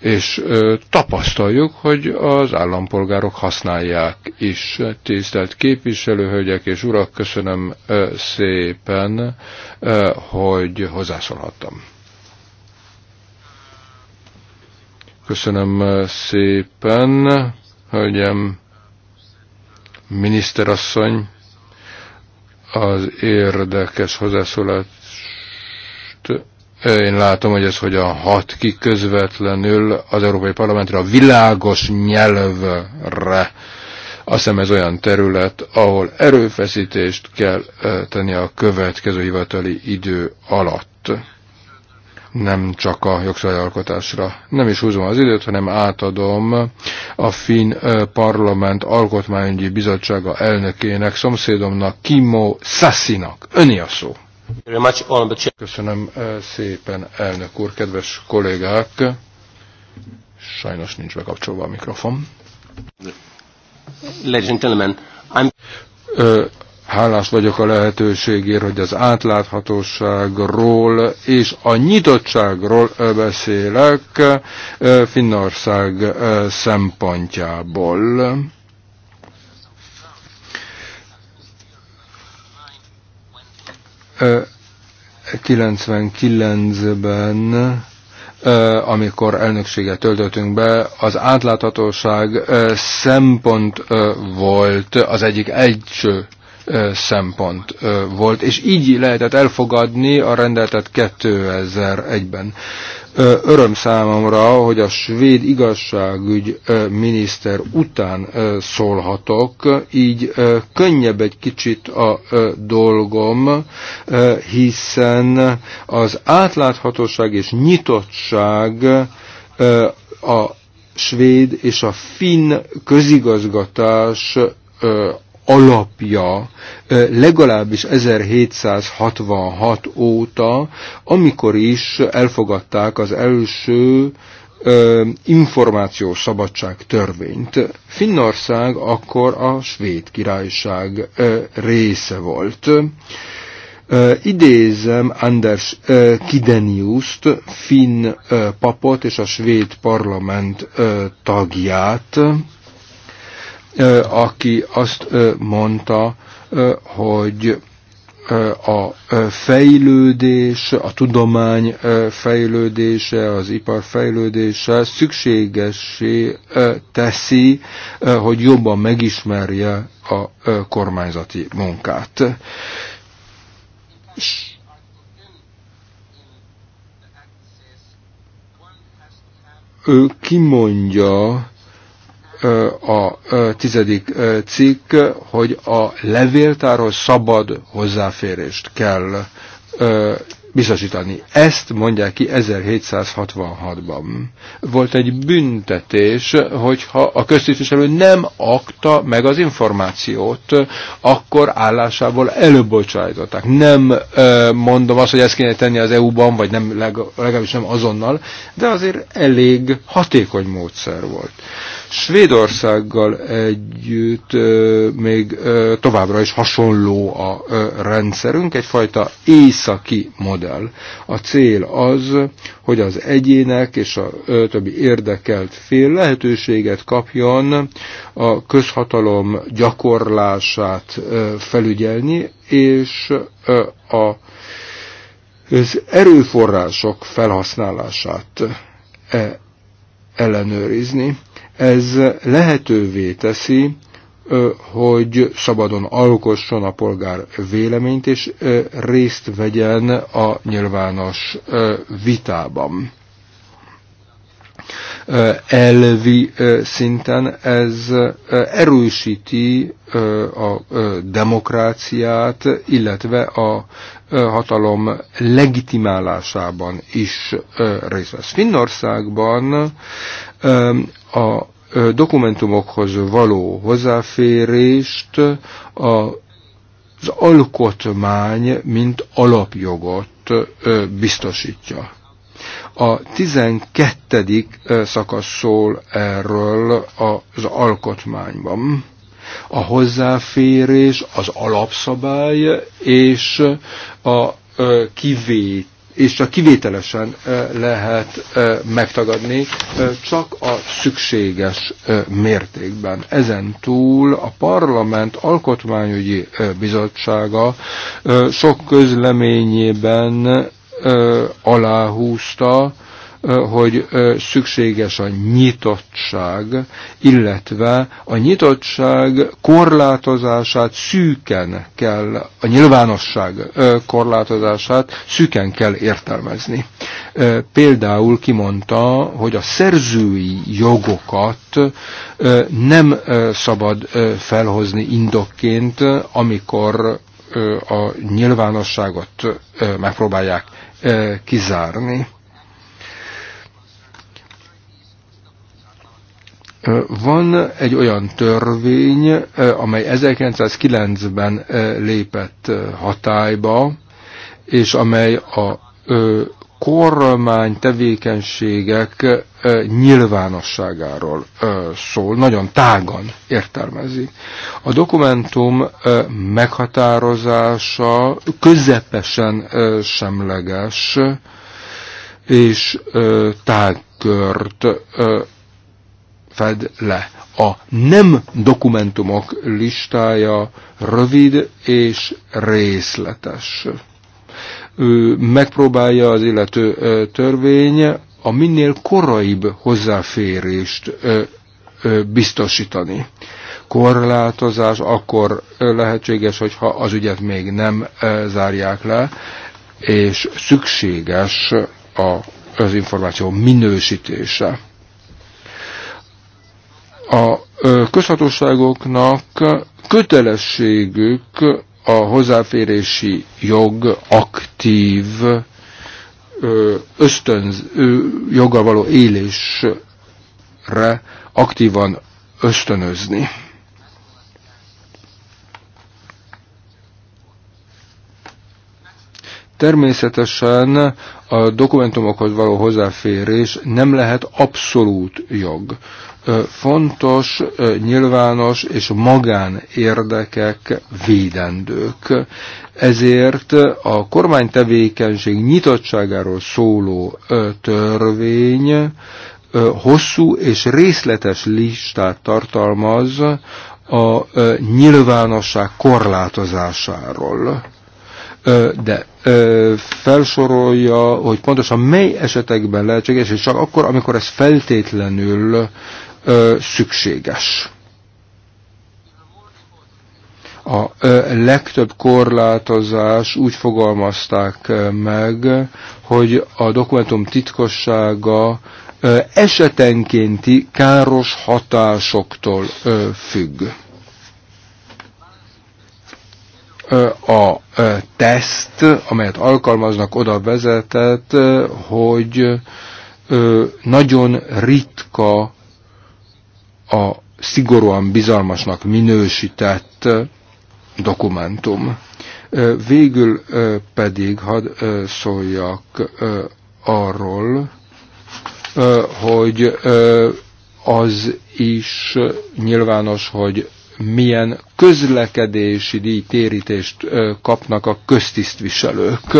és tapasztaljuk, hogy az állampolgárok használják is. Tisztelt képviselőhölgyek és urak, köszönöm szépen, hogy hozzászólhattam. Köszönöm szépen, hölgyem miniszterasszony, az érdekes hozzászólást. Én látom, hogy ez hogyan hat ki közvetlenül az Európai Parlamentre, a világos nyelvre. Azt hiszem ez olyan terület, ahol erőfeszítést kell eh, tenni a következő hivatali idő alatt nem csak a jogszabályalkotásra. Nem is húzom az időt, hanem átadom a Finn Parlament Alkotmányügyi Bizottsága elnökének, szomszédomnak, Kimo Sassinak. Öni a szó. Köszönöm szépen, elnök úr, kedves kollégák. Sajnos nincs bekapcsolva a mikrofon. Ladies and gentlemen, I'm... Ö, Hálás vagyok a lehetőségért, hogy az átláthatóságról és a nyitottságról beszélek Finnország szempontjából. Ö, ben amikor elnökséget töltöttünk be, az átláthatóság szempont volt az egyik egyső szempont volt, és így lehetett elfogadni a rendeletet 2001-ben. Öröm számomra, hogy a svéd igazságügy miniszter után szólhatok, így könnyebb egy kicsit a dolgom, hiszen az átláthatóság és nyitottság a svéd és a finn közigazgatás alapja legalábbis 1766 óta, amikor is elfogadták az első információs szabadság törvényt. Finnország akkor a svéd királyság része volt. Uh, idézem Anders uh, Kideniuszt, finn uh, papot és a svéd parlament uh, tagját, aki azt mondta, hogy a fejlődés, a tudomány fejlődése, az ipar fejlődése szükségessé teszi, hogy jobban megismerje a kormányzati munkát. Ő kimondja, a tizedik cikk, hogy a levéltárhoz szabad hozzáférést kell biztosítani. Ezt mondják ki 1766-ban. Volt egy büntetés, hogyha a köztisztviselő nem akta meg az információt, akkor állásából előbocsájtották. Nem mondom azt, hogy ezt kéne tenni az EU-ban, vagy nem, legalábbis nem azonnal, de azért elég hatékony módszer volt. Svédországgal együtt még továbbra is hasonló a rendszerünk, egyfajta északi modell. A cél az, hogy az egyének és a többi érdekelt fél lehetőséget kapjon a közhatalom gyakorlását felügyelni, és a az erőforrások felhasználását ellenőrizni ez lehetővé teszi, hogy szabadon alkosson a polgár véleményt, és részt vegyen a nyilvános vitában. Elvi szinten ez erősíti a demokráciát, illetve a hatalom legitimálásában is részt vesz. Finnországban a dokumentumokhoz való hozzáférést a az alkotmány, mint alapjogot biztosítja. A 12. szakasz szól erről az alkotmányban. A hozzáférés, az alapszabály és a kivét és csak kivételesen lehet megtagadni, csak a szükséges mértékben. Ezen túl a Parlament Alkotmányügyi Bizottsága sok közleményében aláhúzta, hogy szükséges a nyitottság, illetve a nyitottság korlátozását szűken kell, a nyilvánosság korlátozását szűken kell értelmezni. Például kimondta, hogy a szerzői jogokat nem szabad felhozni indokként, amikor a nyilvánosságot megpróbálják kizárni Van egy olyan törvény, amely 1909-ben lépett hatályba, és amely a kormány tevékenységek nyilvánosságáról szól, nagyon tágan értelmezi. A dokumentum meghatározása közepesen semleges és tágkört fed le. A nem dokumentumok listája rövid és részletes. Ő megpróbálja az illető törvény a minél koraibb hozzáférést biztosítani. Korlátozás akkor lehetséges, hogyha az ügyet még nem zárják le, és szükséges a, az információ minősítése. A közhatóságoknak kötelességük a hozzáférési jog aktív ösztönz, joga való élésre aktívan ösztönözni. Természetesen a dokumentumokhoz való hozzáférés nem lehet abszolút jog fontos, nyilvános és magán érdekek védendők. Ezért a kormány tevékenység nyitottságáról szóló törvény hosszú és részletes listát tartalmaz a nyilvánosság korlátozásáról de felsorolja, hogy pontosan mely esetekben lehetséges, és csak akkor, amikor ez feltétlenül szükséges. A legtöbb korlátozás úgy fogalmazták meg, hogy a dokumentum titkossága esetenkénti káros hatásoktól függ. A teszt, amelyet alkalmaznak, oda vezetett, hogy nagyon ritka a szigorúan bizalmasnak minősített dokumentum. Végül pedig hadd szóljak arról, hogy az is nyilvános, hogy milyen közlekedési díjtérítést kapnak a köztisztviselők.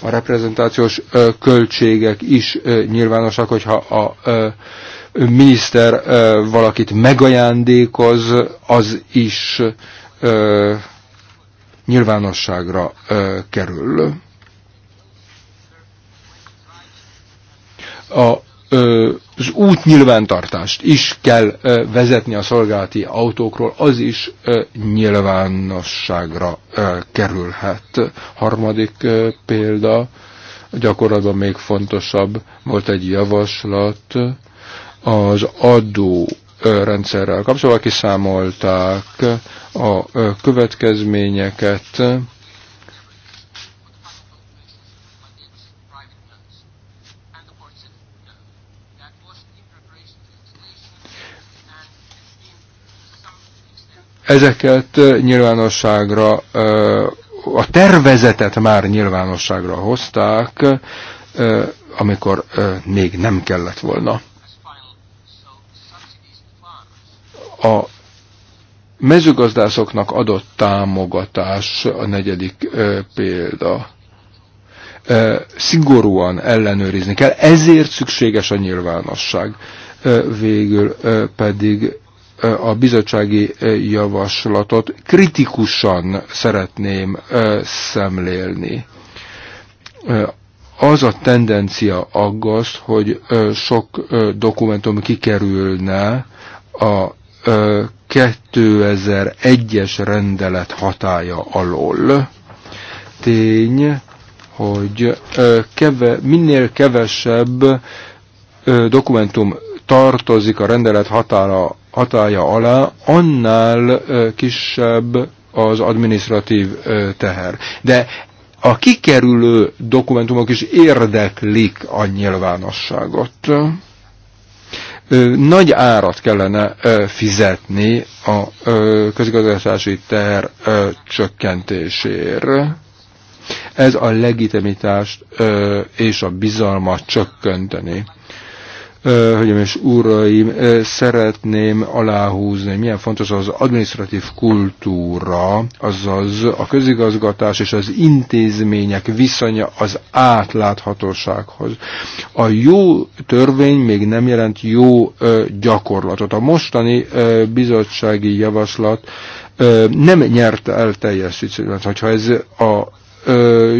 A reprezentációs költségek is nyilvánosak, hogyha a miniszter valakit megajándékoz, az is nyilvánosságra kerül. A az út nyilvántartást is kell vezetni a szolgálati autókról, az is nyilvánosságra kerülhet. Harmadik példa, gyakorlatban még fontosabb, volt egy javaslat az adó rendszerrel kapcsolatban, kiszámolták a következményeket, Ezeket nyilvánosságra, a tervezetet már nyilvánosságra hozták, amikor még nem kellett volna. A mezőgazdászoknak adott támogatás a negyedik példa szigorúan ellenőrizni kell, ezért szükséges a nyilvánosság. Végül pedig a bizottsági javaslatot kritikusan szeretném szemlélni. Az a tendencia aggaszt, hogy sok dokumentum kikerülne a 2001-es rendelet hatája alól. Tény, hogy keve, minél kevesebb dokumentum tartozik a rendelet határa hatája alá, annál kisebb az administratív teher. De a kikerülő dokumentumok is érdeklik a nyilvánosságot. Nagy árat kellene fizetni a közigazgatási teher csökkentésért. Ez a legitimitást és a bizalmat csökkenteni. Hölgyeim és uraim, szeretném aláhúzni, hogy milyen fontos az administratív kultúra, azaz a közigazgatás és az intézmények viszonya az átláthatósághoz. A jó törvény még nem jelent jó gyakorlatot. A mostani bizottsági javaslat nem nyerte el teljesítőt, Hogyha ez a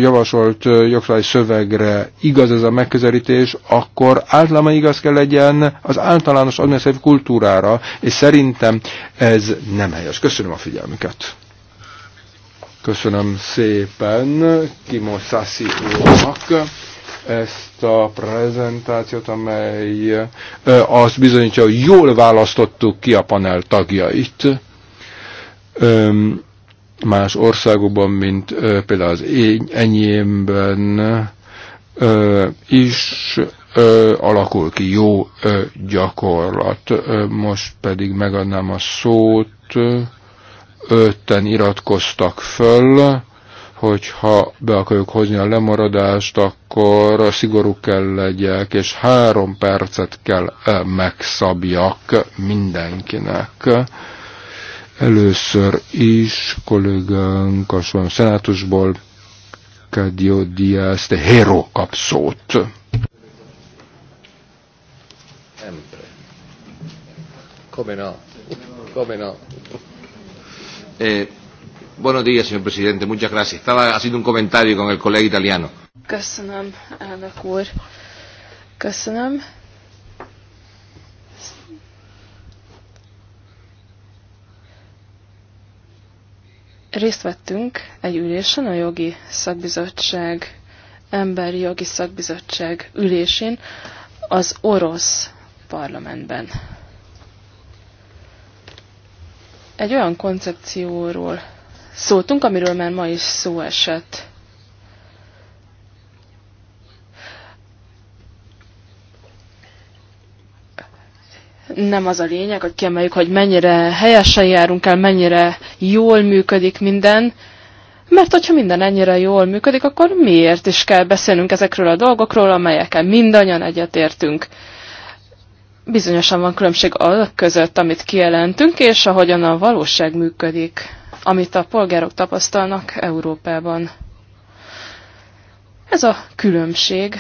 javasolt jogszabály szövegre igaz ez a megközelítés, akkor általában igaz kell legyen az általános adminisztratív kultúrára, és szerintem ez nem helyes. Köszönöm a figyelmüket. Köszönöm szépen Kimo Sassi úrnak ezt a prezentációt, amely azt bizonyítja, hogy jól választottuk ki a panel tagjait más országokban, mint ö, például az én, enyémben ö, is ö, alakul ki jó ö, gyakorlat. Ö, most pedig megadnám a szót, ötten iratkoztak föl, hogyha be akarjuk hozni a lemaradást, akkor szigorú kell legyek, és három percet kell megszabjak mindenkinek. Először is kollégánk a szenátusból, Cadio Diaz de Hero kap szót. Come no, come no. Eh, buenos días, señor presidente. Muchas gracias. Estaba haciendo un comentario con el colega italiano.
Köszönöm, elnök úr. Köszönöm. részt vettünk egy ülésen, a jogi szakbizottság, emberi jogi szakbizottság ülésén az orosz parlamentben. Egy olyan koncepcióról szóltunk, amiről már ma is szó esett. nem az a lényeg, hogy kiemeljük, hogy mennyire helyesen járunk el, mennyire jól működik minden, mert hogyha minden ennyire jól működik, akkor miért is kell beszélnünk ezekről a dolgokról, amelyekkel mindannyian egyetértünk. Bizonyosan van különbség azok között, amit kijelentünk, és ahogyan a valóság működik, amit a polgárok tapasztalnak Európában. Ez a különbség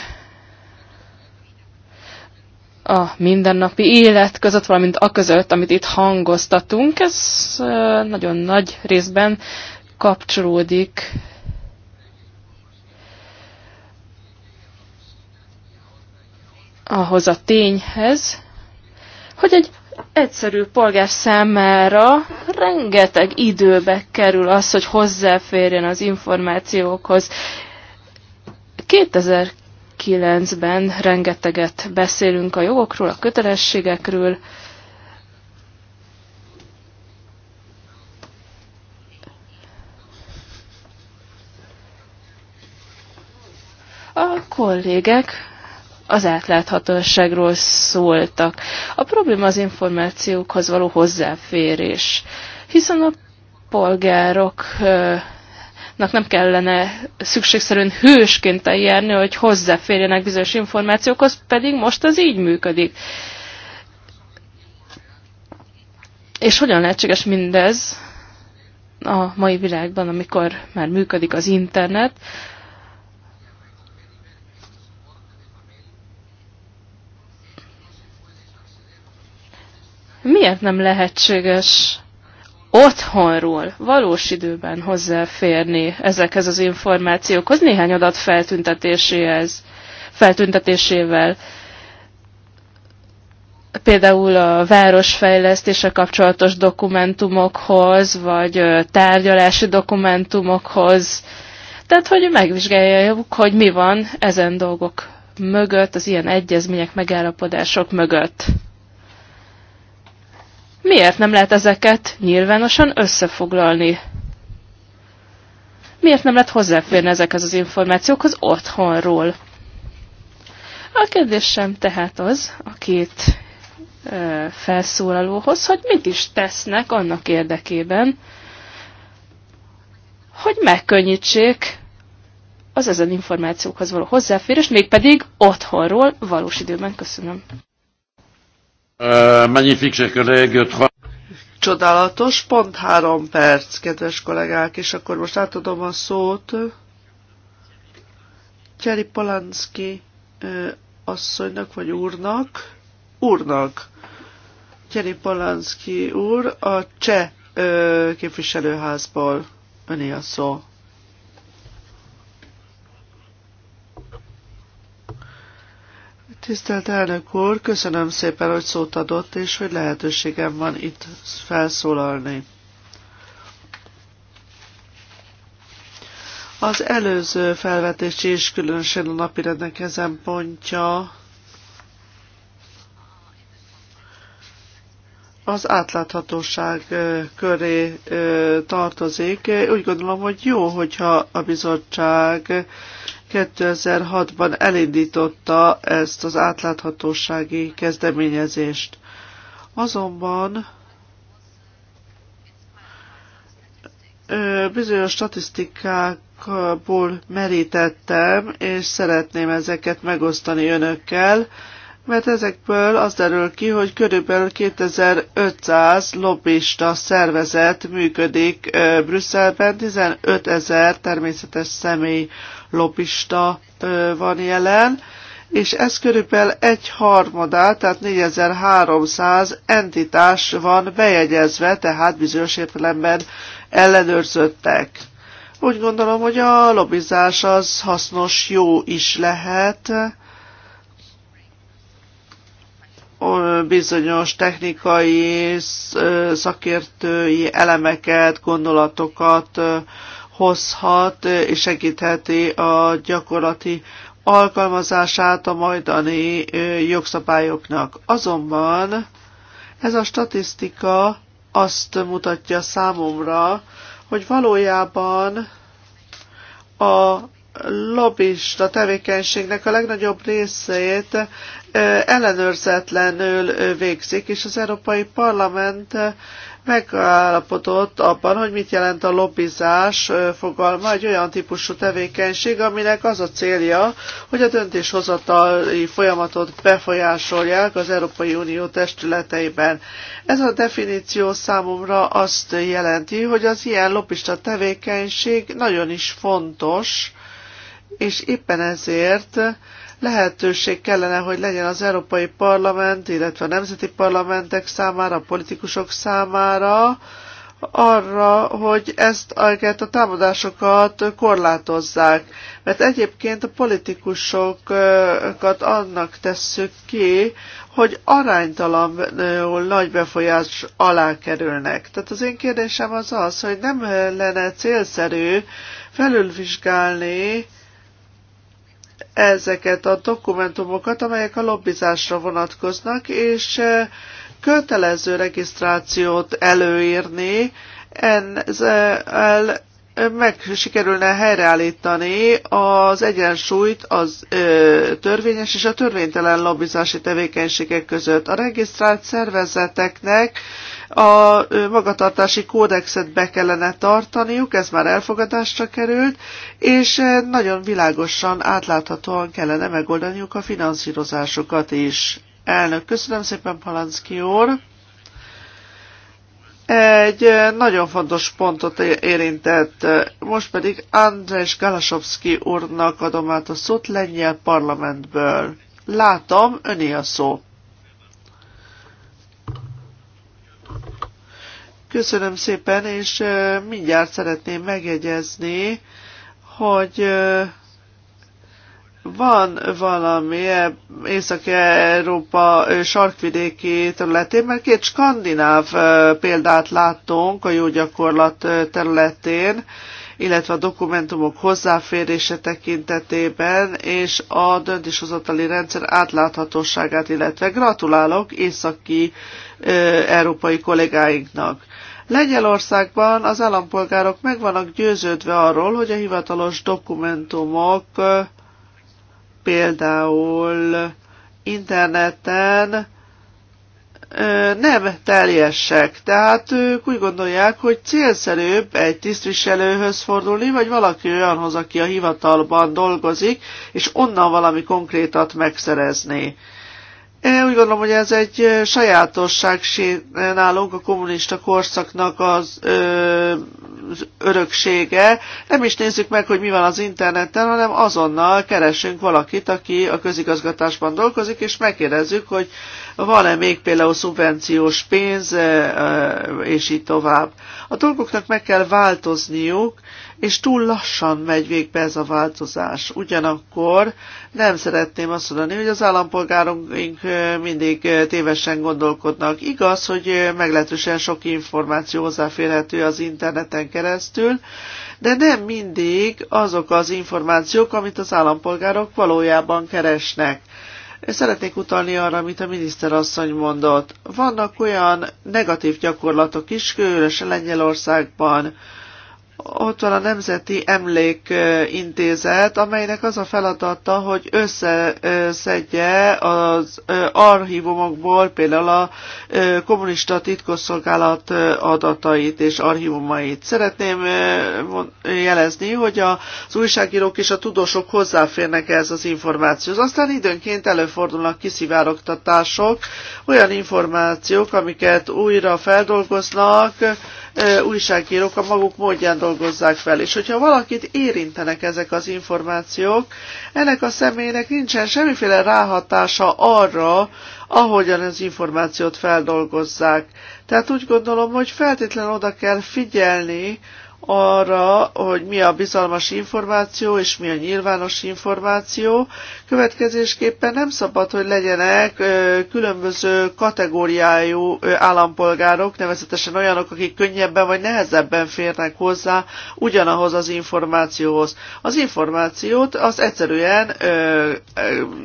a mindennapi élet között, valamint a között, amit itt hangoztatunk. Ez nagyon nagy részben kapcsolódik ahhoz a tényhez, hogy egy egyszerű polgár számára rengeteg időbe kerül az, hogy hozzáférjen az információkhoz. 2000 9 ben rengeteget beszélünk a jogokról, a kötelességekről, A kollégek az átláthatóságról szóltak. A probléma az információkhoz való hozzáférés, hiszen a polgárok nem kellene szükségszerűen hősként eljárni, hogy hozzáférjenek bizonyos információkhoz, pedig most az így működik. És hogyan lehetséges mindez a mai világban, amikor már működik az internet, miért nem lehetséges otthonról valós időben hozzáférni ezekhez az információkhoz, néhány adat feltüntetéséhez, feltüntetésével. Például a városfejlesztése kapcsolatos dokumentumokhoz, vagy tárgyalási dokumentumokhoz. Tehát, hogy megvizsgáljuk, hogy mi van ezen dolgok mögött, az ilyen egyezmények, megállapodások mögött. Miért nem lehet ezeket nyilvánosan összefoglalni? Miért nem lehet hozzáférni ezekhez az információkhoz otthonról? A kérdésem tehát az a két ö, felszólalóhoz, hogy mit is tesznek annak érdekében, hogy megkönnyítsék az ezen információkhoz való hozzáférést, mégpedig otthonról
valós időben. Köszönöm. Euh, magnifique, 3... Csodálatos, pont három perc, kedves kollégák, és akkor most átadom a szót. Cseri Polanski asszonynak, vagy úrnak. Úrnak. Cseri Polanski úr a cseh képviselőházból. Öné a szó. Tisztelt elnök úr, köszönöm szépen, hogy szót adott, és hogy lehetőségem van itt felszólalni. Az előző felvetés is különösen a napirendnek ezen pontja az átláthatóság köré tartozik. Úgy gondolom, hogy jó, hogyha a bizottság 2006-ban elindította ezt az átláthatósági kezdeményezést. Azonban bizonyos statisztikákból merítettem, és szeretném ezeket megosztani önökkel, mert ezekből az derül ki, hogy körülbelül 2500 lobbista szervezet működik Brüsszelben, 15 ezer természetes személy lobista van jelen, és ez körülbelül egy harmadát, tehát 4300 entitás van bejegyezve, tehát bizonyos értelemben ellenőrzöttek. Úgy gondolom, hogy a lobbizás az hasznos, jó is lehet, bizonyos technikai, szakértői elemeket, gondolatokat hozhat és segítheti a gyakorlati alkalmazását a majdani jogszabályoknak. Azonban ez a statisztika azt mutatja számomra, hogy valójában a lobbista tevékenységnek a legnagyobb részét ellenőrzetlenül végzik, és az Európai Parlament megállapodott abban, hogy mit jelent a lobbizás fogalma, egy olyan típusú tevékenység, aminek az a célja, hogy a döntéshozatali folyamatot befolyásolják az Európai Unió testületeiben. Ez a definíció számomra azt jelenti, hogy az ilyen lobbista tevékenység nagyon is fontos, és éppen ezért lehetőség kellene, hogy legyen az Európai Parlament, illetve a nemzeti parlamentek számára, a politikusok számára, arra, hogy ezt a támadásokat korlátozzák. Mert egyébként a politikusokat annak tesszük ki, hogy aránytalanul nagy befolyás alá kerülnek. Tehát az én kérdésem az az, hogy nem lenne célszerű felülvizsgálni ezeket a dokumentumokat, amelyek a lobbizásra vonatkoznak, és kötelező regisztrációt előírni, ezzel meg sikerülne helyreállítani az egyensúlyt az ö, törvényes és a törvénytelen lobbizási tevékenységek között. A regisztrált szervezeteknek ö, a magatartási kódexet be kellene tartaniuk, ez már elfogadásra került, és nagyon világosan, átláthatóan kellene megoldaniuk a finanszírozásokat is. Elnök, köszönöm szépen, Palanszki úr! Egy nagyon fontos pontot érintett, most pedig András Galasowski úrnak adom át a szót lengyel parlamentből. Látom, öné a szó. Köszönöm szépen, és mindjárt szeretném megjegyezni, hogy van valami Észak-Európa sarkvidéki területén, mert két skandináv példát láttunk a jó gyakorlat területén, illetve a dokumentumok hozzáférése tekintetében, és a döntéshozatali rendszer átláthatóságát, illetve gratulálok északi európai kollégáinknak. Lengyelországban az állampolgárok meg vannak győződve arról, hogy a hivatalos dokumentumok például interneten nem teljesek. Tehát ők úgy gondolják, hogy célszerűbb egy tisztviselőhöz fordulni, vagy valaki olyanhoz, aki a hivatalban dolgozik, és onnan valami konkrétat megszerezni. Úgy gondolom, hogy ez egy sajátosság nálunk a kommunista korszaknak az, ö, az öröksége. Nem is nézzük meg, hogy mi van az interneten, hanem azonnal keresünk valakit, aki a közigazgatásban dolgozik, és megkérdezzük, hogy van-e még például szubvenciós pénz, ö, és így tovább. A dolgoknak meg kell változniuk, és túl lassan megy végbe ez a változás. Ugyanakkor nem szeretném azt mondani, hogy az állampolgárunk mindig tévesen gondolkodnak. Igaz, hogy meglehetősen sok információ hozzáférhető az interneten keresztül, de nem mindig azok az információk, amit az állampolgárok valójában keresnek. Szeretnék utalni arra, amit a miniszter asszony mondott. Vannak olyan negatív gyakorlatok is, különösen Lengyelországban, ott van a Nemzeti Emlékintézet, amelynek az a feladata, hogy összeszedje az archívumokból például a kommunista titkosszolgálat adatait és archívumait. Szeretném jelezni, hogy az újságírók és a tudósok hozzáférnek ez az információhoz. Aztán időnként előfordulnak kiszivárogtatások, olyan információk, amiket újra feldolgoznak, újságírók a maguk módján dolgozzák fel, és hogyha valakit érintenek ezek az információk, ennek a személynek nincsen semmiféle ráhatása arra, ahogyan az információt feldolgozzák. Tehát úgy gondolom, hogy feltétlenül oda kell figyelni arra, hogy mi a bizalmas információ és mi a nyilvános információ. Következésképpen nem szabad, hogy legyenek különböző kategóriájú állampolgárok, nevezetesen olyanok, akik könnyebben vagy nehezebben férnek hozzá ugyanahoz az információhoz. Az információt az egyszerűen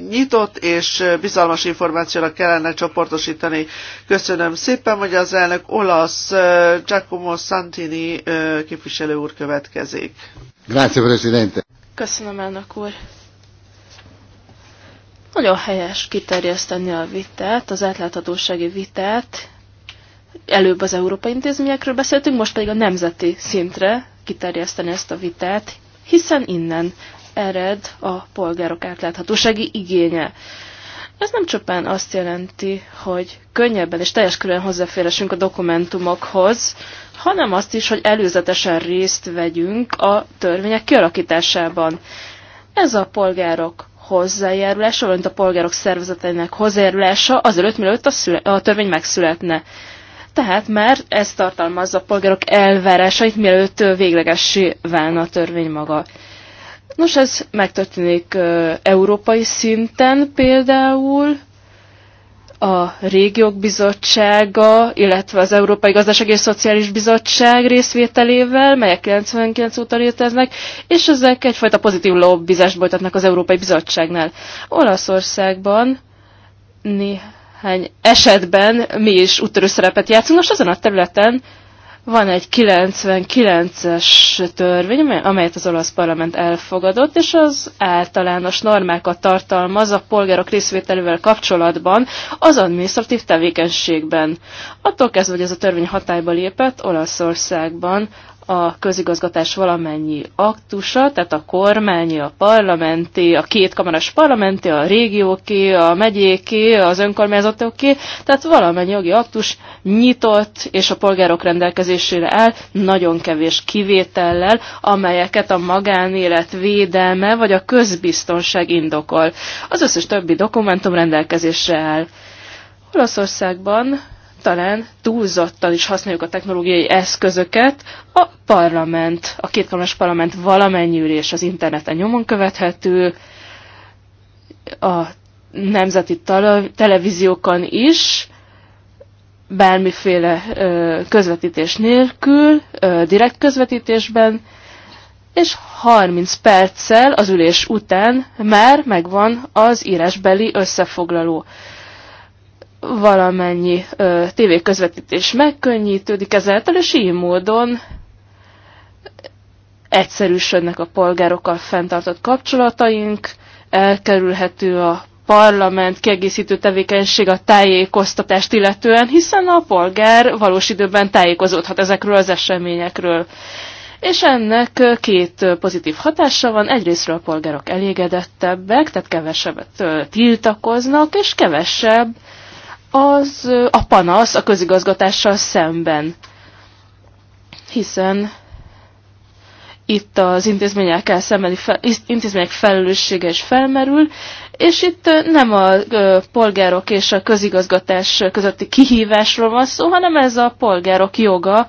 nyitott és bizalmas információra kellene csoportosítani. Köszönöm szépen, hogy az elnök olasz Giacomo Santini képviselő képviselő úr következik. Grazie,
Presidente. Köszönöm, elnök úr. Nagyon helyes kiterjeszteni a vitát, az átláthatósági vitát. Előbb az európai intézményekről beszéltünk, most pedig a nemzeti szintre kiterjeszteni ezt a vitát, hiszen innen ered a polgárok átláthatósági igénye. Ez nem csupán azt jelenti, hogy könnyebben és teljes körülön hozzáférhessünk a dokumentumokhoz, hanem azt is, hogy előzetesen részt vegyünk a törvények kialakításában. Ez a polgárok hozzájárulása, valamint a polgárok szervezeteinek hozzájárulása azelőtt, mielőtt a, szüle, a törvény megszületne. Tehát már ez tartalmazza a polgárok elvárásait, mielőtt véglegessé válna a törvény maga. Nos, ez megtörténik európai szinten például, a régiók bizottsága, illetve az Európai Gazdasági és Szociális Bizottság részvételével, melyek 99 óta léteznek, és ezek egyfajta pozitív lobbizást folytatnak az Európai Bizottságnál. Olaszországban néhány esetben mi is úttörő szerepet játszunk, most azon a területen, van egy 99-es törvény, amelyet az olasz parlament elfogadott, és az általános normákat tartalmaz a polgárok részvételével kapcsolatban az adminisztratív tevékenységben. Attól kezdve, hogy ez a törvény hatályba lépett, Olaszországban a közigazgatás valamennyi aktusa, tehát a kormányi, a parlamenti, a két kamaras parlamenti, a régióké, a megyéké, az önkormányzatoké, tehát valamennyi jogi aktus nyitott és a polgárok rendelkezésére áll, nagyon kevés kivétellel, amelyeket a magánélet védelme vagy a közbiztonság indokol. Az összes többi dokumentum rendelkezésre áll. Olaszországban talán túlzottan is használjuk a technológiai eszközöket. A parlament, a kétkameras parlament valamennyi ülés az interneten nyomon követhető, a nemzeti televíziókon is, bármiféle ö, közvetítés nélkül, ö, direkt közvetítésben, és 30 perccel az ülés után már megvan az írásbeli összefoglaló valamennyi tévéközvetítés megkönnyítődik ezáltal, és így módon egyszerűsödnek a polgárokkal fenntartott kapcsolataink, elkerülhető a parlament kiegészítő tevékenység a tájékoztatást illetően, hiszen a polgár valós időben tájékozódhat ezekről az eseményekről. És ennek két pozitív hatása van, egyrésztről a polgárok elégedettebbek, tehát kevesebbet tiltakoznak, és kevesebb az a panasz a közigazgatással szemben. Hiszen itt az intézményekkel szembeni fel, intézmények felelőssége is felmerül, és itt nem a polgárok és a közigazgatás közötti kihívásról van szó, hanem ez a polgárok joga,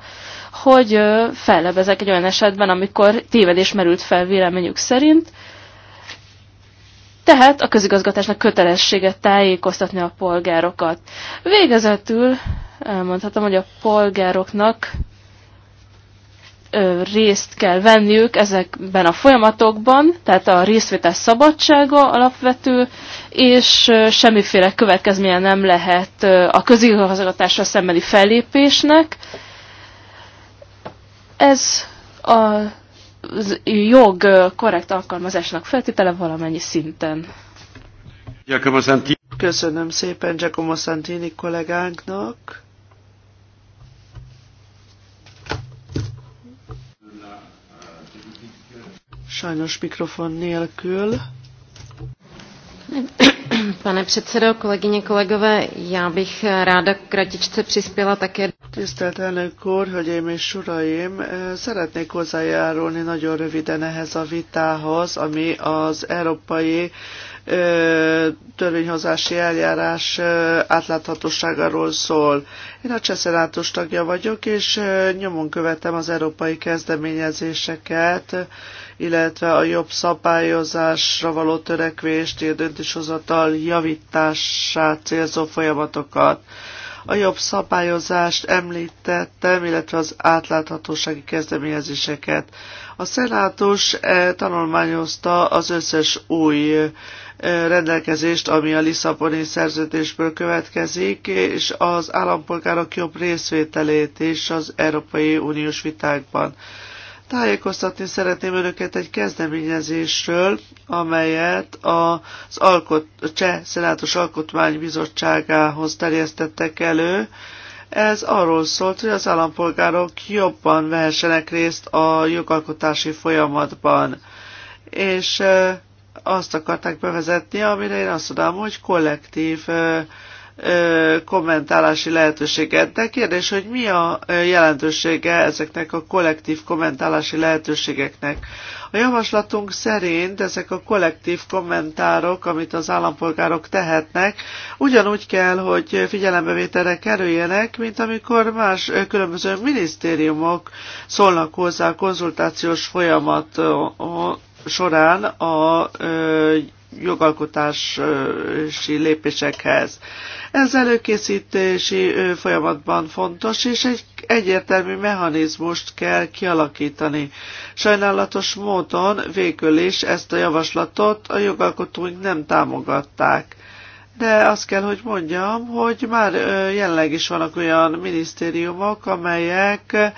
hogy fellebezek egy olyan esetben, amikor tévedés merült fel véleményük szerint, tehát a közigazgatásnak kötelessége tájékoztatni a polgárokat. Végezetül elmondhatom, hogy a polgároknak részt kell venniük ezekben a folyamatokban, tehát a részvétel szabadsága alapvető, és semmiféle következménye nem lehet a közigazgatásra szembeni fellépésnek. Ez a jog
korrekt alkalmazásnak feltétele valamennyi szinten. Köszönöm szépen Giacomo Santini kollégánknak. Sajnos mikrofon nélkül. Pane předsedo, kolegyně, kolegové, já bych ráda kratičce přispěla také. Tisztelt elnök úr, hölgyeim és uraim, eh, szeretnék hozzájárulni nagyon röviden ehhez a vitához, ami az európai eh, törvényhozási eljárás eh, átláthatóságáról szól. Én a Cseszenátus tagja vagyok, és nyomon követem az európai kezdeményezéseket, illetve a jobb szabályozásra való törekvést, a döntéshozatal javítását célzó folyamatokat. A jobb szabályozást említettem, illetve az átláthatósági kezdeményezéseket. A szenátus eh, tanulmányozta az összes új eh, rendelkezést, ami a Lisszaboni szerződésből következik, és az állampolgárok jobb részvételét is az Európai Uniós vitákban. Tájékoztatni szeretném önöket egy kezdeményezésről, amelyet az Alkot, Cseh Szenátus Bizottságához terjesztettek elő. Ez arról szólt, hogy az állampolgárok jobban vehessenek részt a jogalkotási folyamatban, és azt akarták bevezetni, amire én azt tudom, hogy kollektív kommentálási lehetőséget, de kérdés, hogy mi a jelentősége ezeknek a kollektív kommentálási lehetőségeknek. A javaslatunk szerint ezek a kollektív kommentárok, amit az állampolgárok tehetnek, ugyanúgy kell, hogy figyelembevételre kerüljenek, mint amikor más különböző minisztériumok szólnak hozzá a konzultációs folyamat során a jogalkotási lépésekhez. Ez előkészítési folyamatban fontos, és egy egyértelmű mechanizmust kell kialakítani. Sajnálatos módon végül is ezt a javaslatot a jogalkotóink nem támogatták. De azt kell, hogy mondjam, hogy már jelenleg is vannak olyan minisztériumok, amelyek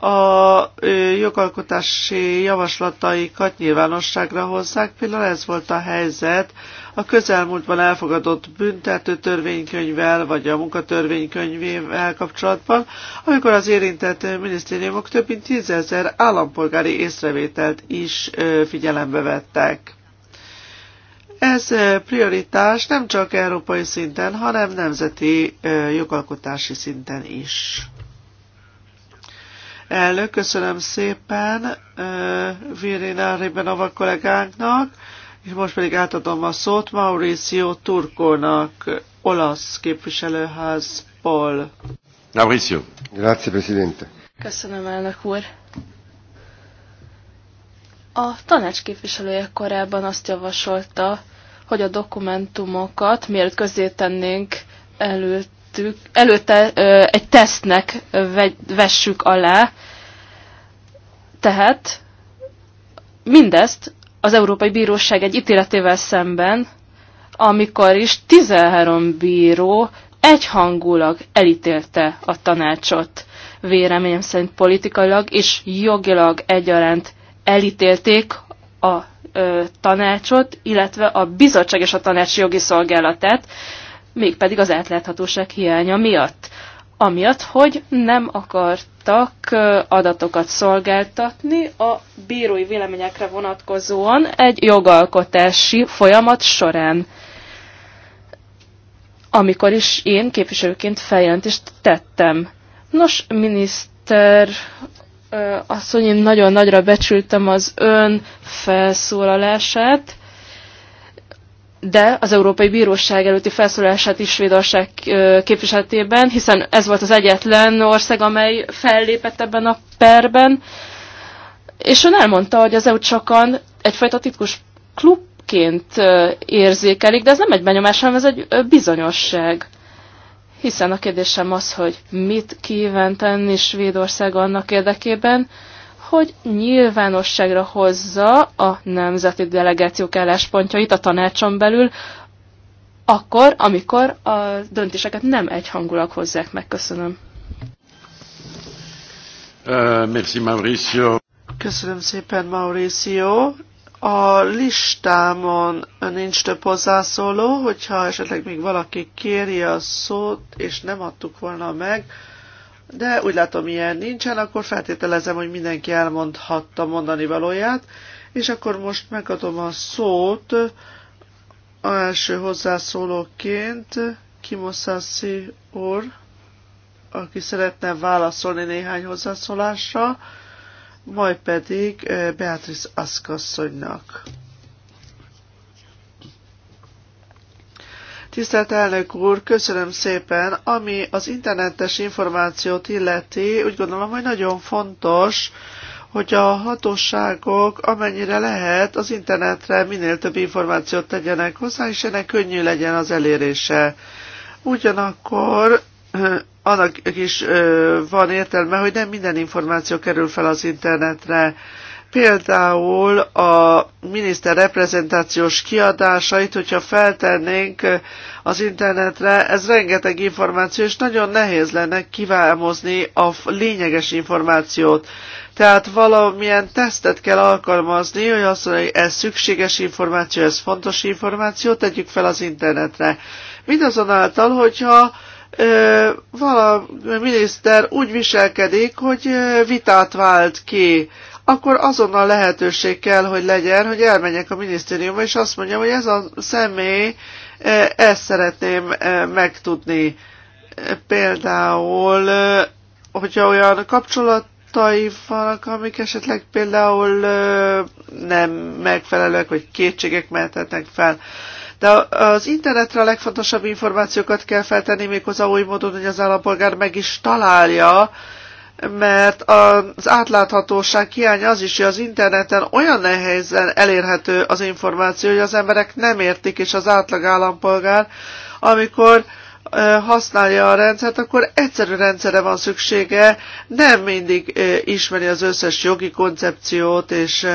a jogalkotási javaslataikat nyilvánosságra hozzák. Például ez volt a helyzet a közelmúltban elfogadott büntető törvénykönyvvel, vagy a munkatörvénykönyvével kapcsolatban, amikor az érintett minisztériumok több mint tízezer állampolgári észrevételt is figyelembe vettek. Ez prioritás nem csak európai szinten, hanem nemzeti jogalkotási szinten is. Elnök, köszönöm szépen Virina Ribenova kollégánknak, és most pedig átadom a szót Mauricio Turkónak, olasz képviselőházból.
Mauricio. Grazie, Presidente.
Köszönöm, elnök úr. A tanács képviselője korábban azt javasolta, hogy a dokumentumokat, mielőtt közé tennénk, előtt előttük, előtte egy tesztnek vessük alá. Tehát mindezt az Európai Bíróság egy ítéletével szemben, amikor is 13 bíró egyhangulag elítélte a tanácsot. Véleményem szerint politikailag és jogilag egyaránt elítélték a ö, tanácsot, illetve a bizottság és a tanács jogi szolgálatát, mégpedig az átláthatóság hiánya miatt. Amiatt, hogy nem akartak adatokat szolgáltatni a bírói véleményekre vonatkozóan egy jogalkotási folyamat során. Amikor is én képviselőként feljelentést tettem. Nos, miniszter azt, hogy én nagyon nagyra becsültem az ön felszólalását, de az Európai Bíróság előtti felszólását is Svédország képviseletében, hiszen ez volt az egyetlen ország, amely fellépett ebben a perben, és ön elmondta, hogy az EU sokan egyfajta titkos klubként érzékelik, de ez nem egy benyomás, hanem ez egy bizonyosság. Hiszen a kérdésem az, hogy mit kíván tenni Svédország annak érdekében, hogy nyilvánosságra hozza a nemzeti delegációk álláspontjait a tanácson belül, akkor, amikor a döntéseket nem egyhangulag hozzák meg. Köszönöm.
Uh, merci Mauricio.
Köszönöm szépen Mauricio. A listámon nincs több hozzászóló, hogyha esetleg még valaki kéri a szót, és nem adtuk volna meg, de úgy látom, ilyen nincsen, akkor feltételezem, hogy mindenki elmondhatta mondani valóját, és akkor most megadom a szót a első hozzászólóként Kimoszászi úr, aki szeretne válaszolni néhány hozzászólásra, majd pedig eh, Beatrice Aszkasszonynak. Tisztelt elnök úr, köszönöm szépen. Ami az internetes információt illeti, úgy gondolom, hogy nagyon fontos, hogy a hatóságok amennyire lehet az internetre minél több információt tegyenek hozzá, és ennek könnyű legyen az elérése. Ugyanakkor [CLEARS THROAT] annak is van értelme, hogy nem minden információ kerül fel az internetre. Például a miniszter reprezentációs kiadásait, hogyha feltennénk az internetre, ez rengeteg információ, és nagyon nehéz lenne kiválmozni a lényeges információt. Tehát valamilyen tesztet kell alkalmazni, hogy azt mondja, hogy ez szükséges információ, ez fontos információ, tegyük fel az internetre. Mindazonáltal, hogyha ö, valami miniszter úgy viselkedik, hogy ö, vitát vált ki, akkor azonnal lehetőség kell, hogy legyen, hogy elmenjek a minisztériumba, és azt mondjam, hogy ez a személy, e, ezt szeretném e, megtudni. Például, e, hogyha olyan kapcsolatai vannak, amik esetleg például nem megfelelőek, vagy kétségek mehetetnek fel. De az internetre a legfontosabb információkat kell feltenni, méghozzá új módon, hogy az állampolgár meg is találja, mert az átláthatóság hiánya az is, hogy az interneten olyan nehézen elérhető az információ, hogy az emberek nem értik, és az átlag állampolgár, amikor használja a rendszert, akkor egyszerű rendszere van szüksége, nem mindig ismeri az összes jogi koncepciót, és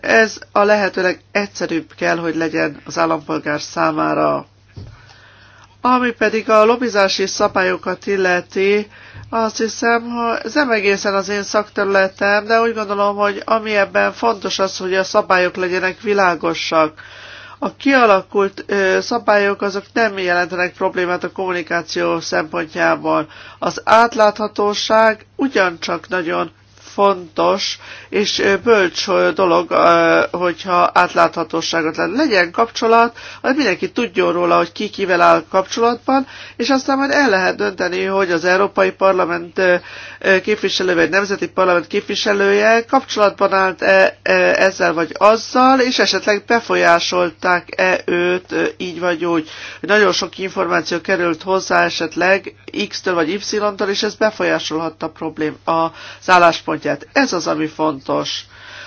ez a lehetőleg egyszerűbb kell, hogy legyen az állampolgár számára. Ami pedig a lobizási szabályokat illeti, azt hiszem, hogy ez nem egészen az én szakterületem, de úgy gondolom, hogy ami ebben fontos az, hogy a szabályok legyenek világosak. A kialakult ö, szabályok azok nem jelentenek problémát a kommunikáció szempontjából. Az átláthatóság ugyancsak nagyon fontos és bölcs dolog, hogyha átláthatóságot lenne. Legyen kapcsolat, hogy mindenki tudjon róla, hogy ki kivel áll kapcsolatban, és aztán majd el lehet dönteni, hogy az Európai Parlament képviselő vagy Nemzeti Parlament képviselője kapcsolatban állt -e ezzel vagy azzal, és esetleg befolyásolták-e őt így vagy úgy. Nagyon sok információ került hozzá esetleg X-től vagy Y-től, és ez befolyásolhatta a problém, az álláspontját ügyet. Ez az, ami fontos.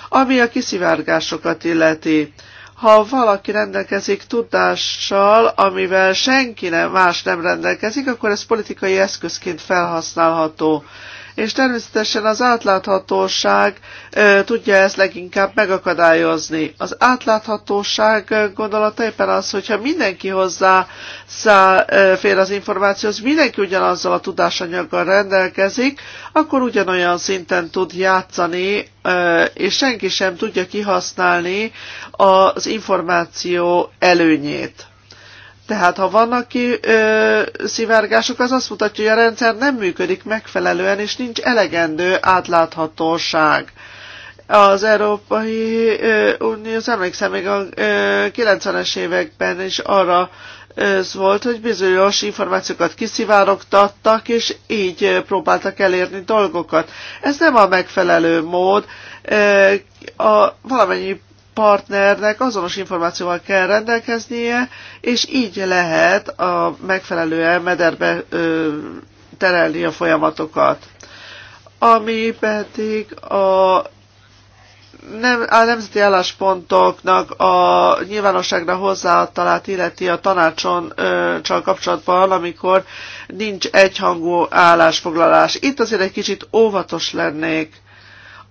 Ami a kiszivárgásokat illeti. Ha valaki rendelkezik tudással, amivel senki nem, más nem rendelkezik, akkor ez politikai eszközként felhasználható és természetesen az átláthatóság tudja ezt leginkább megakadályozni. Az átláthatóság gondolata éppen az, hogyha mindenki hozzá fél az információhoz, mindenki ugyanazzal a tudásanyaggal rendelkezik, akkor ugyanolyan szinten tud játszani, és senki sem tudja kihasználni az információ előnyét. Tehát ha vannak ki ö, szivárgások, az azt mutatja, hogy a rendszer nem működik megfelelően, és nincs elegendő átláthatóság. Az Európai Unió, az emlékszem, még a 90-es években is arra ez volt, hogy bizonyos információkat kiszivárogtattak, és így próbáltak elérni dolgokat. Ez nem a megfelelő mód. A valamennyi partnernek azonos információval kell rendelkeznie, és így lehet a megfelelően mederbe ö, terelni a folyamatokat. Ami pedig a nem, a nemzeti álláspontoknak a nyilvánosságra hozzáadtalát illeti a tanácson ö, csak kapcsolatban, amikor nincs egyhangú állásfoglalás. Itt azért egy kicsit óvatos lennék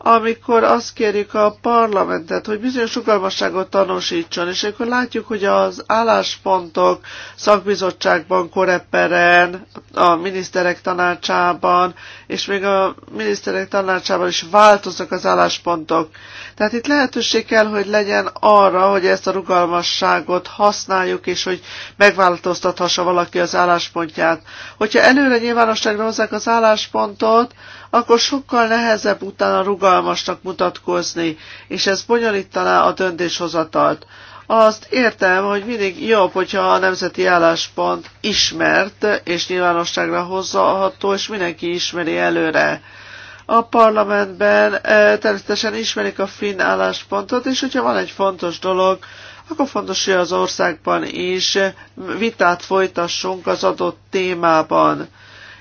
amikor azt kérjük a parlamentet, hogy bizonyos sugalmasságot tanúsítson, és akkor látjuk, hogy az álláspontok szakbizottságban, koreperen, a miniszterek tanácsában, és még a miniszterek tanácsával is változnak az álláspontok. Tehát itt lehetőség kell, hogy legyen arra, hogy ezt a rugalmasságot használjuk, és hogy megváltoztathassa valaki az álláspontját. Hogyha előre nyilvánosságra hozzák az álláspontot, akkor sokkal nehezebb utána rugalmasnak mutatkozni, és ez bonyolítaná a döntéshozatalt. Azt értem, hogy mindig jobb, hogyha a nemzeti álláspont ismert és nyilvánosságra hozzáható, és mindenki ismeri előre. A parlamentben e, természetesen ismerik a finn álláspontot, és hogyha van egy fontos dolog, akkor fontos, hogy az országban is vitát folytassunk az adott témában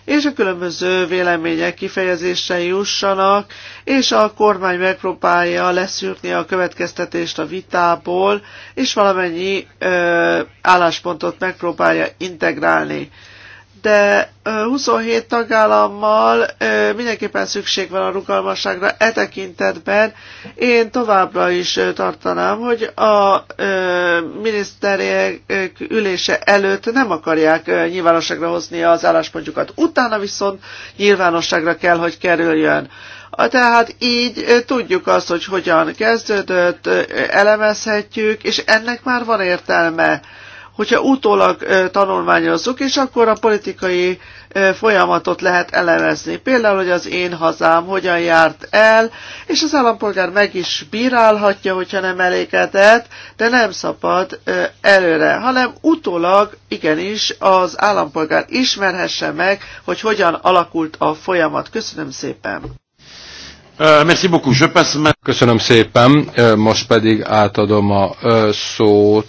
és a különböző vélemények kifejezésre jussanak, és a kormány megpróbálja leszűrni a következtetést a vitából, és valamennyi ö, álláspontot megpróbálja integrálni de 27 tagállammal mindenképpen szükség van a rugalmasságra e tekintetben. Én továbbra is tartanám, hogy a miniszterek ülése előtt nem akarják nyilvánosságra hozni az álláspontjukat. Utána viszont nyilvánosságra kell, hogy kerüljön. Tehát így tudjuk azt, hogy hogyan kezdődött, elemezhetjük, és ennek már van értelme hogyha utólag tanulmányozzuk, és akkor a politikai folyamatot lehet elemezni. Például, hogy az én hazám hogyan járt el, és az állampolgár meg is bírálhatja, hogyha nem elégedett, de nem szabad előre, hanem utólag igenis az állampolgár ismerhesse meg, hogy hogyan alakult a folyamat. Köszönöm szépen!
Köszönöm szépen, most pedig átadom a szót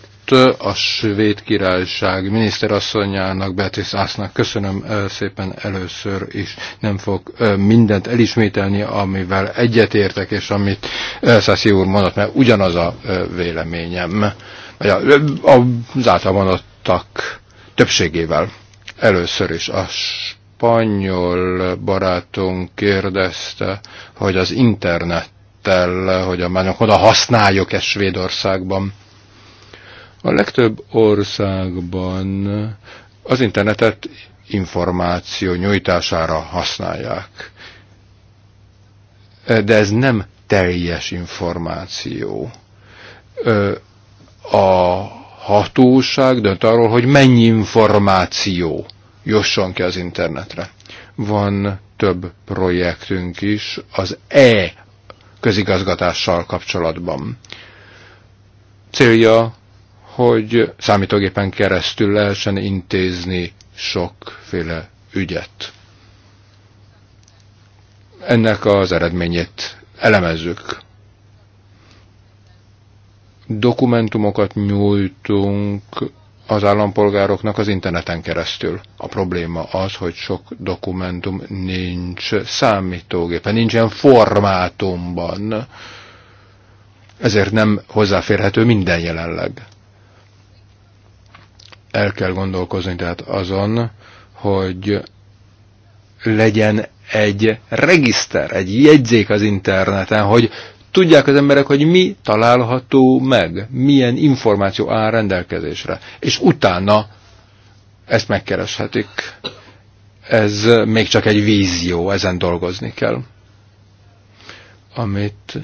a svéd királyság miniszterasszonyának, Beatrice Asznak. köszönöm szépen először is. Nem fog mindent elismételni, amivel egyetértek, és amit Szászi úr mondott, mert ugyanaz a véleményem, vagy az mondottak többségével. Először is a spanyol barátunk kérdezte, hogy az internet hogy a mányok oda használjuk e Svédországban. A legtöbb országban az internetet információ nyújtására használják. De ez nem teljes információ. A hatóság dönt arról, hogy mennyi információ jusson ki az internetre. Van több projektünk is az e közigazgatással kapcsolatban. Célja hogy számítógépen keresztül lehessen intézni sokféle ügyet. Ennek az eredményét elemezzük. Dokumentumokat nyújtunk az állampolgároknak az interneten keresztül. A probléma az, hogy sok dokumentum nincs számítógépen, nincsen formátumban, ezért nem hozzáférhető minden jelenleg el kell gondolkozni tehát azon, hogy legyen egy regiszter, egy jegyzék az interneten, hogy tudják az emberek, hogy mi található meg, milyen információ áll rendelkezésre, és utána ezt megkereshetik. Ez még csak egy vízió, ezen dolgozni kell. Amit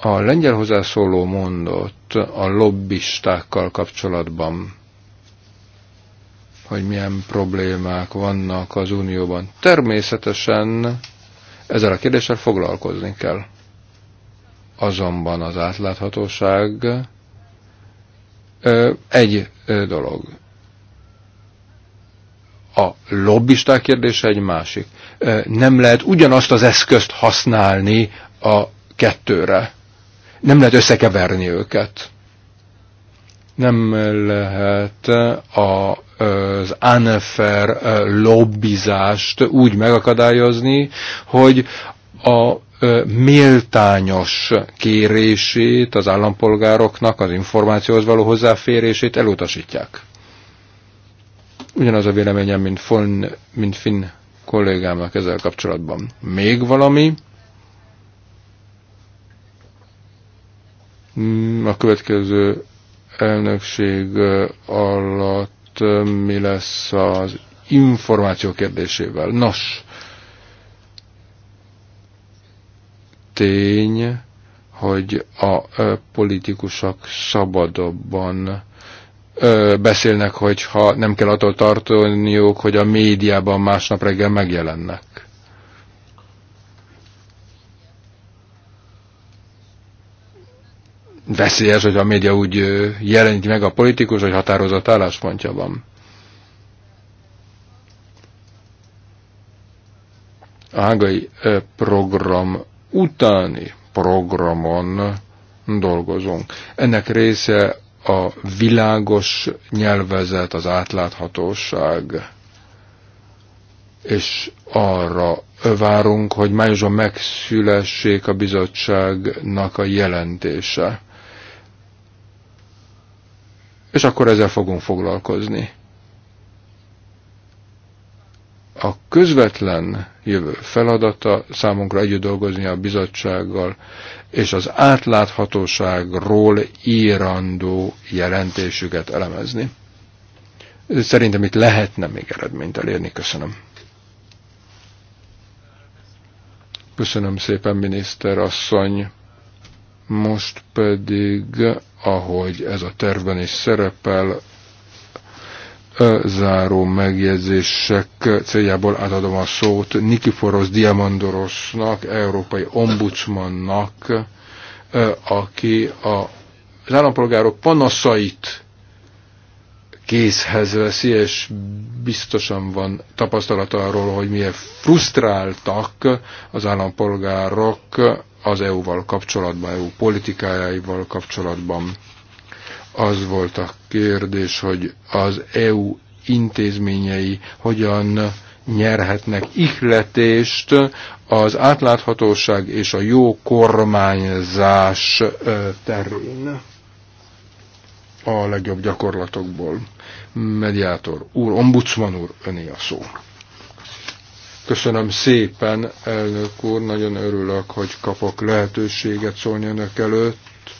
a lengyel hozzászóló mondott a lobbistákkal kapcsolatban, hogy milyen problémák vannak az Unióban. Természetesen ezzel a kérdéssel foglalkozni kell. Azonban az átláthatóság egy dolog. A lobbisták kérdése egy másik. Nem lehet ugyanazt az eszközt használni a kettőre. Nem lehet összekeverni őket. Nem lehet a az unfair lobbizást úgy megakadályozni, hogy a méltányos kérését az állampolgároknak, az információhoz való hozzáférését elutasítják. Ugyanaz a véleményem, mint, Fon, mint Finn kollégámnak ezzel kapcsolatban. Még valami? Hmm, a következő elnökség alatt most mi lesz az információ kérdésével. Nos, tény, hogy a politikusok szabadabban beszélnek, hogyha nem kell attól tartaniuk, hogy a médiában másnap reggel megjelennek. veszélyes, hogy a média úgy jelenti meg a politikus, hogy határozott álláspontja van. A hágai program utáni programon dolgozunk. Ennek része a világos nyelvezet, az átláthatóság, és arra várunk, hogy májusban megszülessék a bizottságnak a jelentése és akkor ezzel fogunk foglalkozni. A közvetlen jövő feladata számunkra együtt dolgozni a bizottsággal, és az átláthatóságról írandó jelentésüket elemezni. Szerintem itt lehetne még eredményt elérni. Köszönöm. Köszönöm szépen, miniszter asszony. Most pedig, ahogy ez a tervben is szerepel, záró megjegyzések céljából átadom a szót Nikiforos Diamandorosnak, európai ombudsmannak, aki a az állampolgárok panaszait készhez veszi, és biztosan van tapasztalata arról, hogy milyen frusztráltak az állampolgárok az EU-val kapcsolatban, EU politikájával kapcsolatban. Az volt a kérdés, hogy az EU intézményei hogyan nyerhetnek ihletést az átláthatóság és a jó kormányzás terén a legjobb gyakorlatokból. Mediátor úr, ombudsman úr, öné a szó. Köszönöm szépen, elnök úr, nagyon örülök, hogy kapok lehetőséget szólni önök előtt.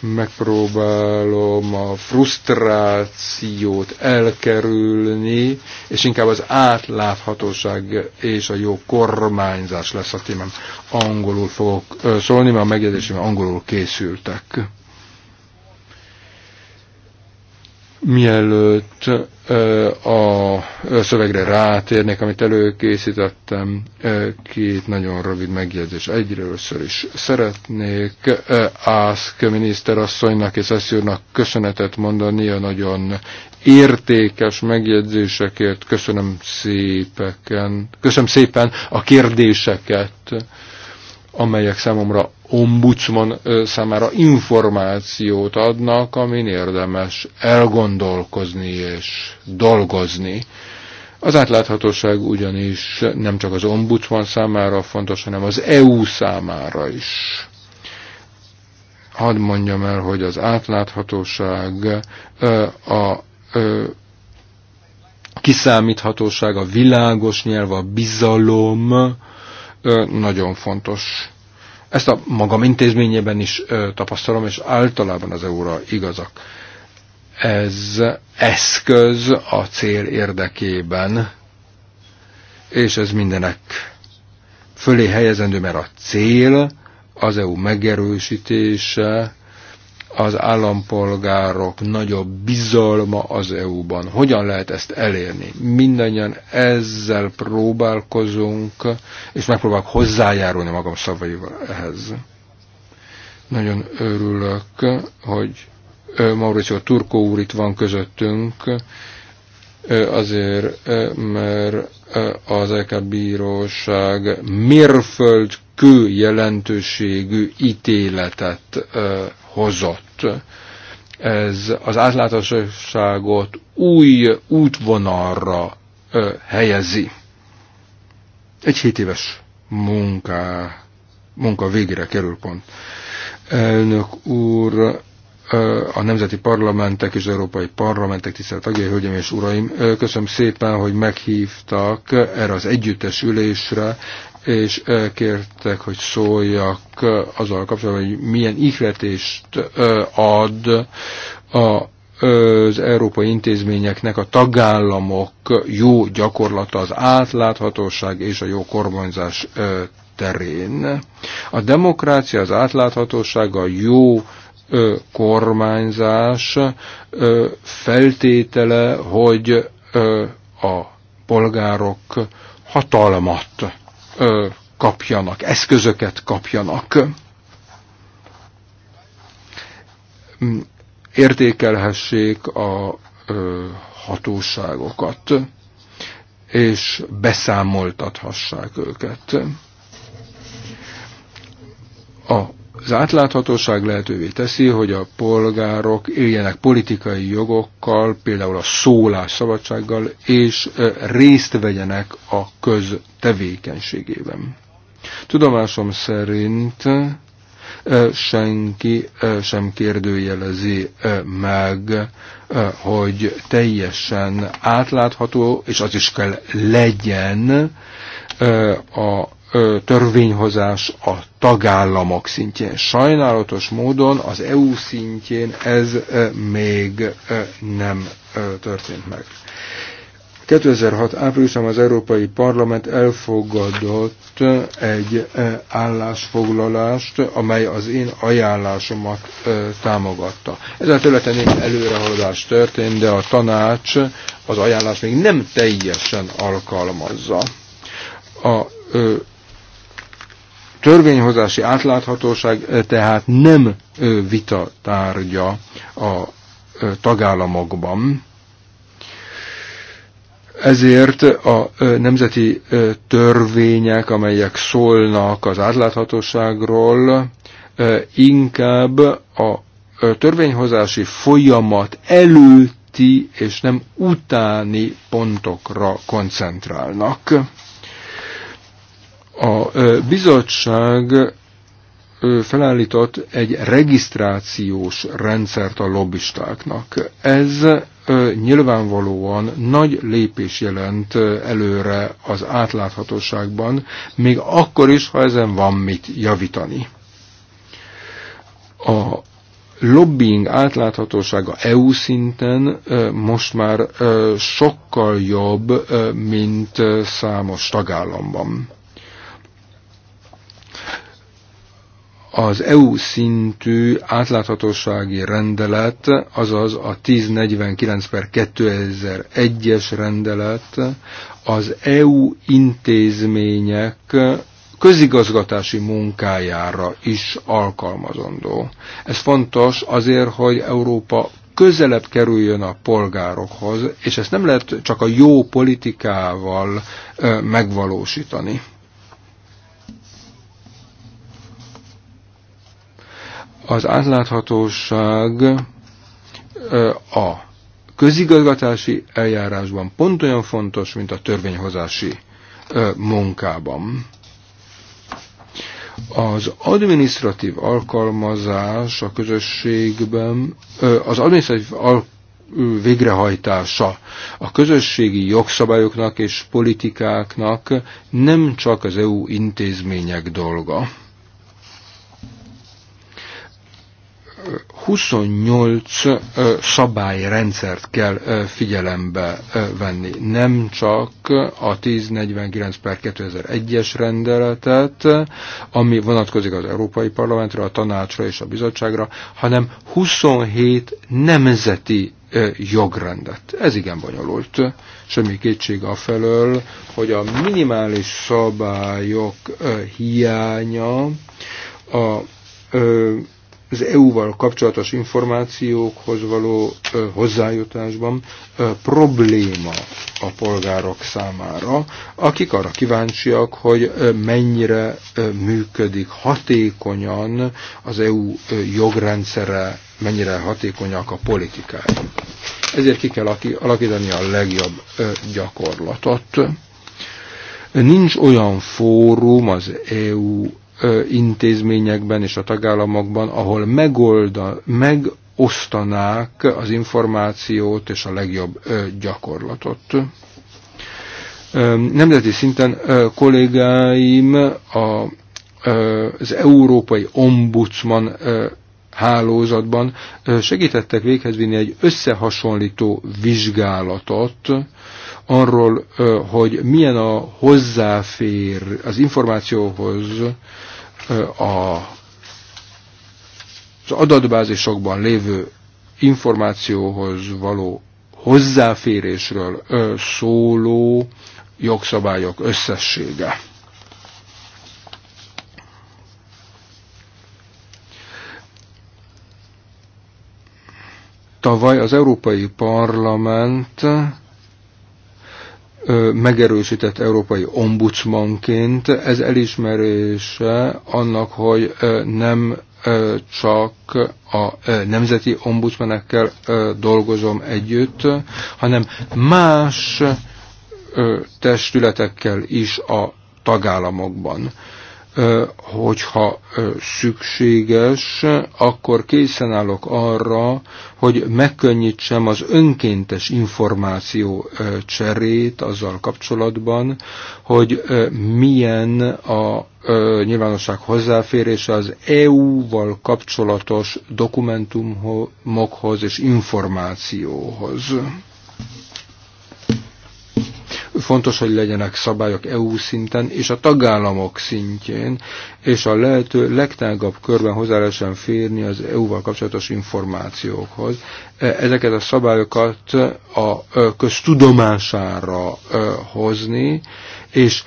Megpróbálom a frusztrációt elkerülni, és inkább az átláthatóság és a jó kormányzás lesz a témám. Angolul fogok szólni, mert a megjegyzésem angolul készültek. Mielőtt a szövegre rátérnék, amit előkészítettem, két nagyon rövid megjegyzés. Egyrészt is szeretnék Ászk miniszterasszonynak és Eszűrnak köszönetet mondani a nagyon értékes megjegyzésekért. Köszönöm szépeken, köszönöm szépen a kérdéseket, amelyek számomra ombudsman számára információt adnak, amin érdemes elgondolkozni és dolgozni. Az átláthatóság ugyanis nem csak az ombudsman számára fontos, hanem az EU számára is. Hadd mondjam el, hogy az átláthatóság a kiszámíthatóság, a világos nyelv, a bizalom nagyon fontos ezt a magam intézményében is tapasztalom, és általában az euróra igazak. Ez eszköz a cél érdekében, és ez mindenek fölé helyezendő, mert a cél az EU megerősítése, az állampolgárok nagyobb bizalma az EU-ban. Hogyan lehet ezt elérni? Mindannyian ezzel próbálkozunk, és megpróbálok hozzájárulni magam szavaival ehhez. Nagyon örülök, hogy Mauricio Turkó úr itt van közöttünk, azért, mert az EK bíróság mérföldkő jelentőségű ítéletet hozott. Ez az átláthatóságot új útvonalra ö, helyezi. Egy hét éves munká, munka végére kerül pont. Elnök úr, a nemzeti parlamentek és az európai parlamentek tisztelt tagjai, hölgyeim és uraim, köszönöm szépen, hogy meghívtak erre az együttes ülésre és kértek, hogy szóljak azzal kapcsolatban, hogy milyen ihletést ad a az európai intézményeknek a tagállamok jó gyakorlata az átláthatóság és a jó kormányzás terén. A demokrácia, az átláthatóság, a jó kormányzás feltétele, hogy a polgárok hatalmat kapjanak, eszközöket kapjanak. Mm, értékelhessék a hatóságokat, és beszámoltathassák őket. A az átláthatóság lehetővé teszi, hogy a polgárok éljenek politikai jogokkal, például a szólás szabadsággal, és részt vegyenek a köz tevékenységében. Tudomásom szerint senki sem kérdőjelezi meg, hogy teljesen átlátható, és az is kell legyen a törvényhozás a tagállamok szintjén. Sajnálatos módon az EU szintjén ez még nem történt meg. 2006 áprilisban az Európai Parlament elfogadott egy állásfoglalást, amely az én ajánlásomat támogatta. Ezen a területen egy előrehaladás történt, de a tanács az ajánlás még nem teljesen alkalmazza. A törvényhozási átláthatóság tehát nem vita tárgya a tagállamokban, ezért a nemzeti törvények, amelyek szólnak az átláthatóságról, inkább a törvényhozási folyamat előtti és nem utáni pontokra koncentrálnak. A bizottság felállított egy regisztrációs rendszert a lobbistáknak. Ez nyilvánvalóan nagy lépés jelent előre az átláthatóságban, még akkor is, ha ezen van mit javítani. A lobbying átláthatósága EU szinten most már sokkal jobb, mint számos tagállamban az EU szintű átláthatósági rendelet, azaz a 1049 per 2001-es rendelet az EU intézmények közigazgatási munkájára is alkalmazandó. Ez fontos azért, hogy Európa közelebb kerüljön a polgárokhoz, és ezt nem lehet csak a jó politikával megvalósítani Az átláthatóság a közigazgatási eljárásban pont olyan fontos, mint a törvényhozási munkában. Az administratív alkalmazás a közösségben, az administratív végrehajtása a közösségi jogszabályoknak és politikáknak nem csak az EU intézmények dolga. 28 szabályrendszert kell figyelembe venni. Nem csak a 1049 per 2001-es rendeletet, ami vonatkozik az Európai Parlamentre, a Tanácsra és a Bizottságra, hanem 27 nemzeti jogrendet. Ez igen bonyolult. Semmi kétség felől, hogy a minimális szabályok hiánya a az EU-val kapcsolatos információkhoz való hozzájutásban probléma a polgárok számára, akik arra kíváncsiak, hogy mennyire működik hatékonyan az EU jogrendszere, mennyire hatékonyak a politikák. Ezért ki kell alakítani a legjobb gyakorlatot. Nincs olyan fórum az EU intézményekben és a tagállamokban, ahol megolda, megosztanák az információt és a legjobb gyakorlatot. Nemzeti szinten kollégáim a, az Európai Ombudsman hálózatban segítettek vinni egy összehasonlító vizsgálatot arról, hogy milyen a hozzáfér az információhoz a, az adatbázisokban lévő információhoz való hozzáférésről szóló jogszabályok összessége. Tavaly az Európai Parlament megerősített európai ombudsmanként. Ez elismerése annak, hogy nem csak a nemzeti ombudsmanekkel dolgozom együtt, hanem más testületekkel is a tagállamokban hogyha szükséges, akkor készen állok arra, hogy megkönnyítsem az önkéntes információ cserét azzal kapcsolatban, hogy milyen a nyilvánosság hozzáférése az EU-val kapcsolatos dokumentumokhoz és információhoz. Fontos, hogy legyenek szabályok EU szinten és a tagállamok szintjén, és a lehető legtágabb körben hozzá lehessen férni az EU-val kapcsolatos információkhoz. E, ezeket a szabályokat a e, köztudomására e, hozni, és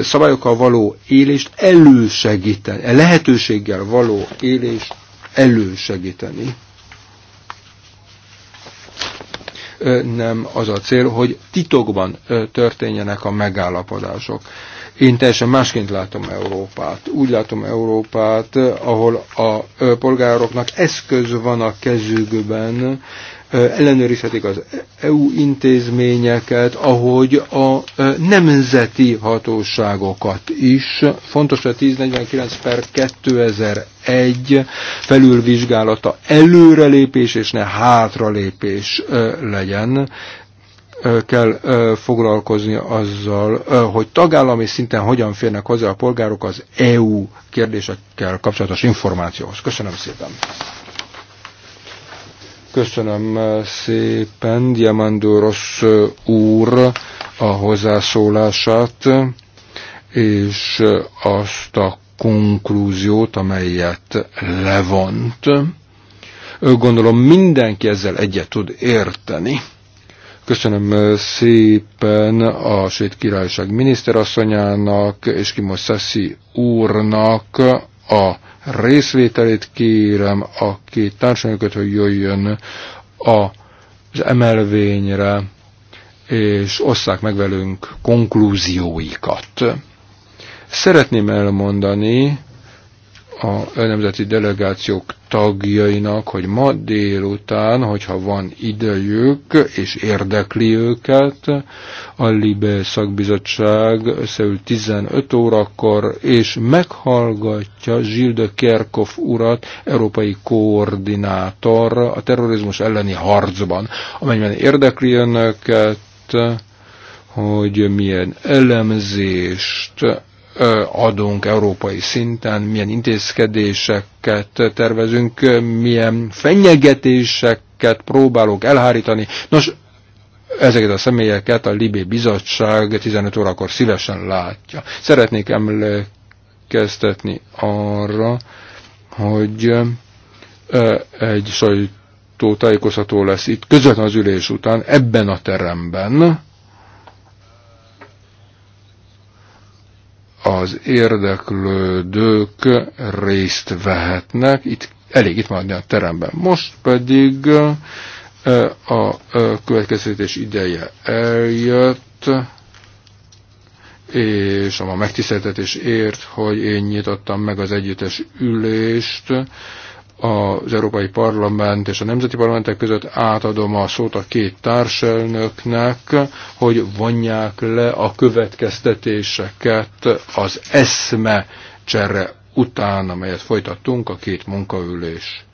szabályokkal való élést elősegíteni, lehetőséggel való élést elősegíteni. nem az a cél, hogy titokban történjenek a megállapodások. Én teljesen másként látom Európát. Úgy látom Európát, ahol a polgároknak eszköz van a kezükben, ellenőrizhetik az EU intézményeket, ahogy a nemzeti hatóságokat is. Fontos a 1049 per 2001 felülvizsgálata előrelépés és ne hátralépés legyen kell foglalkozni azzal, hogy tagállami szinten hogyan férnek hozzá a polgárok az EU kérdésekkel kapcsolatos információhoz. Köszönöm szépen! Köszönöm eh, szépen Diamandouros eh, úr a hozzászólását, és eh, azt a konklúziót, amelyet levont. Gondolom mindenki ezzel egyet tud érteni. Köszönöm szépen a Svéd Királyság miniszterasszonyának és Kimo Sassi úrnak a részvételét kérem, aki társadalmat, hogy jöjjön az emelvényre, és osszák meg velünk konklúzióikat. Szeretném elmondani, a nemzeti delegációk tagjainak, hogy ma délután, hogyha van idejük és érdekli őket, a Libe szakbizottság összeül 15 órakor, és meghallgatja Zsilde Kerkov urat, európai koordinátor a terrorizmus elleni harcban, amelyben érdekli önöket, hogy milyen elemzést adunk európai szinten, milyen intézkedéseket tervezünk, milyen fenyegetéseket próbálunk elhárítani. Nos, ezeket a személyeket a Libé Bizottság 15 órakor szívesen látja. Szeretnék emlékeztetni arra, hogy egy sajtótájékoztató lesz itt közvetlen az ülés után, ebben a teremben, az érdeklődők részt vehetnek, itt elég itt maradni a teremben. Most pedig a következtetés ideje eljött, és a ma ért, hogy én nyitottam meg az együttes ülést, az Európai Parlament és a Nemzeti Parlamentek között átadom a szót a két társelnöknek, hogy vonják le a következtetéseket az eszme csere után, amelyet folytattunk a két munkaülés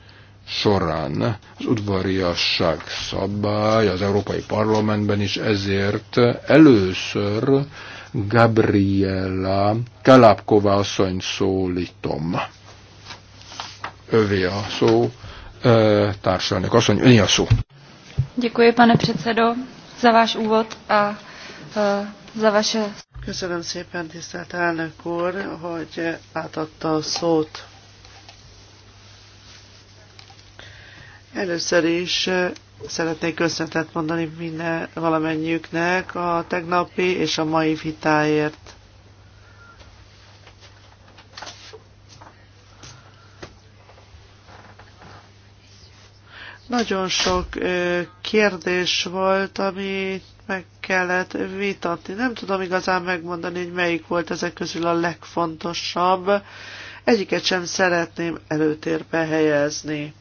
során. Az udvariasság szabály az Európai Parlamentben is ezért először Gabriela Kalapkova asszony szólítom övé a szó. Társadalmi asszony, öné a szó.
Děkuji, pane předsedo, za váš úvod a za vaše... Köszönöm szépen, tisztelt elnök úr, hogy átadta a szót. Először is szeretnék köszöntet mondani minden valamennyiüknek a tegnapi és a mai vitáért. Nagyon sok kérdés volt, ami meg kellett vitatni. Nem tudom igazán megmondani, hogy melyik volt ezek közül a legfontosabb. Egyiket sem szeretném előtérbe helyezni.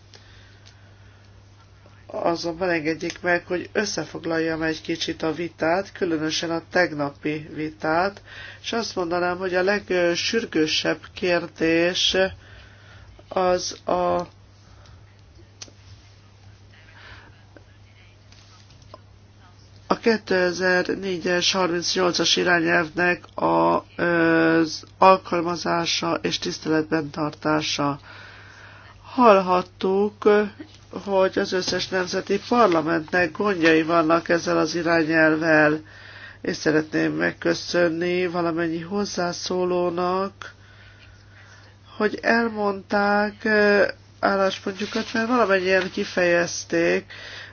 Azonban engedjék meg, hogy összefoglaljam egy kicsit a vitát, különösen a tegnapi vitát, és azt mondanám, hogy a legsürgősebb kérdés az a A 2004-es 38-as irányelvnek az alkalmazása és tiszteletben tartása. Hallhattuk, hogy az összes nemzeti parlamentnek gondjai vannak ezzel az irányelvel, és szeretném megköszönni valamennyi hozzászólónak, hogy elmondták eh, álláspontjukat, mert valamennyien kifejezték,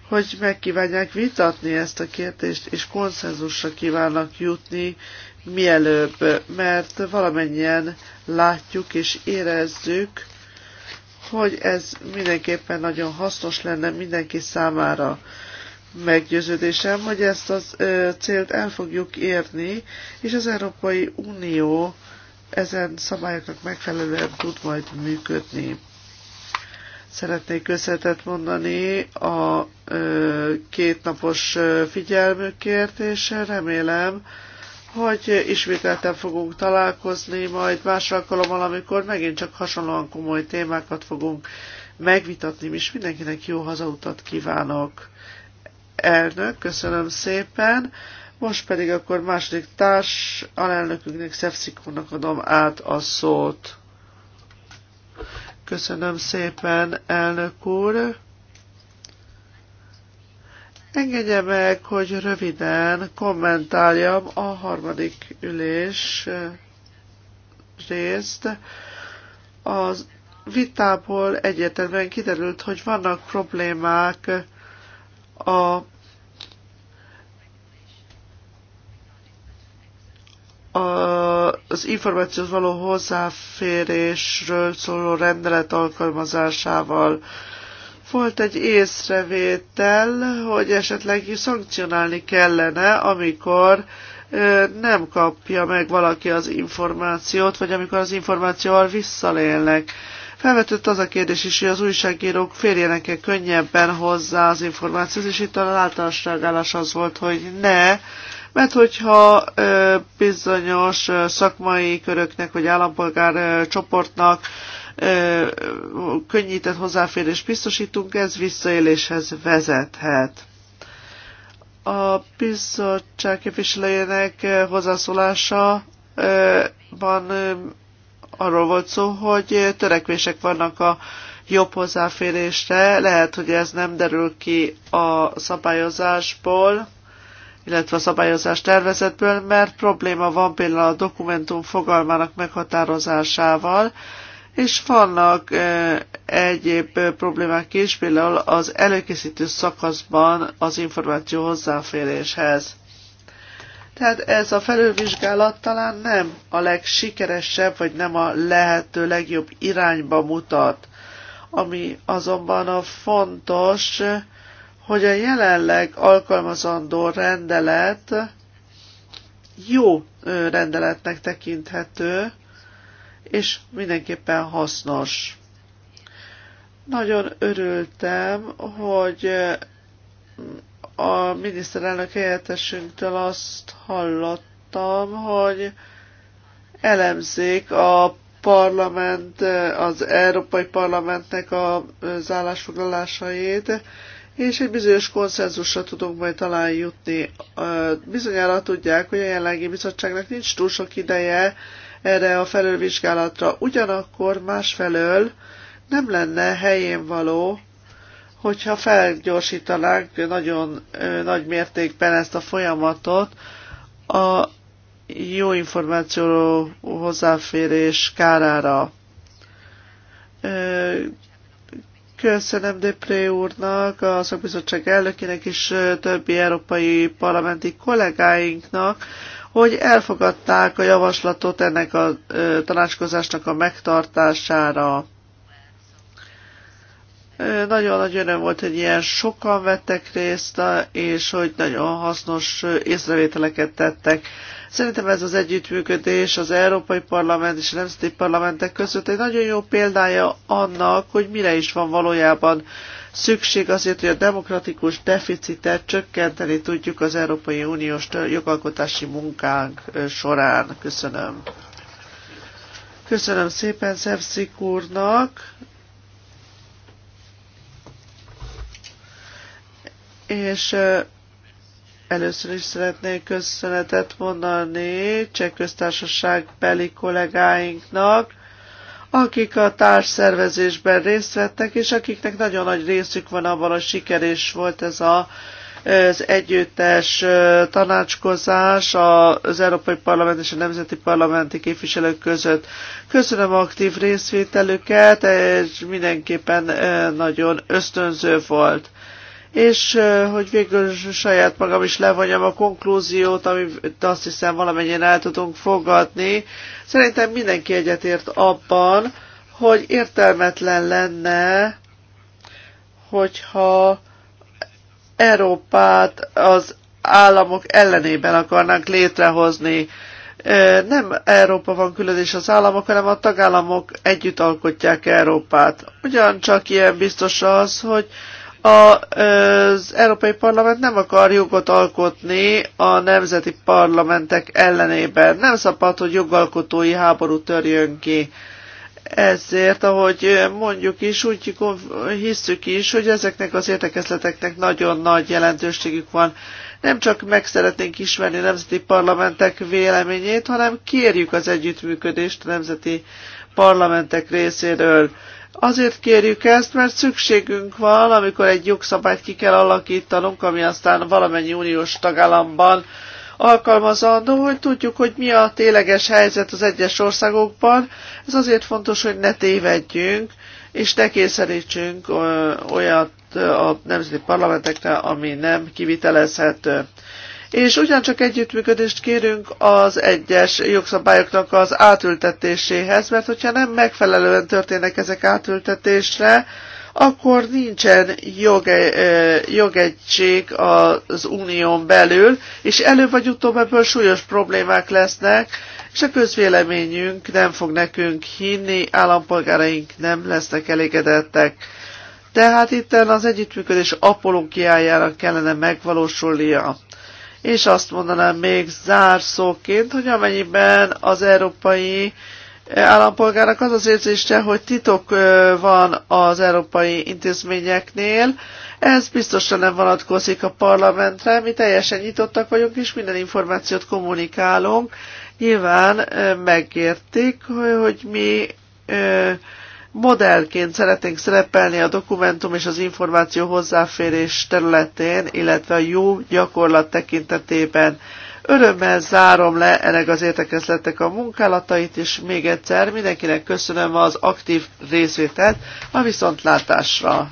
hogy megkívánják vitatni ezt a kérdést, és konszenzusra kívánnak jutni mielőbb, mert valamennyien látjuk és érezzük, hogy ez mindenképpen nagyon hasznos lenne mindenki számára. Meggyőződésem, hogy ezt a célt el fogjuk érni, és az Európai Unió ezen szabályoknak megfelelően tud majd működni. Szeretnék köszönetet mondani a kétnapos figyelmükért, és remélem, hogy ismételten fogunk találkozni, majd más alkalommal, amikor megint csak hasonlóan komoly témákat fogunk megvitatni, és mindenkinek jó hazautat kívánok. Elnök, köszönöm szépen. Most pedig akkor második társ alelnökünknek, Szevszikónak adom át a szót. Köszönöm szépen, elnök úr. Engedje meg, hogy röviden kommentáljam a harmadik ülés részt. A vitából egyértelműen kiderült, hogy vannak problémák a az információhoz való hozzáférésről szóló rendelet alkalmazásával. Volt egy észrevétel, hogy esetleg szankcionálni kellene, amikor nem kapja meg valaki az információt, vagy amikor az információval visszalélnek. Felvetődött az a kérdés is, hogy az újságírók férjenek-e könnyebben hozzá az információhoz, és itt a általános reagálás az volt, hogy ne, mert hogyha bizonyos szakmai köröknek vagy állampolgár csoportnak könnyített hozzáférés biztosítunk, ez visszaéléshez vezethet a bizottság képviselőjének hozzászólása van arról volt szó, hogy törekvések vannak a jobb hozzáférésre. Lehet, hogy ez nem derül ki a szabályozásból, illetve a szabályozás tervezetből, mert probléma van például a dokumentum fogalmának meghatározásával, és vannak egyéb problémák is, például az előkészítő szakaszban az információ hozzáféréshez. Tehát ez a felülvizsgálat talán nem a legsikeresebb, vagy nem a lehető legjobb irányba mutat. Ami azonban a fontos, hogy a jelenleg alkalmazandó rendelet jó rendeletnek tekinthető, és mindenképpen hasznos. Nagyon örültem, hogy a miniszterelnök helyettesünktől azt hallottam, hogy elemzik a parlament, az Európai Parlamentnek az állásfoglalásait, és egy bizonyos konszenzusra tudunk majd talán jutni. Bizonyára tudják, hogy a jelenlegi bizottságnak nincs túl sok ideje erre a felülvizsgálatra. Ugyanakkor másfelől nem lenne helyén való, hogyha felgyorsítanánk nagyon nagy mértékben ezt a folyamatot, a jó információ hozzáférés kárára Köszönöm Depré úrnak, a szakbizottság elnökének és többi európai parlamenti kollégáinknak, hogy elfogadták a javaslatot ennek a tanácskozásnak a megtartására. Nagyon nagy öröm volt, hogy ilyen sokan vettek részt, és hogy nagyon hasznos észrevételeket tettek. Szerintem ez az együttműködés az Európai Parlament és a Nemzeti Parlamentek között egy nagyon jó példája annak, hogy mire is van valójában szükség azért, hogy a demokratikus deficitet csökkenteni tudjuk az Európai Uniós jogalkotási munkánk során. Köszönöm. Köszönöm szépen Szevszik úrnak. És Először is szeretnék köszönetet mondani Cseh köztársaság beli kollégáinknak, akik a társszervezésben részt vettek, és akiknek nagyon nagy részük van abban, hogy sikerés volt ez a, az együttes tanácskozás az Európai Parlament és a Nemzeti Parlamenti képviselők között. Köszönöm aktív részvételüket, és mindenképpen nagyon ösztönző volt és hogy végül saját magam is levonjam a konklúziót, amit azt hiszem valamennyien el tudunk fogadni. Szerintem mindenki egyetért abban, hogy értelmetlen lenne, hogyha Európát az államok ellenében akarnánk létrehozni. Nem Európa van külön és az államok, hanem a tagállamok együtt alkotják Európát. Ugyancsak ilyen biztos az, hogy az Európai Parlament nem akar jogot alkotni a nemzeti parlamentek ellenében. Nem szabad, hogy jogalkotói háború törjön ki. Ezért, ahogy mondjuk is, úgy hisszük is, hogy ezeknek az értekezleteknek nagyon nagy jelentőségük van. Nem csak meg szeretnénk ismerni a nemzeti parlamentek véleményét, hanem kérjük az együttműködést a nemzeti parlamentek részéről Azért kérjük ezt, mert szükségünk van, amikor egy jogszabályt ki kell alakítanunk, ami aztán valamennyi uniós tagállamban alkalmazandó, hogy tudjuk, hogy mi a tényleges helyzet az egyes országokban. Ez azért fontos, hogy ne tévedjünk, és ne kényszerítsünk olyat a nemzeti parlamentekre, ami nem kivitelezhető és ugyancsak együttműködést kérünk az egyes jogszabályoknak az átültetéséhez, mert hogyha nem megfelelően történnek ezek átültetésre, akkor nincsen joge, jogegység az unión belül, és előbb vagy utóbb ebből súlyos problémák lesznek, és a közvéleményünk nem fog nekünk hinni, állampolgáraink nem lesznek elégedettek. Tehát itt az együttműködés apológiájának kellene megvalósulnia és azt mondanám még zárszóként, hogy amennyiben az európai állampolgárnak az az érzése, hogy titok van az európai intézményeknél, ez biztosan nem vonatkozik a parlamentre, mi teljesen nyitottak vagyunk, és minden információt kommunikálunk. Nyilván megértik, hogy mi Modellként szeretnénk szerepelni a dokumentum és az információ hozzáférés területén, illetve a jó gyakorlat tekintetében. Örömmel zárom le ennek az értekezletek a munkálatait, és még egyszer mindenkinek köszönöm az aktív részvételt a viszontlátásra.